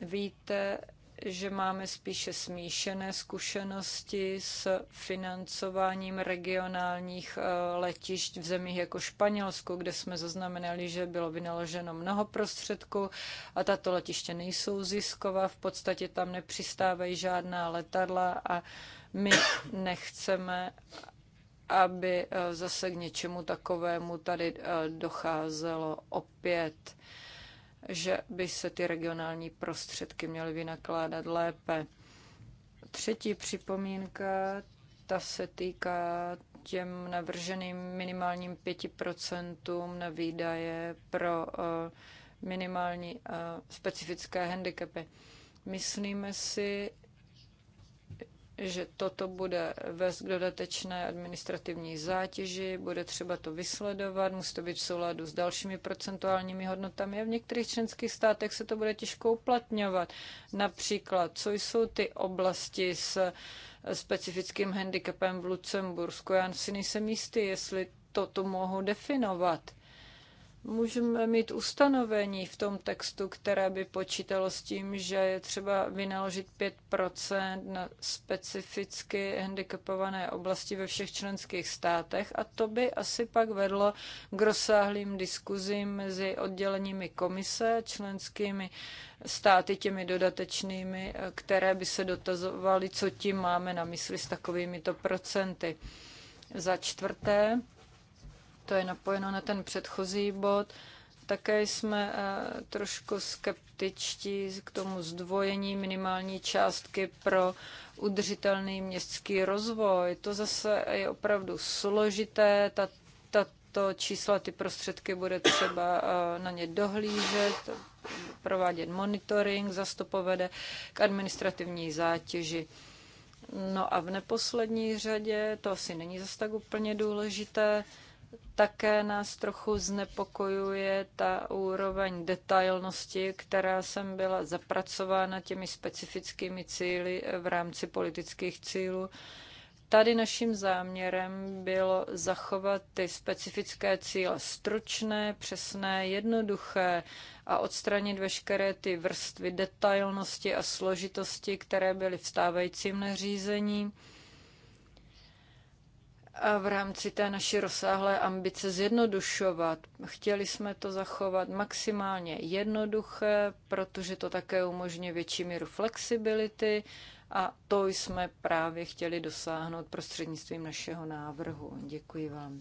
víte, že máme spíše smíšené zkušenosti s financováním regionálních eh, letišť v zemích jako Španělsko, kde jsme zaznamenali, že bylo vynaloženo mnoho prostředků a tato letiště nejsou zisková, v podstatě tam nepřistávají žádná letadla a my nechceme, aby eh, zase k něčemu takovému tady eh, docházelo opět že by se ty regionální prostředky měly vynakládat lépe. Třetí připomínka, ta se týká těm navrženým minimálním 5% na výdaje pro eh, minimální eh, specifické handicapy. Myslíme si, že toto bude vést k dodatečné administrativní zátěži, bude třeba to vysledovat, musí to být v souladu s dalšími procentuálními hodnotami a v některých členských státech se to bude těžko uplatňovat. Například, co jsou ty oblasti s specifickým handicapem v Lucembursku? Já si nejsem jistý, jestli to, to mohu definovat. Můžeme mít ustanovení v tom textu, které by počítalo s tím, že je třeba vynaložit 5 na specificky handicapované oblasti ve všech členských státech a to by asi pak vedlo k rozsáhlým diskuzím mezi odděleními komise, členskými státy, těmi dodatečnými, které by se dotazovaly, co tím máme na mysli s takovými to procenty. Za čtvrté, to je napojeno na ten předchozí bod. Také jsme eh, trošku skeptičtí k tomu zdvojení minimální částky pro udržitelný městský rozvoj. To zase je opravdu složité, ta, čísla, ty prostředky bude třeba eh, na ně dohlížet, provádět monitoring, zase to povede k administrativní zátěži. No a v neposlední řadě, to asi není zase tak úplně důležité, také nás trochu znepokojuje ta úroveň detailnosti, která sem byla zapracována těmi specifickými cíly v rámci politických cílů. Tady naším záměrem bylo zachovat ty specifické cíle stručné, přesné, jednoduché a odstranit veškeré ty vrstvy detailnosti a složitosti, které byly v stávajícím nařízení v rámci té naší rozsáhlé ambice zjednodušovat. Chtěli jsme to zachovat maximálně jednoduché, protože to také umožňuje větší míru flexibility a to jsme právě chtěli dosáhnout prostřednictvím našeho návrhu. Děkuji vám.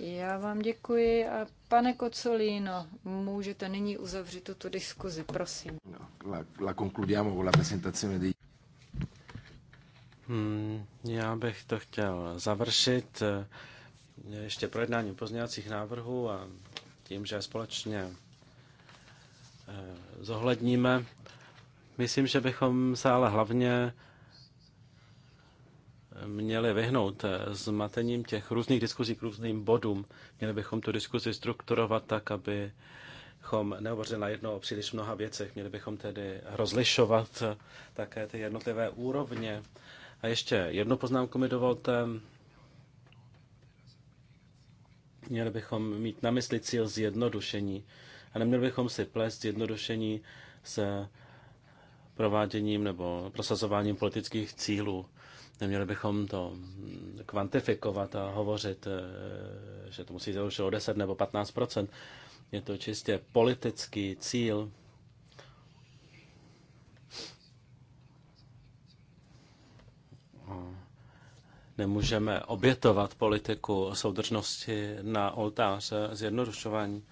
Já vám děkuji a pane Kocolíno, můžete nyní uzavřít tuto diskuzi, prosím. No, la, la concludiamo con la presentazione Hmm, já bych to chtěl završit eh, ještě projednáním pozměňovacích návrhů a tím, že společně eh, zohledníme. Myslím, že bychom se ale hlavně měli vyhnout eh, zmatením těch různých diskuzí k různým bodům. Měli bychom tu diskuzi strukturovat tak, abychom nehovořili najednou o příliš mnoha věcech. Měli bychom tedy rozlišovat také ty jednotlivé úrovně a ještě jednu poznámku mi dovolte. Měli bychom mít na mysli cíl zjednodušení a neměli bychom si plést zjednodušení se prováděním nebo prosazováním politických cílů. Neměli bychom to kvantifikovat a hovořit, eh, že to musí zjednodušit o 10 nebo 15 Je to čistě politický cíl, Nemůžeme obětovat politiku soudržnosti na oltář zjednodušování.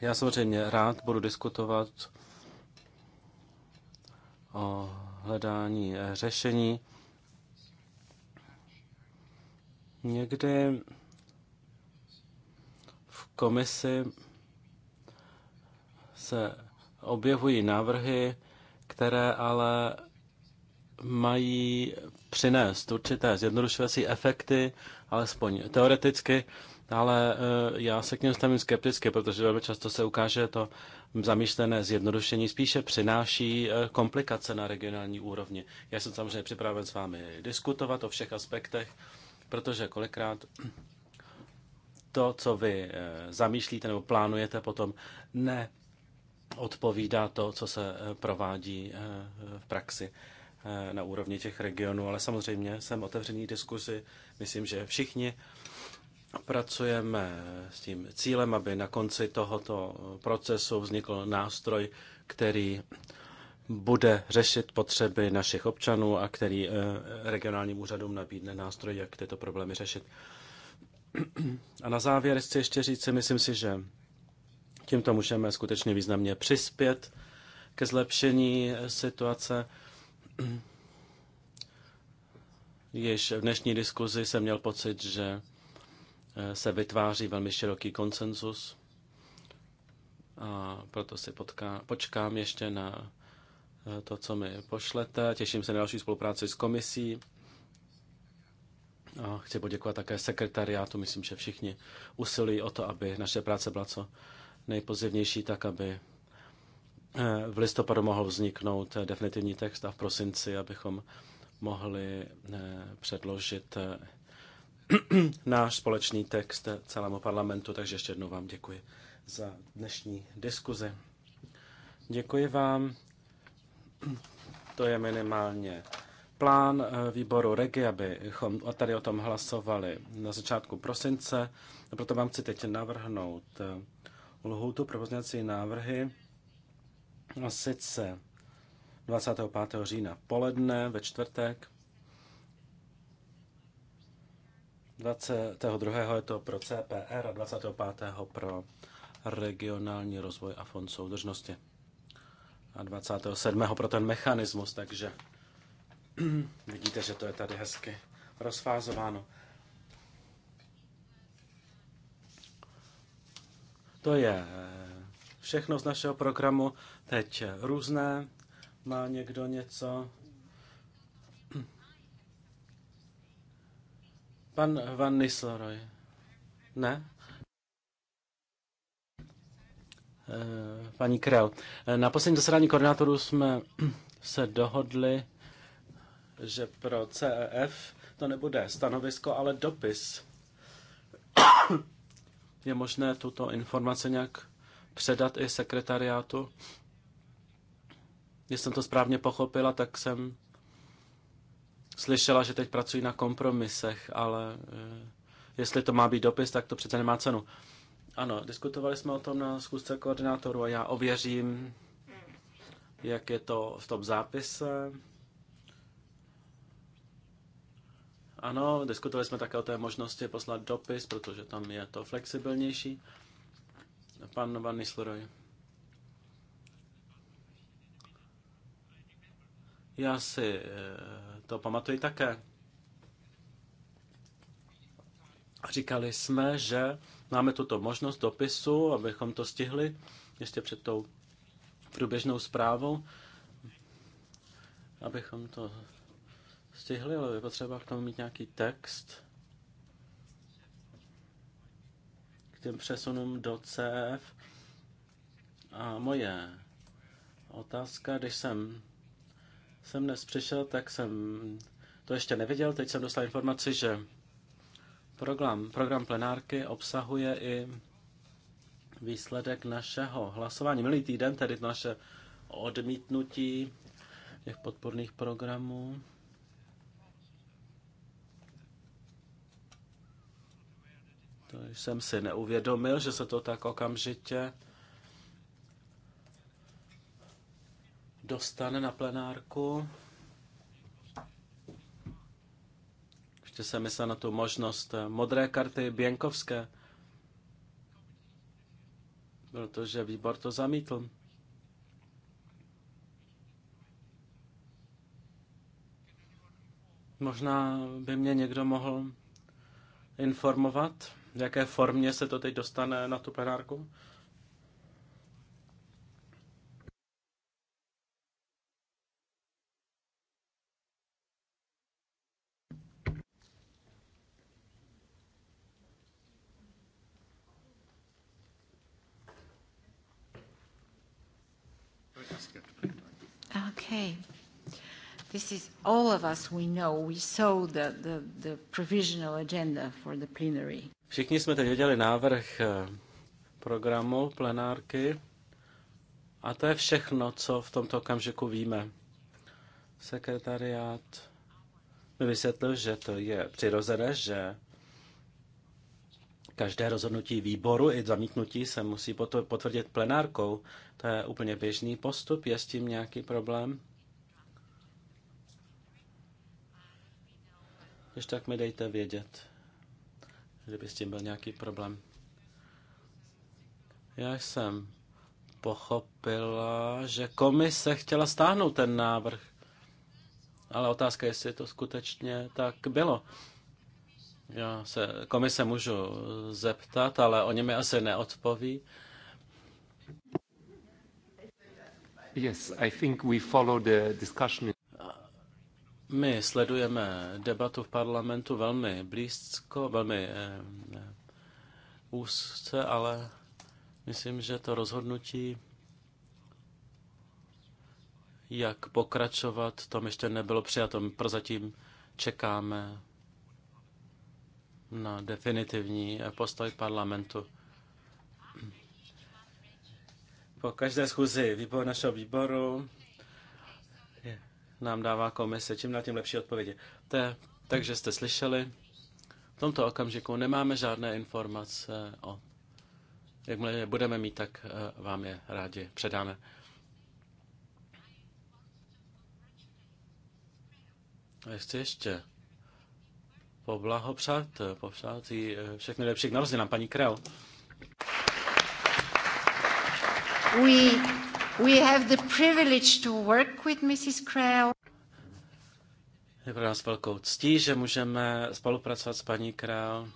Já samozřejmě rád budu diskutovat o hledání řešení. Někdy v komisi se objevují návrhy, které ale mají přinést určité zjednodušující efekty, alespoň teoreticky, ale eh, já se k něm stavím skepticky, protože velmi často se ukáže to zamýšlené zjednodušení spíše přináší eh, komplikace na regionální úrovni. Já jsem samozřejmě připraven s vámi diskutovat o všech aspektech, protože kolikrát to, co vy eh, zamýšlíte nebo plánujete, potom neodpovídá to, co se provádí v praxi. Eh, na úrovni těch regionů, ale samozřejmě jsem otevřený diskuzi. Myslím, že všichni pracujeme s tím cílem, aby na konci tohoto procesu vznikl nástroj, který bude řešit potřeby našich občanů a který eh, regionálním úřadům nabídne nástroj, jak tyto problémy řešit. A na závěr chci ještě říct si, myslím si, že tímto můžeme skutečně významně přispět ke zlepšení situace Již v dnešní diskuzi jsem měl pocit, že eh, se vytváří velmi široký konsenzus a proto si potká, počkám ještě na eh, to, co mi pošlete. Těším se na další spolupráci s komisí. A chci poděkovat také sekretariátu. Myslím, že všichni usilují o to, aby naše práce byla co nejpozivnější, tak aby Eh, v listopadu mohl vzniknout eh, definitivní text a v prosinci, abychom mohli eh, předložit náš společný text celému parlamentu. Takže ještě jednou vám děkuji za dnešní diskuzi. Děkuji vám. To je minimálně plán výboru Regi, abychom tady o tom hlasovali na začátku prosince. Proto vám chci teď navrhnout lhůtu pro návrhy a sice 25. října v poledne ve čtvrtek. 22. je to pro CPR a 25. pro regionální rozvoj a fond soudržnosti. A 27. pro ten mechanismus, takže vidíte, že to je tady hezky rozfázováno. To je eh, všechno z našeho programu teď různé. Má někdo něco? Pan Van Nisleroy. Ne? Eh, paní Krell. Eh, na poslední zasedání koordinátorů jsme se dohodli, že pro CEF to nebude stanovisko, ale dopis. Je možné tuto informaci nějak předat i sekretariátu. Když jsem to správně pochopila, tak jsem slyšela, že teď pracují na kompromisech, ale eh, jestli to má být dopis, tak to přece nemá cenu. Ano, diskutovali jsme o tom na zkusce koordinátoru a já ověřím, jak je to v tom zápise. Ano, diskutovali jsme také o té možnosti poslat dopis, protože tam je to flexibilnější. Pan Van Nisleroy. Já si eh, to pamatuji také. Říkali jsme, že máme tuto možnost dopisu, abychom to stihli ještě před tou průběžnou zprávou, abychom to stihli, ale je potřeba k tomu mít nějaký text. těm přesunům do CF. A moje otázka, když jsem jsem dnes přišel, tak jsem to ještě neviděl. Teď jsem dostal informaci, že program, program plenárky obsahuje i výsledek našeho hlasování. Minulý týden, tedy naše odmítnutí těch podporných programů. To jsem si neuvědomil, že se to tak okamžitě dostane na plenárku. Ještě jsem myslel na tu možnost eh, modré karty Běnkovské, protože výbor to zamítl. Možná by mě někdo mohl informovat. V jaké formě se to teď dostane na tu penárku? Okay. This is all of us we know. We saw the, the, the provisional agenda for the plenary. Všichni jsme teď viděli návrh eh, programu plenárky a to je všechno, co v tomto okamžiku víme. Sekretariát mi vysvětlil, že to je přirozené, že každé rozhodnutí výboru i zamítnutí se musí potvrdit plenárkou. To je úplně běžný postup. Je s tím nějaký problém? Když tak mi dejte vědět, kdyby s tím byl nějaký problém. Já jsem pochopila, že komise chtěla stáhnout ten návrh. Ale otázka je, jestli to skutečně tak bylo. Já se komise můžu zeptat, ale oni mi asi neodpoví. Yes, I think we follow the discussion. My sledujeme debatu v parlamentu velmi blízko, velmi eh, eh úzce, ale myslím, že to rozhodnutí, jak pokračovat, tom ještě nebylo přijato. My prozatím čekáme na definitivní eh, postoj parlamentu. Po každé schůzi výbor našeho výboru nám dává komise, čím na tím lepší odpovědi. je, takže jste slyšeli, v tomto okamžiku nemáme žádné informace o... Jakmile je budeme mít, tak eh, vám je rádi předáme. A chci ještě poblahopřát, eh, popřát jí eh, všechny lepší k narozeninám, paní Kreo. Oui, We have the privilege to work with Mrs. Krell. Je pro nás velkou ctí, že můžeme spolupracovat s paní Král.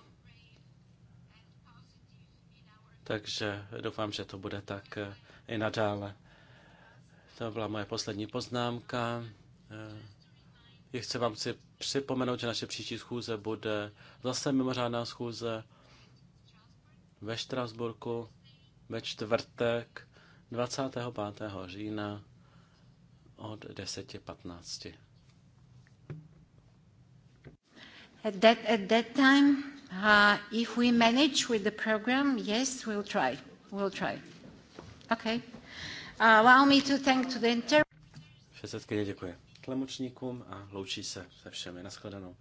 Takže doufám, že to bude tak eh, i nadále. To byla moje poslední poznámka. Je eh, chci vám chci připomenout, že naše příští schůze bude zase mimořádná schůze ve Štrasburku ve čtvrtek 25. října od 10.15. At that, at that time, uh, if we manage with the program, yes, we'll try. We'll try. Okay. Uh, allow me to thank to the inter... Předsedkyně děkuje tlemočníkům a loučí se se všemi. Naschledanou.